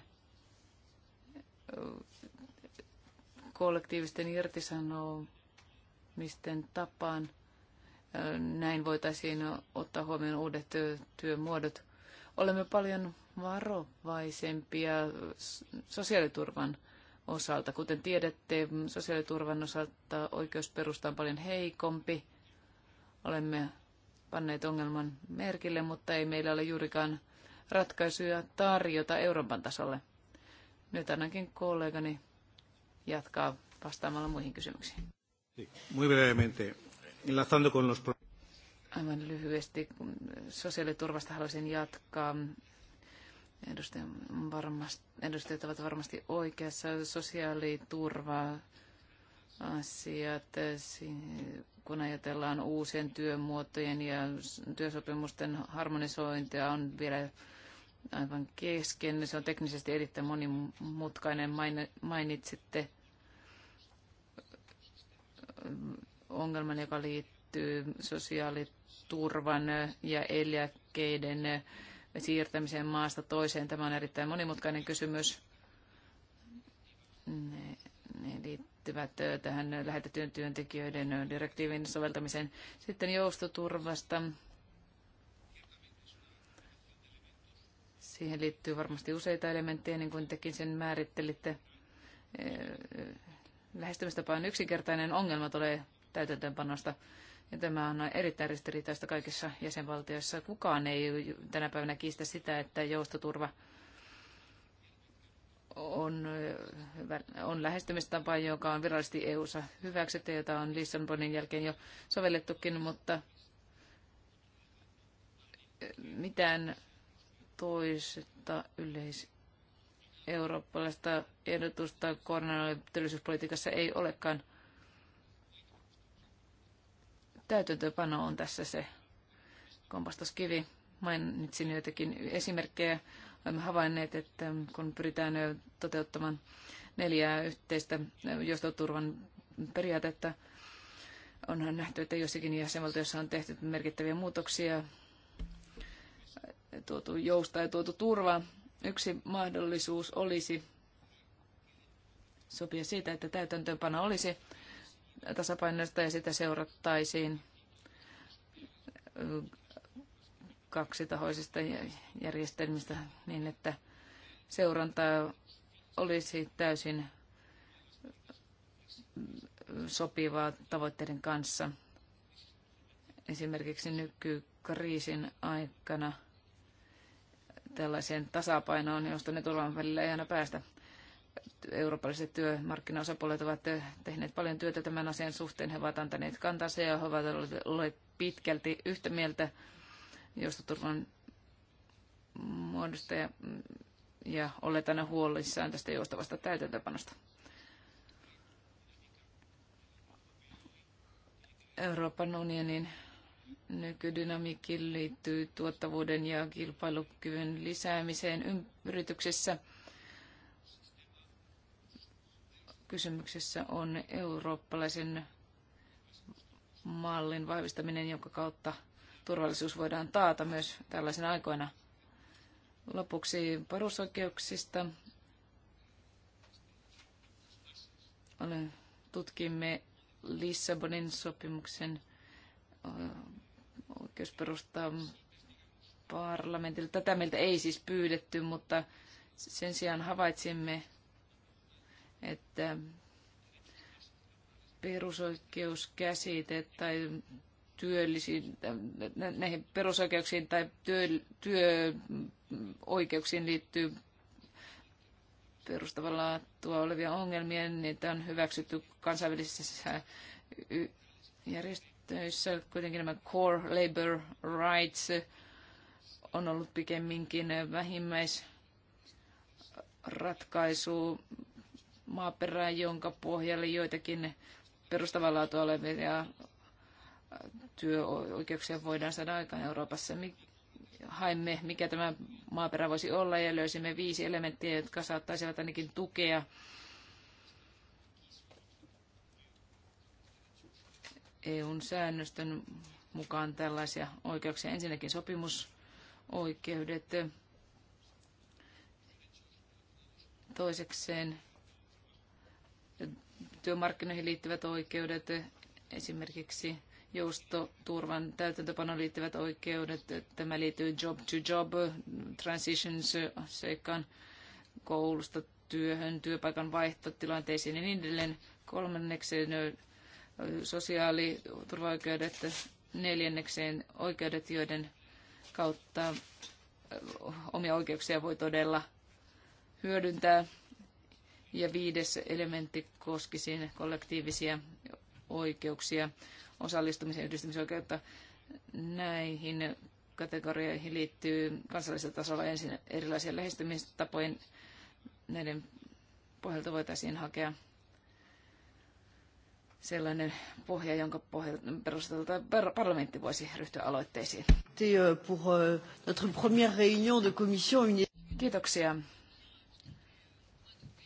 kollektiivisten irtisanomisten tapaan. Näin voitaisiin ottaa huomioon uudet työmuodot. Olemme paljon varovaisempia sosiaaliturvan osalta. Kuten tiedätte, sosiaaliturvan osalta oikeusperusta on paljon heikompi. Olemme panneet ongelman merkille, mutta ei meillä ole juurikaan ratkaisuja tarjota Euroopan tasolle. Nyt ainakin kollegani jatkaa vastaamalla muihin kysymyksiin. Muy brevemente, enlazando con los... Aivan lyhyesti sosiaaliturvasta haluaisin jatkaa. Edustajat, varmasti, edustajat ovat varmasti oikeassa. Sosiaaliturva asiat, eh, kun ajatellaan uusien työmuotojen ja työsopimusten harmonisointia, on vielä aivan kesken. Se on teknisesti erittäin monimutkainen. Mainitsitte eh, ongelman, joka liittyy sosiaaliturvan eh, ja eläkkeiden siirtämiseen maasta toiseen. Tämä on erittäin monimutkainen kysymys liittyvät tähän lähetetyön työntekijöiden direktiivin soveltamiseen. Sitten joustoturvasta. Siihen liittyy varmasti useita elementtejä, niin kuin tekin sen määrittelitte. Lähestymistapa on yksinkertainen ongelma tulee täytäntöönpanosta. Ja tämä on erittäin ristiriitaista kaikissa jäsenvaltioissa. Kukaan ei tänä päivänä kiistä sitä, että joustoturva on, on lähestymistapa, joka on virallisesti EU-ssa hyväksytty, jota on Lissabonin jälkeen jo sovellettukin, mutta mitään toista yleis eurooppalaista ehdotusta koordinaatiotyöllisyyspolitiikassa ei olekaan. Täytäntöpano on tässä se kompastuskivi. Mainitsin joitakin esimerkkejä olemme havainneet, että kun pyritään toteuttamaan neljää yhteistä joustoturvan periaatetta, onhan nähty, että jossakin jäsenvaltiossa on tehty merkittäviä muutoksia, tuotu jousta ja tuotu turvaa. Yksi mahdollisuus olisi sopia siitä, että täytäntöönpano olisi tasapainoista ja sitä seurattaisiin kaksitahoisista järjestelmistä niin, että seuranta olisi täysin sopivaa tavoitteiden kanssa. Esimerkiksi nykykriisin aikana tällaiseen tasapainoon, josta ne tullaan välillä ei aina päästä. Eurooppalaiset työmarkkinaosapuolet ovat tehneet paljon työtä tämän asian suhteen. He ovat antaneet kantansa ja he ovat olleet pitkälti yhtä mieltä joustoturvan muodosta ja, ja olet aina huolissaan tästä joustavasta täytäntöpanosta. Euroopan unionin nykydynamiikki liittyy tuottavuuden ja kilpailukyvyn lisäämiseen yrityksessä. Kysymyksessä on eurooppalaisen mallin vahvistaminen, jonka kautta turvallisuus voidaan taata myös tällaisena aikoina. Lopuksi perusoikeuksista. Tutkimme Lissabonin sopimuksen oikeusperustaa parlamentilta. Tätä meiltä ei siis pyydetty, mutta sen sijaan havaitsimme, että perusoikeuskäsite tai työllisiin, näihin perusoikeuksiin tai työ, työoikeuksiin liittyy perustavanlaatua olevia ongelmia, niitä on hyväksytty kansainvälisissä järjestöissä. Kuitenkin nämä core labor rights on ollut pikemminkin vähimmäisratkaisu maaperään jonka pohjalle joitakin perustavanlaatua olevia työoikeuksia voidaan saada aikaan Euroopassa. Haimme, mikä tämä maaperä voisi olla, ja löysimme viisi elementtiä, jotka saattaisivat ainakin tukea EUn säännöstön mukaan tällaisia oikeuksia. Ensinnäkin sopimusoikeudet, toisekseen työmarkkinoihin liittyvät oikeudet, esimerkiksi joustoturvan täytäntöpanoon liittyvät oikeudet. Tämä liittyy job to job transitions seikkaan koulusta työhön, työpaikan vaihtotilanteisiin ja niin edelleen. Kolmannekseen sosiaaliturvaoikeudet, neljännekseen oikeudet, joiden kautta omia oikeuksia voi todella hyödyntää. Ja viides elementti koski siinä kollektiivisia oikeuksia osallistumisen yhdistymisoikeutta. Näihin kategorioihin liittyy kansallisella tasolla ensin erilaisia lähestymistapoja. Näiden pohjalta voitaisiin hakea sellainen pohja, jonka pohjalta parlamentti voisi ryhtyä aloitteisiin. Kiitoksia.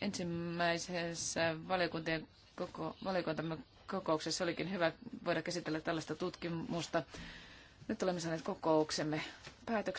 Ensimmäisessä valiokuntien koko, valiokuntamme kokouksessa olikin hyvä voida käsitellä tällaista tutkimusta. Nyt olemme saaneet kokouksemme päätöksen.